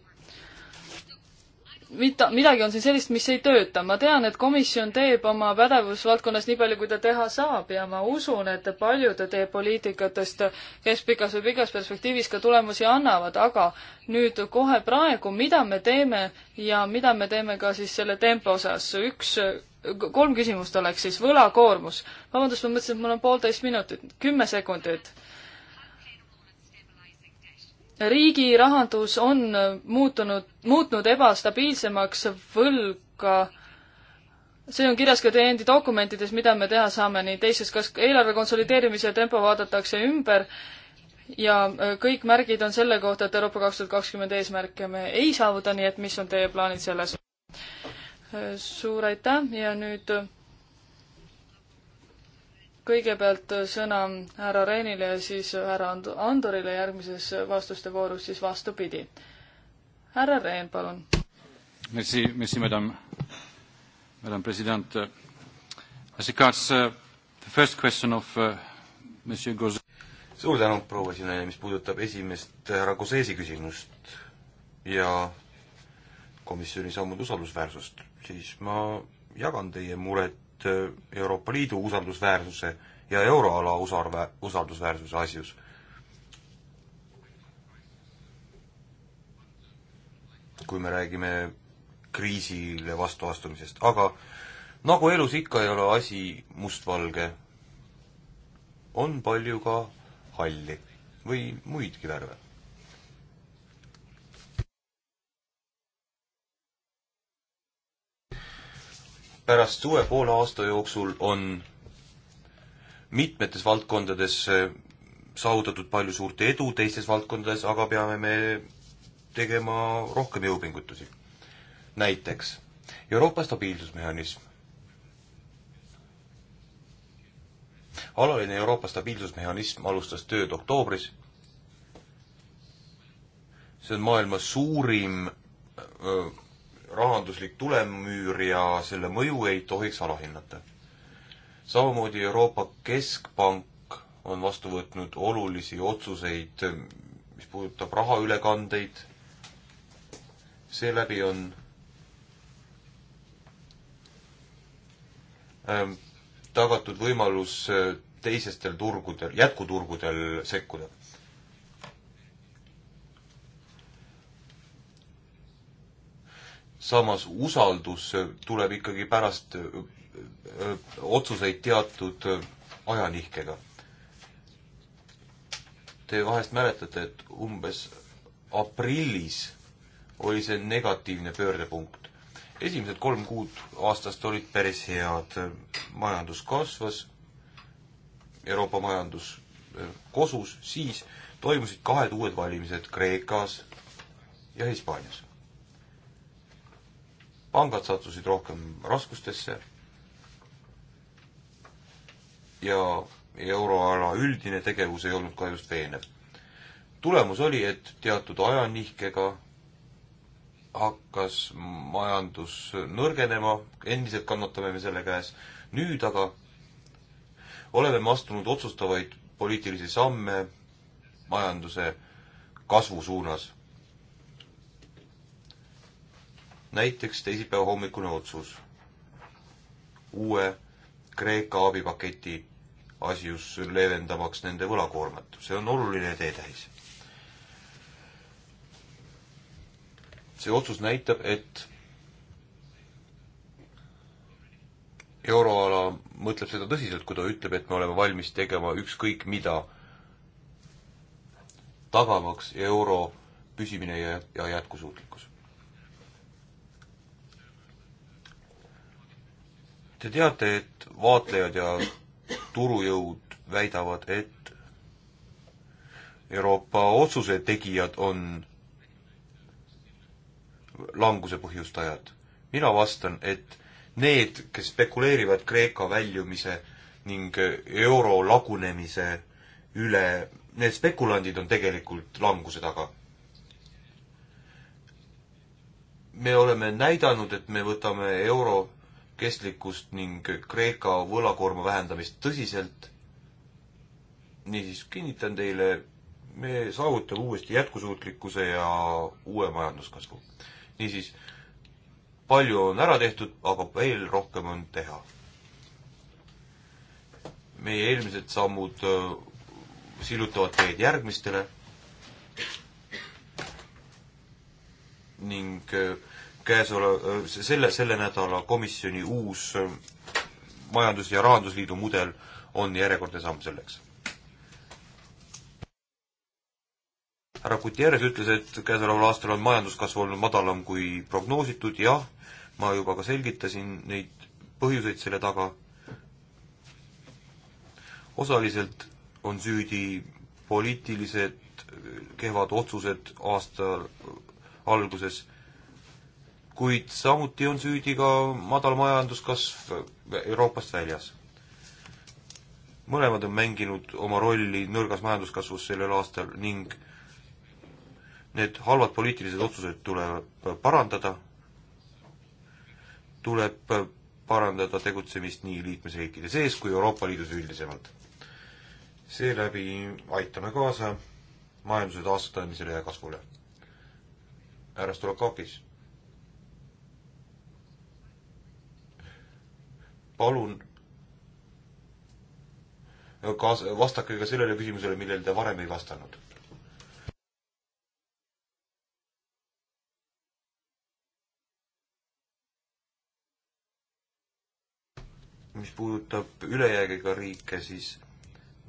mida, midagi on siin sellist, mis ei tööta. ma tean, et komisjon teeb oma pädevusvaldkonnas nii palju, kui ta teha saab ja ma usun, et paljud teie poliitikatest keskpikas või pikas perspektiivis ka tulemusi annavad, aga nüüd kohe praegu, mida me teeme ja mida me teeme ka siis selle tempo osas? üks, kolm küsimust oleks siis, võlakoormus. vabandust, ma mõtlesin, et mul on poolteist minutit, kümme sekundit riigi rahandus on muutunud, muutnud ebastabiilsemaks võlga. see on kirjas ka teie endi dokumentides, mida me teha saame, nii teises, kas eelarve konsolideerimise tempo vaadatakse ümber ja äh, kõik märgid on selle kohta, et Euroopa kaks tuhat kakskümmend eesmärke me ei saavuta, nii et mis on teie plaanid selles? Äh, suur aitäh ja nüüd kõigepealt äh, sõna härra Reinile ja siis härra Andorile järgmises vastuste voorus siis vastupidi. härra Rein, palun. Merci, merci, madam, madam president. Äh, as regards uh, the first question of uh, monsieur Gauzet. suur tänu, proua esineja, mis puudutab esimest härra Gauzesi küsimust ja komisjoni sammude usaldusväärsust, siis ma jagan teie muret et äh, Euroopa Liidu usaldusväärsuse ja euroala usarvä-, usaldusväärsuse asjus. kui me räägime kriisile vastuastumisest, aga nagu elus ikka ei ole asi mustvalge, on palju ka halli või muidki värve pärast suve poole aasta jooksul on mitmetes valdkondades eh, saavutatud palju suurt edu, teistes valdkondades aga peame me tegema rohkem jõupingutusi. näiteks Euroopa stabiilsusmehhanism. alaline Euroopa stabiilsusmehhanism alustas tööd oktoobris. see on maailma suurim öö, äh, rahanduslik tulemüür ja selle mõju ei tohiks alahinnata. samamoodi Euroopa Keskpank on vastu võtnud olulisi otsuseid, mis puudutab rahaülekandeid, seeläbi on ähm, tagatud võimalus äh, teisestel turgudel, jätkuturgudel sekkuda samas usaldus tuleb ikkagi pärast äh, äh, otsuseid teatud äh, ajanihkega. Te vahest mäletate, et umbes aprillis oli see negatiivne pöördepunkt. esimesed kolm kuud aastast olid päris head, majandus kasvas, Euroopa majandus kosus, siis toimusid kahed uued valimised Kreekas ja Hispaanias pangad sattusid rohkem raskustesse ja euroala üldine tegevus ei olnud ka just veenev. tulemus oli, et teatud ajanihkega hakkas majandus nõrgenema, endiselt kannatame me selle käes, nüüd aga oleme me astunud otsustavaid poliitilisi samme majanduse kasvu suunas näiteks teisipäeva hommikune otsus uue Kreeka abipaketi asjus leevendamaks nende võlakoormat. see on oluline teetähis. see otsus näitab, et euroala mõtleb seda tõsiselt, kui ta ütleb, et me oleme valmis tegema ükskõik mida, tagamaks euro püsimine ja, ja jätkusuutlikkus Te teate, et vaatlejad ja turujõud väidavad, et Euroopa otsuse tegijad on languse põhjustajad. mina vastan, et need, kes spekuleerivad Kreeka väljumise ning euro lagunemise üle, need spekulandid on tegelikult languse taga. me oleme näidanud, et me võtame euro kestlikkust ning Kreeka võlakoorma vähendamist tõsiselt. niisiis kinnitan teile, me saavutame uuesti jätkusuutlikkuse ja uue majanduskasvu. niisiis, palju on ära tehtud, aga veel rohkem on teha. meie eelmised sammud äh, sillutavad teed järgmistele ning äh, käesoleva, selle, selle nädala komisjoni uus äh, majandus- ja rahandusliidu mudel on järjekordne samm selleks. härra Gutierrez ütles, et käesoleval aastal on majanduskasv olnud madalam kui prognoositud, jah, ma juba ka selgitasin neid põhjuseid selle taga. osaliselt on süüdi poliitilised kehvad otsused aasta alguses kuid samuti on süüdi ka madal majanduskasv Euroopast väljas. mõlemad on mänginud oma rolli nõrgas majanduskasvus sellel aastal ning need halvad poliitilised otsused tuleb parandada, tuleb parandada tegutsemist nii liikmesriikide sees kui Euroopa Liidus üldisemalt. seeläbi aitame kaasa majanduse taastamisele ja kasvule. härra Stolokakis palun kaas-, vastake ka sellele küsimusele, millele te varem ei vastanud. mis puudutab ülejäägiga riike, siis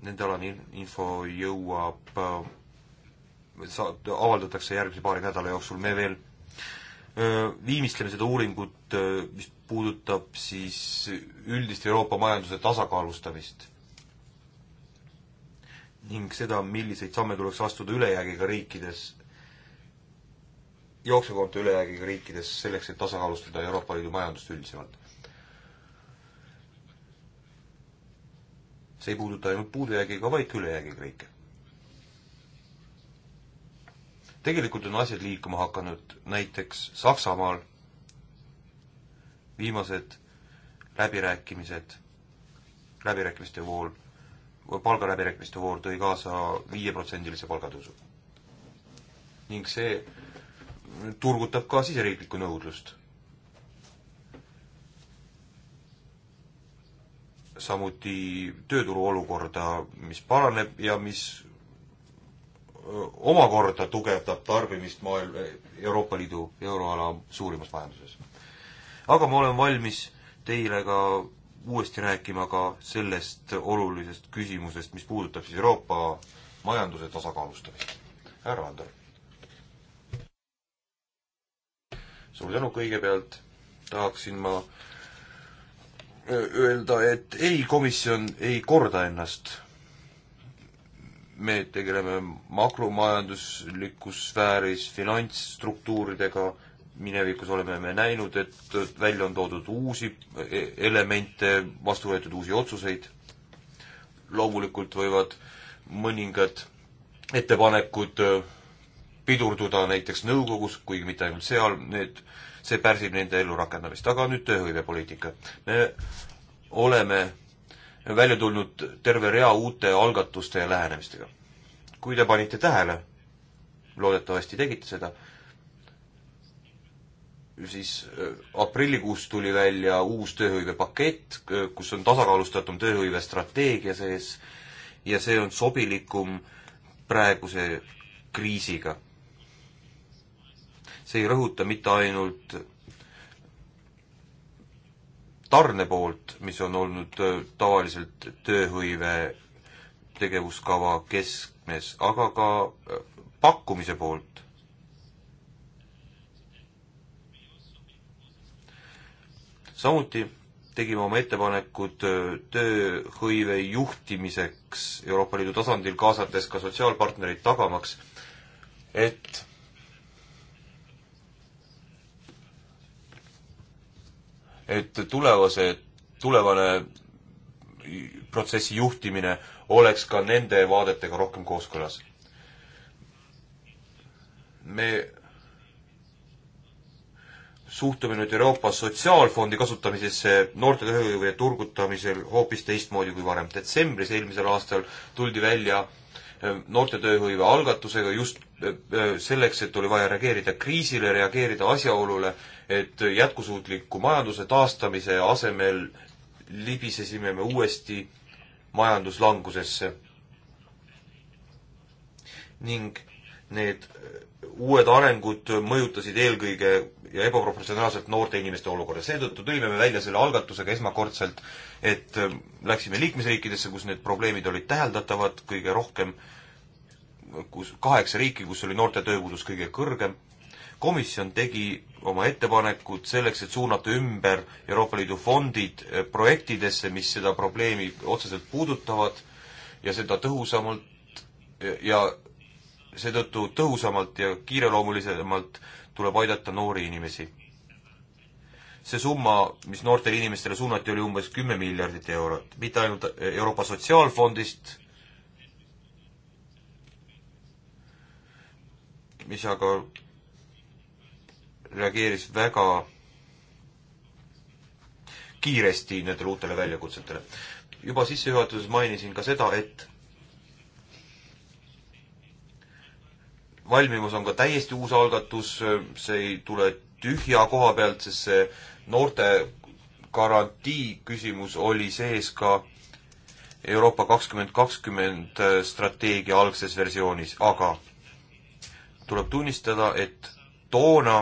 nende alane info jõuab, äh, saab, avaldatakse järgmise paari nädala jooksul, me veel Äh, viimistleme seda uuringut, äh, mis puudutab siis üldist Euroopa majanduse tasakaalustamist ning seda, milliseid samme tuleks astuda ülejäägiga riikides, jooksevkonto ülejäägiga riikides, selleks et tasakaalustada Euroopa Liidu majandust üldisemalt. see ei puuduta ainult puudujäägiga, vaid ka ülejäägiga riike tegelikult on asjad liikuma hakanud, näiteks Saksamaal viimased läbirääkimised, läbirääkimiste vool, palgaläbirääkimiste vool tõi kaasa viieprotsendilise palgatõusu. ning see turgutab ka siseriiklikku nõudlust. samuti tööturu olukorda, mis paraneb ja mis omakorda tugevdab tarbimist maailm, Euroopa Liidu euroala suurimas majanduses. aga ma olen valmis teile ka uuesti rääkima ka sellest olulisest küsimusest, mis puudutab siis Euroopa majanduse tasakaalustamist. härra Andor. suur tänu kõigepealt, tahaksin ma öelda, et ei, komisjon ei korda ennast me tegeleme makromajanduslikus sfääris finantsstruktuuridega, minevikus oleme me näinud, et välja on toodud uusi e-, elemente, vastu võetud uusi otsuseid. loomulikult võivad mõningad ettepanekud pidurduda näiteks nõukogus, kuigi mitte ainult seal, need, see pärsib nende ellurakendamist, aga nüüd tööhõivepoliitika. me oleme välja tulnud terve rea uute algatuste ja lähenemistega. kui te panite tähele, loodetavasti tegite seda, siis äh, aprillikuus tuli välja uus tööhõivepakett, äh, kus on tasakaalustatum tööhõive strateegia sees ja see on sobilikum praeguse kriisiga. see ei rõhuta mitte ainult tarne poolt, mis on olnud äh, tavaliselt tööhõive tegevuskava keskmes, aga ka äh, pakkumise poolt. samuti tegime oma ettepanekud äh, tööhõive juhtimiseks Euroopa Liidu tasandil, kaasates ka sotsiaalpartnereid tagamaks, et et tulevase, tulevane protsessi juhtimine oleks ka nende vaadetega rohkem kooskõlas. me suhtume nüüd Euroopa Sotsiaalfondi kasutamisesse noorte tööhõive turgutamisel hoopis teistmoodi kui varem. detsembris eelmisel aastal tuldi välja noorte tööhõive algatusega just äh, äh, selleks, et oli vaja reageerida kriisile, reageerida asjaolule, et jätkusuutliku majanduse taastamise asemel libisesime me uuesti majanduslangusesse. ning need äh, uued arengud mõjutasid eelkõige ja ebaproportsionaalselt noorte inimeste olukorda. seetõttu tulime me välja selle algatusega esmakordselt, et äh, läksime liikmesriikidesse, kus need probleemid olid täheldatavad kõige rohkem, kus kaheksa riiki, kus oli noorte tööpuudus kõige kõrgem. komisjon tegi oma ettepanekud selleks, et suunata ümber Euroopa Liidu fondid äh, projektidesse, mis seda probleemi otseselt puudutavad ja seda tõhusamalt ja seetõttu tõhusamalt ja kiireloomulisemalt tuleb aidata noori inimesi. see summa, mis noortele inimestele suunati, oli umbes kümme miljardit eurot, mitte ainult Euroopa Sotsiaalfondist, mis aga reageeris väga kiiresti nendele uutele väljakutsetele. juba sissejuhatuses mainisin ka seda, et valmimas on ka täiesti uus algatus, see ei tule tühja koha pealt, sest see noorte garantii küsimus oli sees ka Euroopa kakskümmend kakskümmend strateegia algses versioonis, aga tuleb tunnistada, et toona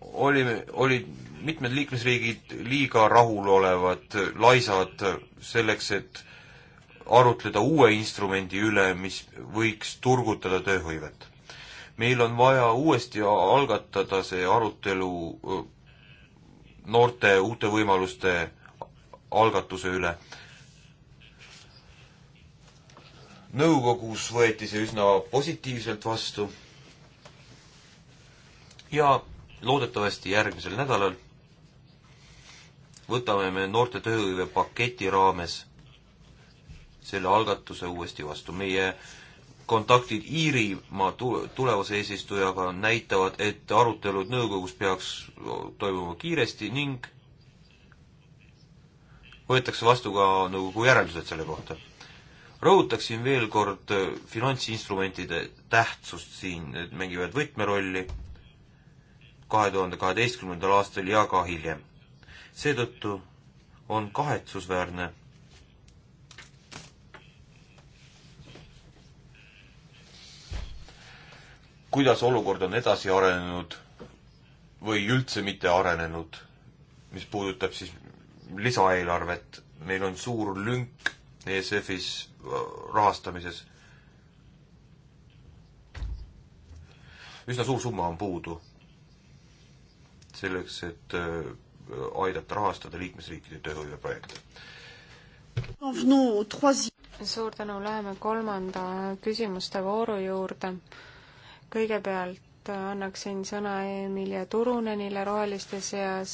oli, olid mitmed liikmesriigid liiga rahulolevad, laisad selleks, et arutleda uue instrumendi üle, mis võiks turgutada tööhõivet. meil on vaja uuesti algatada see arutelu noorte uute võimaluste algatuse üle. nõukogus võeti see üsna positiivselt vastu ja loodetavasti järgmisel nädalal võtame me noorte tööhõive paketi raames selle algatuse uuesti vastu. meie kontaktid Iirimaa tulevase eesistujaga näitavad, et arutelud nõukogus peaks toimuma kiiresti ning võetakse vastu ka nõukogu järeldused selle kohta. rõhutaksin veel kord finantsinstrumentide tähtsust siin, need mängivad võtmerolli kahe tuhande kaheteistkümnendal aastal ja ka hiljem. seetõttu on kahetsusväärne kuidas olukord on edasi arenenud või üldse mitte arenenud, mis puudutab siis lisaeelarvet, meil on suur lünk ESF-is äh, rahastamises. üsna suur summa on puudu selleks, et äh, aidata rahastada liikmesriikide tööhõiveprojekte. suur tänu, läheme kolmanda küsimuste vooru juurde kõigepealt annaksin sõna Emilia Turunenile roheliste seas,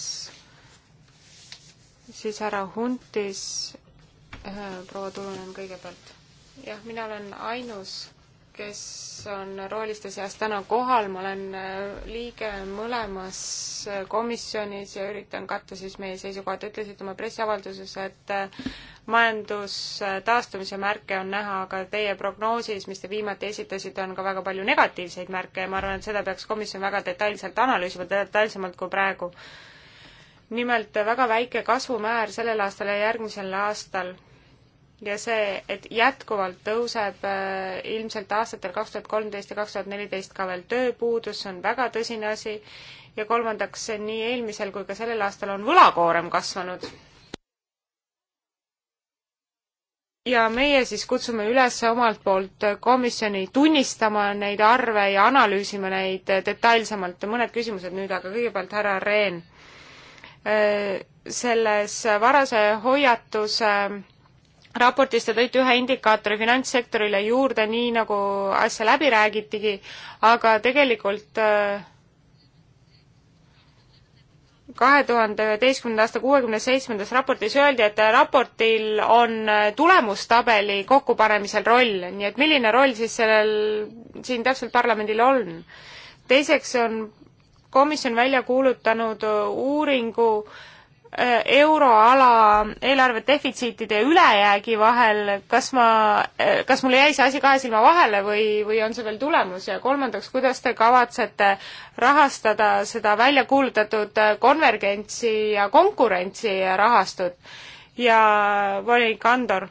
siis härra Huntis, proua Turunen kõigepealt. jah, mina olen ainus kes on rooliste seas täna kohal, ma olen äh, liige mõlemas äh, komisjonis ja üritan katta siis meie seisukohad. ütlesite oma pressiavalduses, et äh, majandustaastumise märke on näha, aga teie prognoosis, mis te viimati esitasite, on ka väga palju negatiivseid märke ja ma arvan, et seda peaks komisjon väga detailselt analüüsima, detailsemalt kui praegu nimelt väga väike kasvumäär sellel aastal ja järgmisel aastal ja see, et jätkuvalt tõuseb äh, ilmselt aastatel kaks tuhat kolmteist ja kaks tuhat neliteist ka veel tööpuudus, see on väga tõsine asi, ja kolmandaks, nii eelmisel kui ka sellel aastal on võlakoorem kasvanud. ja meie siis kutsume üles omalt poolt komisjoni tunnistama neid arve ja analüüsima neid detailsemalt, mõned küsimused nüüd, aga kõigepealt härra Rehn. Äh, selles varase hoiatuse äh, raportis te tõite ühe indikaatori finantssektorile juurde, nii nagu asja läbi räägitigi, aga tegelikult äh, kahe tuhande üheteistkümnenda aasta kuuekümne seitsmendas raportis öeldi, et raportil on äh, tulemustabeli kokkupanemisel roll, nii et milline roll siis sellel siin täpselt parlamendil on? teiseks on komisjon välja kuulutanud äh, uuringu äh, Äh, euroala eelarve defitsiitide ja ülejäägi vahel, kas ma, äh, kas mul jäi see asi kahe silma vahele või, või on see veel tulemus ja kolmandaks, kuidas te kavatsete rahastada seda välja kuulutatud äh, konvergentsi ja konkurentsi rahastut ja volinik Andor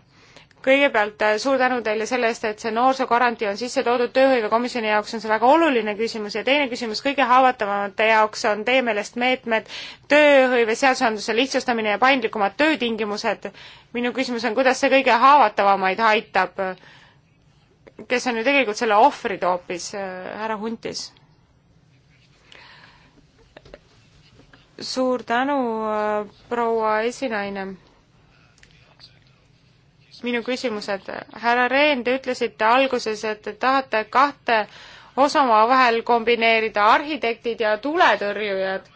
kõigepealt äh, suur tänu teile selle eest, et see noorsoogarantii on sisse toodud, tööhõivekomisjoni jaoks on see väga oluline küsimus ja teine küsimus kõige haavatavamate jaoks on teie meelest meetmed tööhõive seadusandluse lihtsustamine ja paindlikumad töötingimused. minu küsimus on, kuidas see kõige haavatavamaid aitab, kes on ju tegelikult selle ohvrid hoopis, äh, härra Huntis? suur tänu, äh, proua esinaine minu küsimused. härra Rehn, te ütlesite alguses, et te tahate kahte osa omavahel kombineerida, arhitektid ja tuletõrjujad.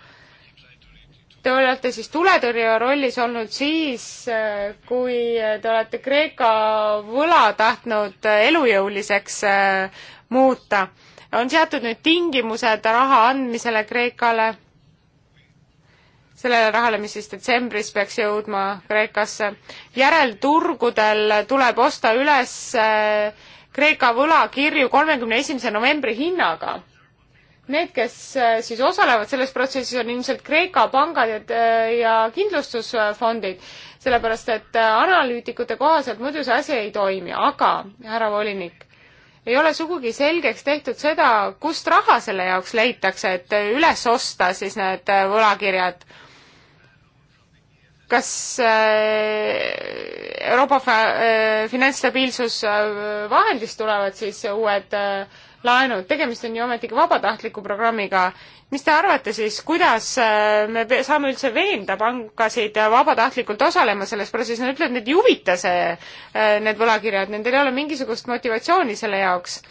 Te olete siis tuletõrjuja rollis olnud siis, kui te olete Kreeka võla tahtnud elujõuliseks äh, muuta. on seatud nüüd tingimused raha andmisele Kreekale sellele rahale, mis siis detsembris peaks jõudma Kreekasse. järelturgudel tuleb osta üles eh, Kreeka võlakirju kolmekümne esimese novembri hinnaga. Need, kes eh, siis osalevad selles protsessis, on ilmselt Kreeka pangad ja, eh, ja kindlustusfondid, sellepärast et analüütikute kohaselt muidu see asi ei toimi, aga härra volinik, ei ole sugugi selgeks tehtud seda, kust raha selle jaoks leitakse, et üles osta siis need võlakirjad kas äh, Euroopa äh, finantsstabiilsusvahendist tulevad siis uued äh, laenud, tegemist on ju ometigi vabatahtliku programmiga. mis te arvate siis, kuidas me saame üldse veenda pankasid vabatahtlikult osalema selles protsessis, nad ütlevad, neid ei huvita see, need võlakirjad, nendel ei ole mingisugust motivatsiooni selle jaoks.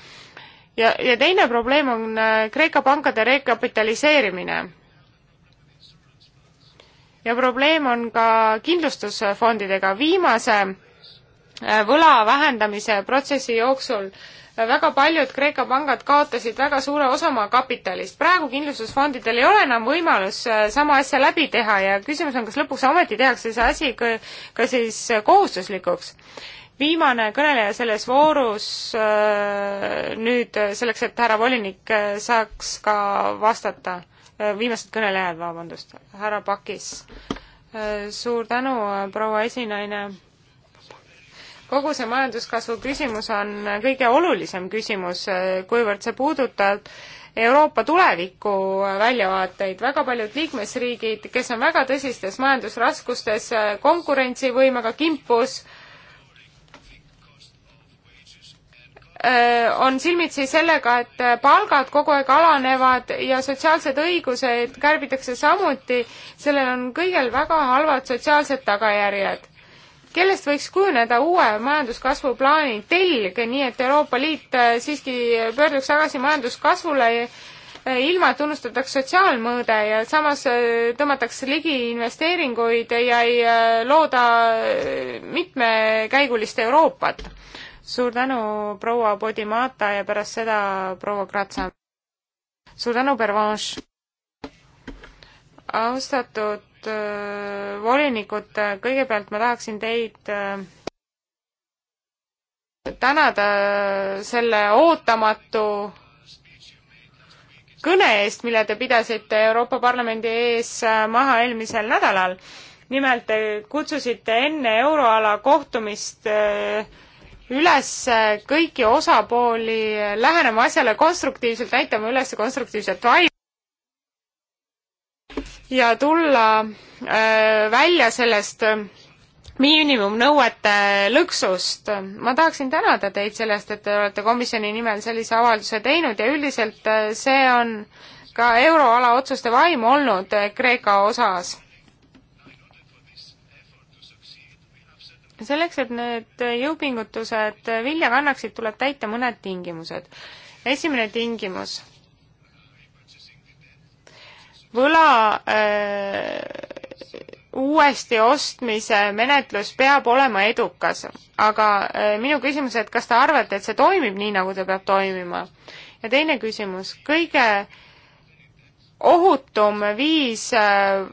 ja, ja teine probleem on Kreeka pankade rekapitaliseerimine ja probleem on ka kindlustusfondidega. viimase äh, võla vähendamise protsessi jooksul äh, väga paljud Kreeka pangad kaotasid väga suure osa oma kapitalist. praegu kindlustusfondidel ei ole enam võimalus äh, sama asja läbi teha ja küsimus on, kas lõpuks ometi tehakse see asi ka, ka siis kohustuslikuks. viimane kõneleja selles voorus nüüd selleks, et härra volinik saaks ka vastata Äh, viimased kõnelejad, vabandust, härra Pakis. Äh, suur tänu, äh, proua esinaine. kogu see majanduskasvu küsimus on kõige olulisem küsimus, kuivõrd see puudutab Euroopa tuleviku väljavaateid, väga paljud liikmesriigid, kes on väga tõsistes majandusraskustes, konkurentsivõimega kimpus, Äh, on silmitsi sellega, et äh, palgad kogu aeg alanevad ja sotsiaalsed õigused kärbitakse samuti, sellel on kõigel väga halvad sotsiaalsed tagajärjed. kellest võiks kujuneda uue majanduskasvu plaani telg, nii et Euroopa Liit äh, siiski pöörduks tagasi majanduskasvule ilma, et unustataks sotsiaalmõõde ja samas tõmmatakse ligi investeeringuid ja ei looda mitmekäigulist Euroopat suur tänu, proua Podimata ja pärast seda proua Kratsa. suur tänu, Pervanš. austatud äh, volinikud, kõigepealt ma tahaksin teid äh, tänada selle ootamatu kõne eest, mille te pidasite Euroopa Parlamendi ees äh, maha eelmisel nädalal. nimelt te kutsusite enne euroala kohtumist äh, üles kõiki osapooli lähenema asjale konstruktiivselt, näitama üles konstruktiivset vaimu ja tulla öö, äh, välja sellest äh, miinimumnõuete lõksust. ma tahaksin tänada teid sellest, et te olete komisjoni nimel sellise avalduse teinud ja üldiselt äh, see on ka euroala otsuste vaim olnud Kreeka osas selleks, et need jõupingutused vilja kannaksid, tuleb täita mõned tingimused. esimene tingimus. võla öö, äh, uuesti ostmise menetlus peab olema edukas, aga öö, äh, minu küsimus, et kas te arvate, et see toimib nii, nagu ta peab toimima? ja teine küsimus, kõige öö, ohutum viis äh,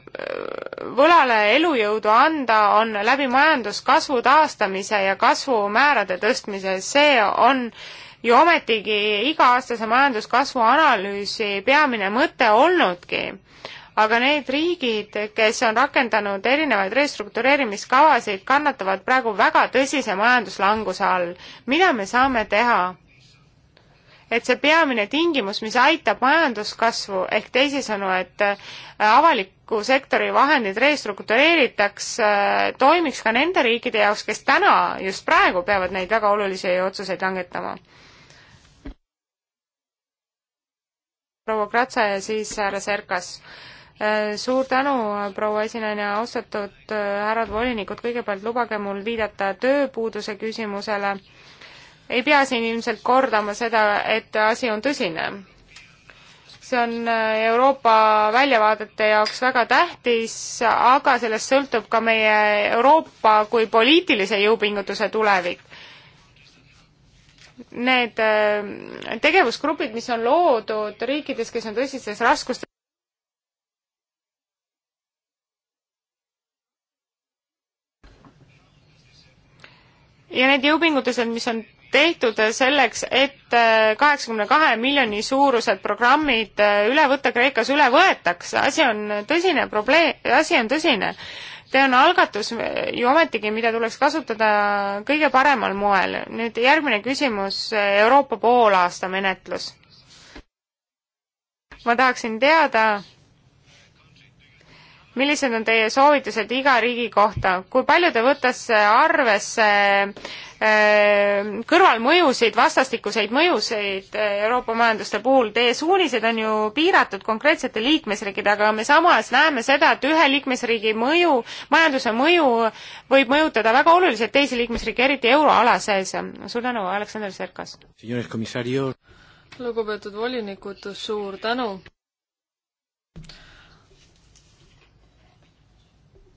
võlale elujõudu anda on läbi majanduskasvu taastamise ja kasvumäärade tõstmise, see on ju ometigi iga-aastase majanduskasvu analüüsi peamine mõte olnudki. aga need riigid, kes on rakendanud erinevaid restruktureerimiskavasid, kannatavad praegu väga tõsise majanduslanguse all. mida me saame teha? et see peamine tingimus, mis aitab majanduskasvu, ehk teisisõnu, et äh, avaliku sektori vahendid restruktureeritaks, äh, toimiks ka nende riikide jaoks, kes täna, just praegu peavad neid väga olulisi otsuseid langetama. proua Kratsa ja siis härra Serkas. Äh, suur tänu, proua esinaine, austatud härrad volinikud, kõigepealt lubage mul viidata tööpuuduse küsimusele äh, ei pea siin ilmselt kordama seda, et asi on tõsine. see on äh, Euroopa väljavaadete jaoks väga tähtis, aga sellest sõltub ka meie Euroopa kui poliitilise jõupingutuse tulevik. Need äh, tegevusgrupid, mis on loodud riikides, kes on tõsistes raskustes, ja need jõupingutused, mis on tehtud selleks, et äh, kaheksakümne kahe miljoni suurused programmid äh, üle võtta Kreekas üle võetakse, asi on tõsine probleem, asi on tõsine. see on algatus ju ometigi, mida tuleks kasutada kõige paremal moel. nüüd järgmine küsimus, äh, Euroopa poolaasta menetlus. ma tahaksin teada, millised on teie soovitused iga riigi kohta, kui palju te võtasse arvesse äh, kõrvalmõjusid, vastastikuseid mõjusid äh, Euroopa majanduste puhul, teie suunised on ju piiratud konkreetsete liikmesriikide, aga me samas näeme seda, et ühe liikmesriigi mõju, majanduse mõju võib mõjutada väga oluliselt teisi liikmesriike, eriti euroala sees. suur tänu, Aleksander Serkas! lugupeetud volinikud, suur tänu!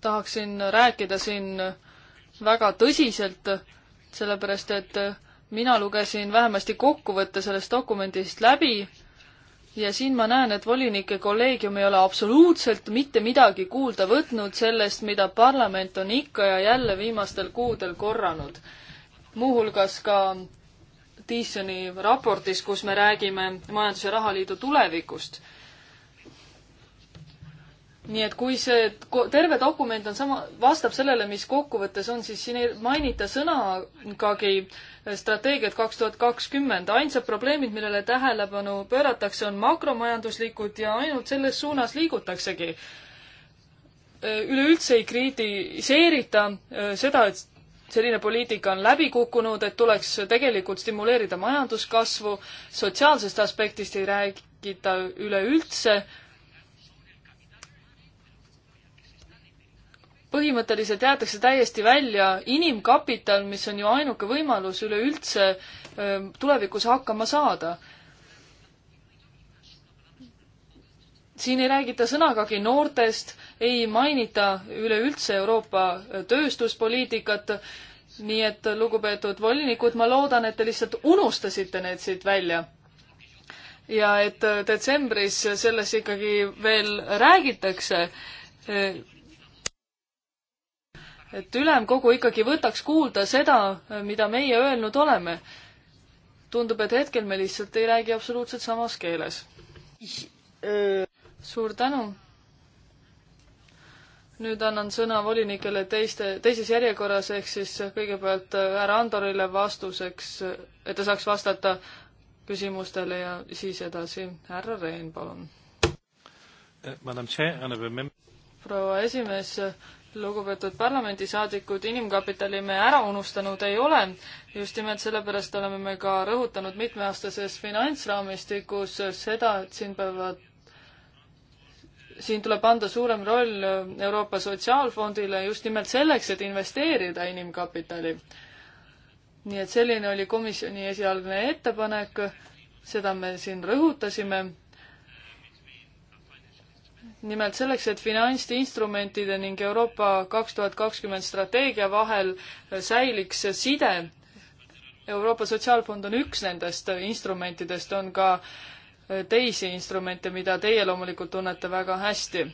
tahaksin rääkida siin väga tõsiselt, sellepärast et mina lugesin vähemasti kokkuvõtte sellest dokumendist läbi ja siin ma näen, et volinike kolleegium ei ole absoluutselt mitte midagi kuulda võtnud sellest, mida parlament on ikka ja jälle viimastel kuudel korranud. muuhulgas ka Thyssen'i raportis, kus me räägime Majandus- ja Rahaliidu tulevikust nii et kui see terve dokument on sama, vastab sellele, mis kokkuvõttes on, siis siin ei mainita sõnagagi eh, strateegiat kaks tuhat kakskümmend. ainsad probleemid, millele tähelepanu pööratakse, on makromajanduslikud ja ainult selles suunas liigutaksegi. Eh, üleüldse ei kritiseerita eh, seda, et selline poliitika on läbi kukkunud, et tuleks tegelikult stimuleerida majanduskasvu, sotsiaalsest aspektist ei räägita üleüldse põhimõtteliselt jäetakse täiesti välja inimkapital, mis on ju ainuke võimalus üleüldse tulevikus hakkama saada. siin ei räägita sõnagagi noortest, ei mainita üleüldse Euroopa tööstuspoliitikat, nii et lugupeetud volinikud, ma loodan, et te lihtsalt unustasite need siit välja ja et detsembris sellest ikkagi veel räägitakse et ülemkogu ikkagi võtaks kuulda seda, mida meie öelnud oleme. tundub, et hetkel me lihtsalt ei räägi absoluutselt samas keeles. suur tänu. nüüd annan sõna volinikele teiste, teises järjekorras, ehk siis kõigepealt härra Andorile vastuseks, et ta saaks vastata küsimustele ja siis edasi härra Rein, palun. Eh, proua esimees lugupeetud parlamendisaadikud, inimkapitali me ära unustanud ei ole. just nimelt sellepärast oleme me ka rõhutanud mitmeaastases finantsraamistikus seda, et siin peavad, siin tuleb anda suurem roll Euroopa Sotsiaalfondile just nimelt selleks, et investeerida inimkapitali. nii et selline oli komisjoni esialgne ettepanek, seda me siin rõhutasime nimelt selleks, et finantsinstrumentide ning Euroopa kaks tuhat kakskümmend strateegia vahel säiliks side. Euroopa Sotsiaalfond on üks nendest instrumentidest, on ka teisi instrumente, mida teie loomulikult tunnete väga hästi.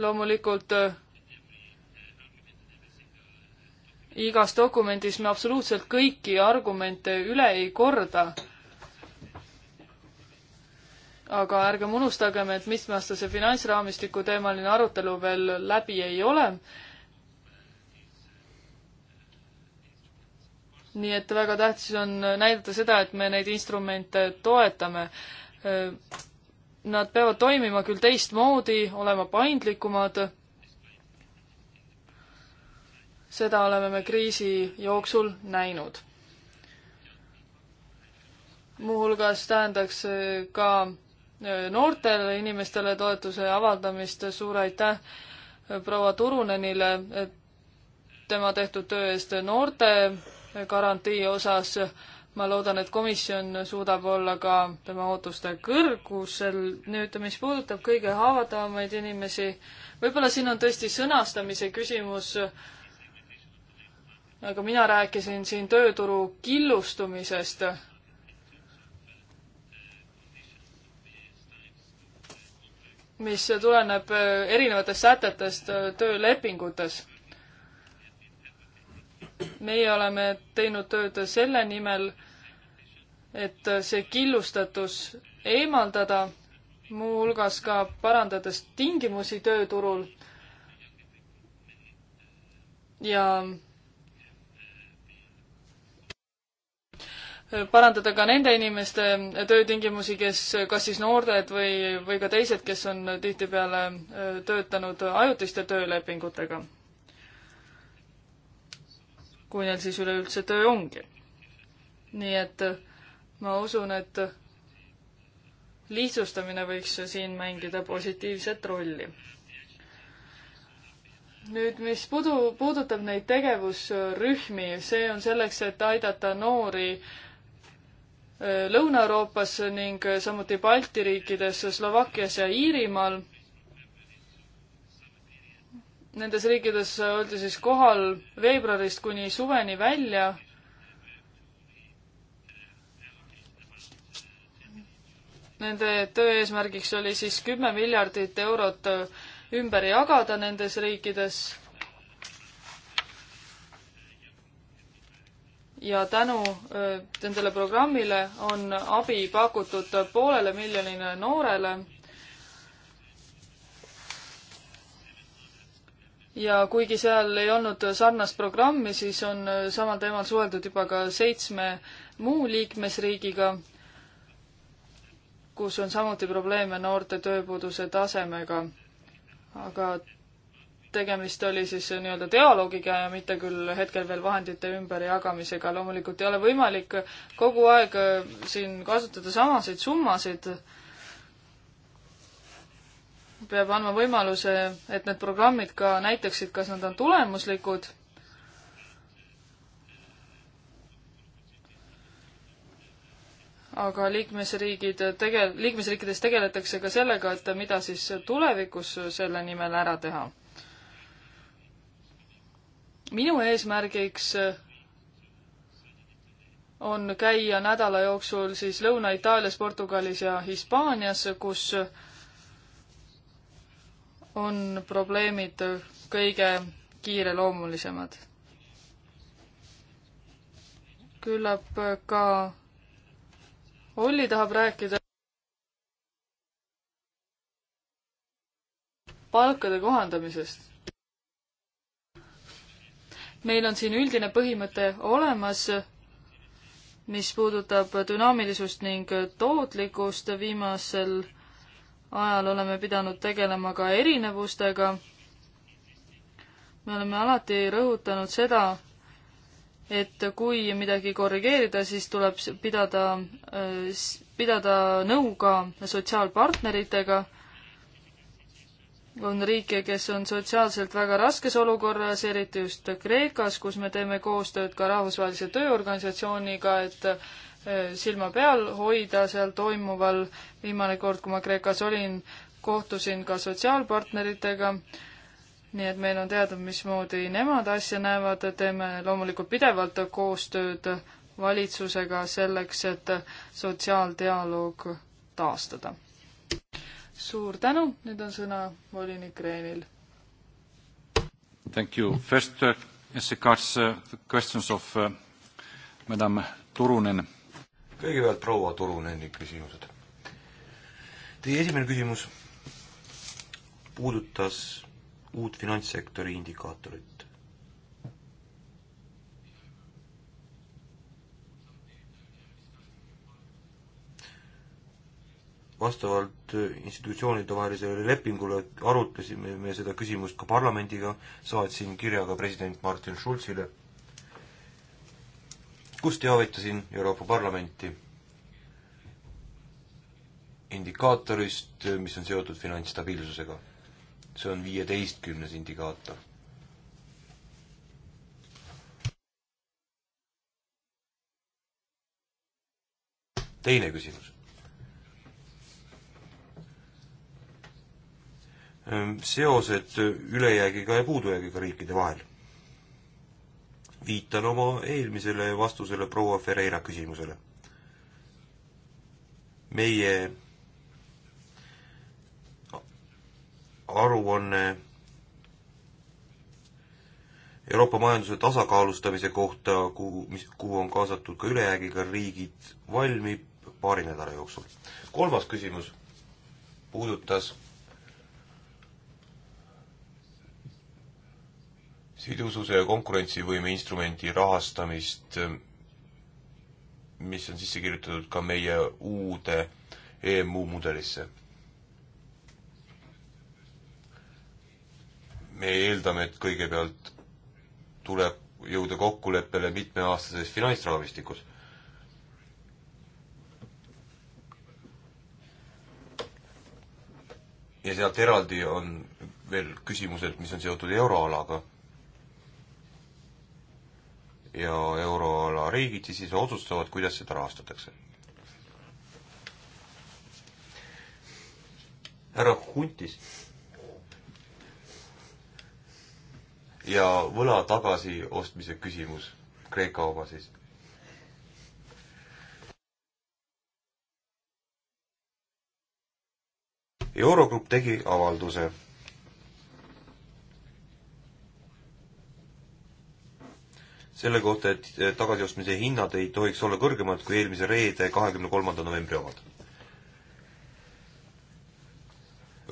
loomulikult igas dokumendis me absoluutselt kõiki argumente üle ei korda aga ärgem unustagem, et mitmeaastase finantsraamistiku teemaline arutelu veel läbi ei ole. nii et väga tähtis on näidata seda, et me neid instrumente toetame. Nad peavad toimima küll teistmoodi, olema paindlikumad. seda oleme me kriisi jooksul näinud muuhulgas tähendaks ka noortele inimestele toetuse avaldamist, suur aitäh proua Turunenile tema tehtud töö eest noorte garantii osas. ma loodan, et komisjon suudab olla ka tema ootuste kõrgusel. nüüd, mis puudutab kõige haavatavamaid inimesi, võib-olla siin on tõesti sõnastamise küsimus, aga mina rääkisin siin tööturu killustumisest mis tuleneb äh, erinevatest sätetest äh, töölepingutes. meie oleme teinud tööd selle nimel, et äh, see killustatus eemaldada, muuhulgas ka parandades tingimusi tööturul ja parandada ka nende inimeste töötingimusi, kes, kas siis noored või, või ka teised, kes on tihtipeale äh, töötanud ajutiste töölepingutega. kui neil siis üleüldse töö ongi. nii et äh, ma usun, et äh, lihtsustamine võiks siin mängida positiivset rolli. nüüd, mis puudu, puudutab neid tegevusrühmi, see on selleks, et aidata noori äh, Lõuna-Euroopas ning samuti Balti riikides, Slovakkias ja Iirimaal. Nendes riikides oldi siis kohal veebruarist kuni suveni välja. Nende töö eesmärgiks oli siis kümme miljardit eurot ümber jagada nendes riikides ja tänu nendele programmile on abi pakutud poolele miljonile noorele. ja kuigi seal ei olnud sarnast programmi, siis on samal teemal suheldud juba ka seitsme muu liikmesriigiga, kus on samuti probleeme noorte tööpuuduse tasemega. aga tegemist oli siis nii-öelda dialoogiga ja mitte küll hetkel veel vahendite ümberjagamisega. loomulikult ei ole võimalik kogu aeg äh, siin kasutada samasid summasid. peab andma võimaluse, et need programmid ka näitaksid, kas nad on tulemuslikud. aga liikmesriigid tege-, liikmesriikides tegeletakse ka sellega, et mida siis tulevikus selle nimel ära teha minu eesmärgiks eh, on käia nädala jooksul siis Lõuna-Itaalias, Portugalis ja Hispaanias, kus on probleemid kõige kiireloomulisemad. küllap ka Olli tahab rääkida palkade kohandamisest meil on siin üldine põhimõte olemas, mis puudutab dünaamilisust ning tootlikkust, viimasel ajal oleme pidanud tegelema ka erinevustega. me oleme alati rõhutanud seda, et kui midagi korrigeerida, siis tuleb pidada, äh, pidada nõu ka sotsiaalpartneritega on riike, kes on sotsiaalselt väga raskes olukorras, eriti just Kreekas, kus me teeme koostööd ka Rahvusvahelise Tööorganisatsiooniga, et äh, silma peal hoida seal toimuval. viimane kord, kui ma Kreekas olin, kohtusin ka sotsiaalpartneritega. nii et meil on teada, mismoodi nemad asja näevad, teeme loomulikult pidevalt koostööd valitsusega selleks, et sotsiaaldialoog taastada suur tänu, nüüd on sõna volinik Rehnil. Thank you, first uh, as regards uh, questions of uh, madam Turunen. kõigepealt proua Turuneni küsimused. Teie esimene küsimus puudutas uut finantssektori indikaatorit. vastavalt institutsioonide vahelisele lepingule arutlesime me seda küsimust ka parlamendiga, saatsin kirja ka president Martin Schulzile, kus teavitasin Euroopa Parlamenti indikaatorist, mis on seotud finantsstabiilsusega. see on viieteistkümnes indikaator. teine küsimus Ehm, seosed ülejäägiga ja puudujäägiga riikide vahel. viitan oma eelmisele vastusele proua Ferreira küsimusele. meie aruanne Euroopa majanduse tasakaalustamise kohta, kuhu, mis, kuhu on kaasatud ka ülejäägiga riigid, valmib paari nädala jooksul. kolmas küsimus puudutas sidususe ja konkurentsivõime instrumendi rahastamist, mis on sisse kirjutatud ka meie uude EMU mudelisse. me eeldame, et kõigepealt tuleb jõuda kokkuleppele mitmeaastases finantsraamistikus. ja sealt eraldi on veel küsimused, mis on seotud euroalaga ja euroala riigid siis otsustavad, kuidas seda rahastatakse. härra Huntis ja võla tagasiostmise küsimus, Kreeka oma siis eurogrupp tegi avalduse selle kohta, et tagasiostmise hinnad ei tohiks olla kõrgemad kui eelmise reede, kahekümne kolmanda novembri omad.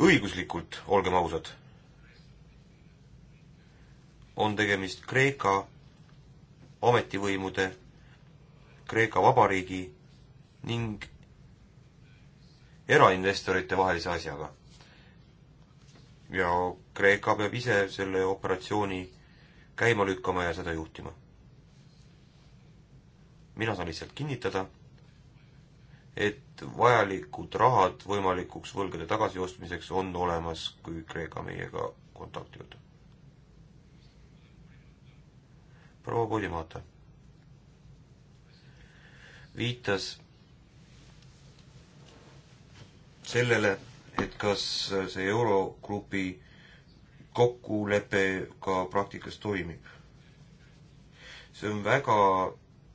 õiguslikult, olgem ausad, on tegemist Kreeka ametivõimude, Kreeka Vabariigi ning erainvestorite vahelise asjaga. ja Kreeka peab ise selle operatsiooni käima lükkama ja seda juhtima mina saan lihtsalt kinnitada, et vajalikud rahad võimalikuks võlgade tagasiostmiseks on olemas, kui Kreeka meiega kontakti võtab. proua Podimata viitas sellele, et kas see Eurogrupi kokkulepe ka praktikas toimib. see on väga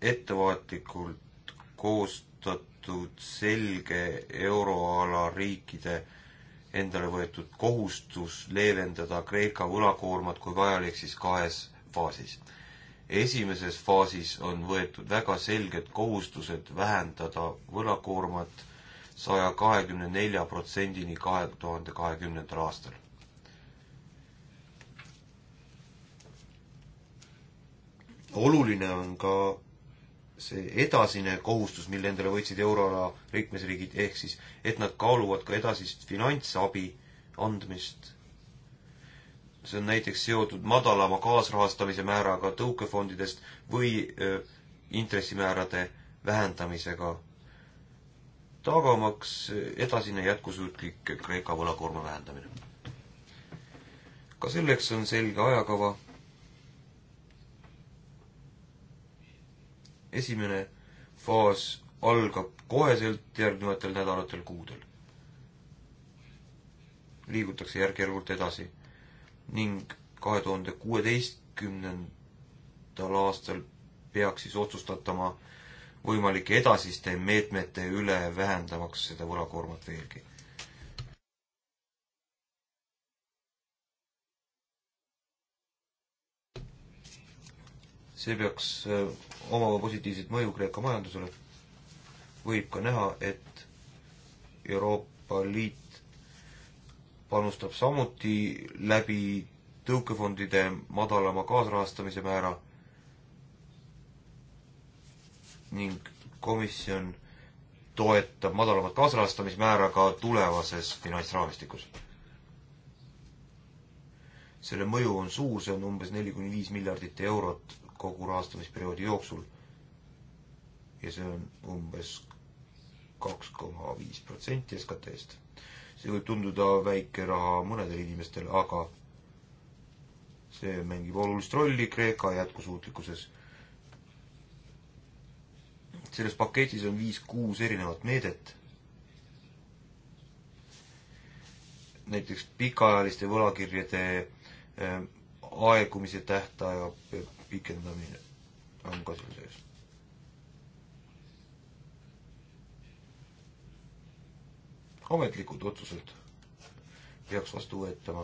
ettevaatlikult koostatud selge euroala riikide endale võetud kohustus leevendada Kreeka võlakoormat, kui vajalik, siis kahes faasis. esimeses faasis on võetud väga selged kohustused vähendada võlakoormat saja kahekümne nelja protsendini kahe tuhande kahekümnendal aastal. oluline on ka see edasine kohustus, mille endale võtsid euroala liikmesriigid, ehk siis et nad kaaluvad ka edasist finantsabi andmist. see on näiteks seotud madalama kaasrahastamise määraga tõukefondidest või öö, intressimäärade vähendamisega, tagamaks edasine jätkusuutlik Kreeka võlakoorma vähendamine. ka selleks on selge ajakava esimene faas algab koheselt järgnevatel nädalatel-kuudel. liigutakse järk-järgult edasi ning kahe tuhande kuueteistkümnendal aastal peaks siis otsustatama võimalike edasiste meetmete üle, vähendamaks seda võlakoormat veelgi. see peaks äh, omava positiivset mõju Kreeka majandusele, võib ka näha, et Euroopa Liit panustab samuti läbi tõukefondide madalama kaasrahastamise määra ning komisjon toetab madalamat kaasrahastamismäära ka tulevases finantsraamistikus. selle mõju on suur, see on umbes neli kuni viis miljardit eurot kogu rahastamisperioodi jooksul. ja see on umbes kaks koma viis protsenti SKT-st. see võib tunduda väike raha mõnedele inimestele, aga see mängib olulist rolli Kreeka jätkusuutlikkuses. selles paketis on viis-kuus erinevat meedet. näiteks pikaajaliste võlakirjade äh, aegumise tähtaja pikendamine on kasul sees. ametlikud otsused peaks vastu võetama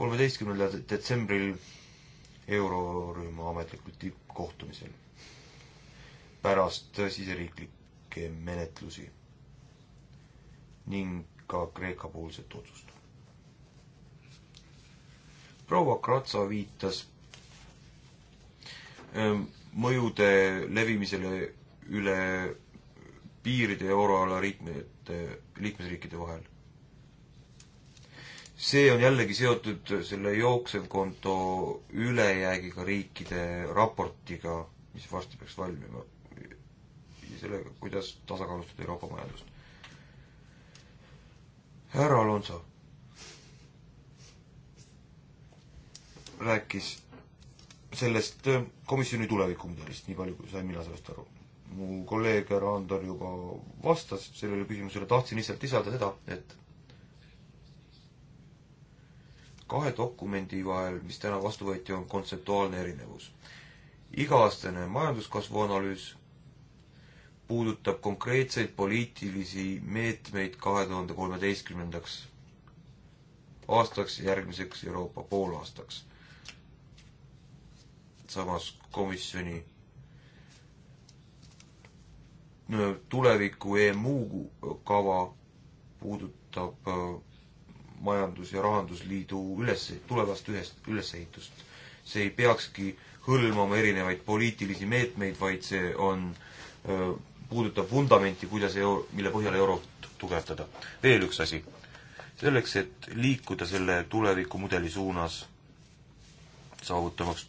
kolmeteistkümnendal detsembril eurorühma ametlikul tippkohtumisel pärast siseriiklikke menetlusi ning ka Kreeka poolset otsust. proua Kratsa viitas Ehm, mõjude levimisele üle piiride euroala liikmete, liikmesriikide vahel. see on jällegi seotud selle jooksevkonto ülejäägiga riikide raportiga, mis varsti peaks valmima. ja sellega, kuidas tasakaalustada Euroopa majandust. härra Alonso rääkis sellest äh, komisjoni tulevikumudelist, nii palju kui sain mina sellest aru. mu kolleeg härra Andor juba vastas sellele küsimusele, tahtsin lihtsalt lisada seda, et kahe dokumendi vahel, mis täna vastu võeti, on kontseptuaalne erinevus. iga-aastane majanduskasvu analüüs puudutab konkreetseid poliitilisi meetmeid kahe tuhande kolmeteistkümnendaks aastaks, järgmiseks Euroopa poolaastaks samas komisjoni äh, tuleviku EMU kava puudutab äh, majandus- ja rahandusliidu üles, tulevast ühest, ülesehitust. see ei peakski hõlmama erinevaid poliitilisi meetmeid, vaid see on, äh, puudutab vundamenti, kuidas euro, mille põhjal eurot tugevdada. veel üks asi. selleks, et liikuda selle tulevikumudeli suunas saavutamaks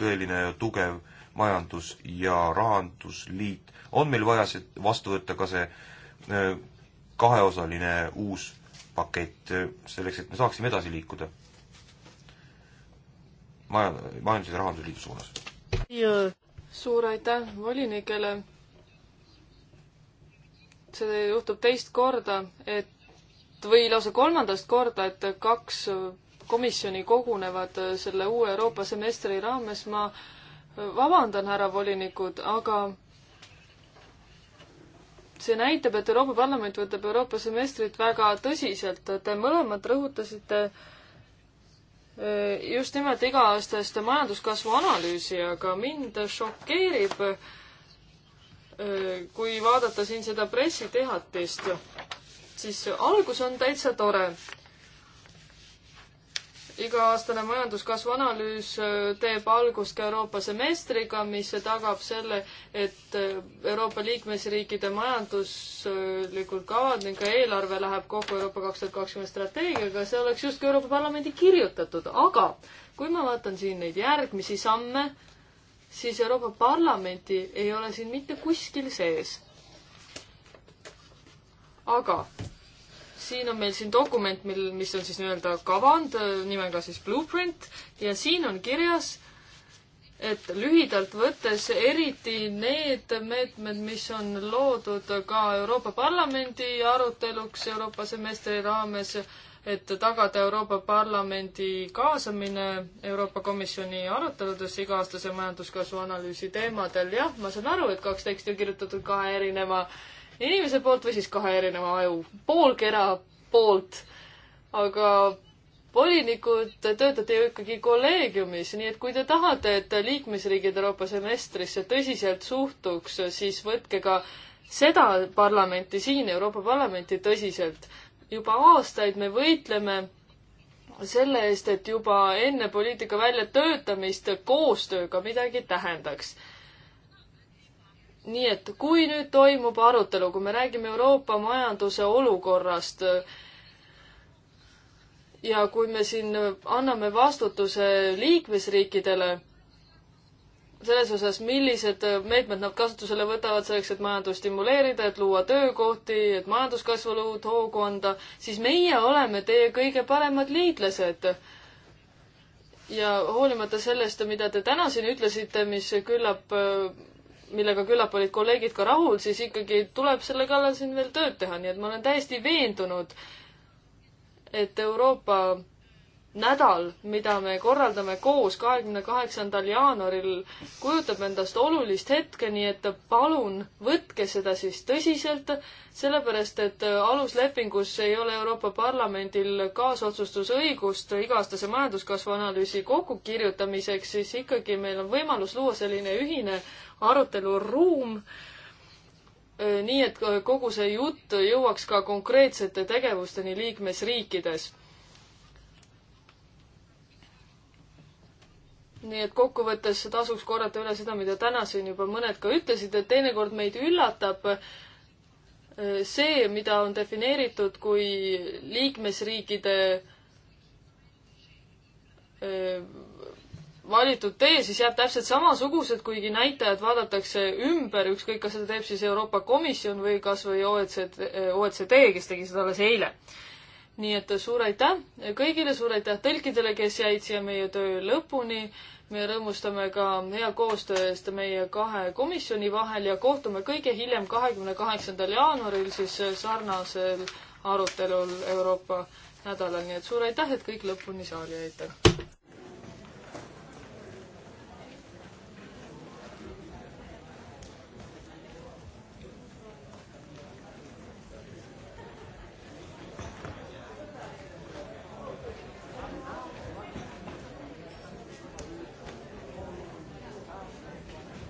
tõeline ja tugev majandus- ja rahandusliit, on meil vaja see, vastu võtta ka see kaheosaline uus pakett, selleks et me saaksime edasi liikuda maja, majandus- ja rahandusliidu suunas. suur aitäh volinikele. see juhtub teist korda, et või lausa kolmandast korda, et kaks komisjoni kogunevad äh, selle uue Euroopa semestri raames, ma äh, vabandan, härra volinikud, aga see näitab, et Euroopa Parlament võtab Euroopa semestrit väga tõsiselt. Te mõlemad rõhutasite äh, just nimelt iga-aastaste majanduskasvu analüüsi, aga mind šokeerib, kui vaadata siin seda pressitehatist, siis algus on täitsa tore iga-aastane majanduskasvu analüüs äh, teeb algust ka Euroopa semestriga, mis tagab selle, et äh, Euroopa liikmesriikide majanduslikud kavad ning ka eelarve läheb kokku Euroopa kaks tuhat kakskümmend strateegiaga, see oleks justkui Euroopa Parlamendi kirjutatud, aga kui ma vaatan siin neid järgmisi samme, siis Euroopa Parlamenti ei ole siin mitte kuskil sees. aga siin on meil siin dokument, mil, mis on siis nii-öelda kavand nimega siis blueprint ja siin on kirjas, et lühidalt võttes eriti need meetmed, mis on loodud ka Euroopa Parlamendi aruteluks Euroopa semestri raames, et tagada Euroopa Parlamendi kaasamine Euroopa Komisjoni aruteludesse iga-aastase majanduskasvu analüüsi teemadel. jah, ma saan aru, et kaks teksti on kirjutatud kahe erineva äh, inimese poolt või siis kahe erineva aju poolkera poolt. aga volinikud töötate ju ikkagi kolleegiumis, nii et kui te tahate, et liikmesriigid Euroopa semestrisse tõsiselt suhtuks, siis võtke ka seda parlamenti siin, Euroopa Parlamenti tõsiselt. juba aastaid me võitleme selle eest, et juba enne poliitika väljatöötamist koostööga midagi tähendaks nii et kui nüüd toimub arutelu, kui me räägime Euroopa majanduse olukorrast ja kui me siin anname vastutuse liikmesriikidele selles osas, millised meetmed nad kasutusele võtavad selleks, et majandust stimuleerida, et luua töökohti, et majanduskasvule uut hoogu anda, siis meie oleme teie kõige paremad liitlased ja hoolimata sellest, mida te täna siin ütlesite, mis küllap millega küllap olid kolleegid ka rahul, siis ikkagi tuleb selle kallal siin veel tööd teha, nii et ma olen täiesti veendunud, et Euroopa nädal, mida me korraldame koos kahekümne kaheksandal jaanuaril, kujutab endast olulist hetke, nii et palun võtke seda siis tõsiselt, sellepärast et aluslepingus ei ole Euroopa Parlamendil kaasotsustusõigust iga-aastase majanduskasvu analüüsi kokkukirjutamiseks, siis ikkagi meil on võimalus luua selline ühine aruteluruum, äh, nii et kogu see jutt jõuaks ka konkreetsete tegevusteni liikmesriikides. nii et kokkuvõttes tasuks korrata üle seda, mida täna siin juba mõned ka ütlesid, et teinekord meid üllatab äh, see, mida on defineeritud kui liikmesriikide äh, valitud tee siis jääb täpselt samasugused, kuigi näitajad vaadatakse ümber, ükskõik, kas seda teeb siis Euroopa Komisjon või kas või OECD, OECD, kes tegi seda alles eile. nii et suur aitäh kõigile, suur aitäh tõlkidele, kes jäid siia meie töö lõpuni. me rõõmustame ka hea koostöö eest meie kahe komisjoni vahel ja kohtume kõige hiljem, kahekümne kaheksandal jaanuaril siis sarnasel arutelul Euroopa nädalal, nii et suur aitäh, et kõik lõpuni saali jäite!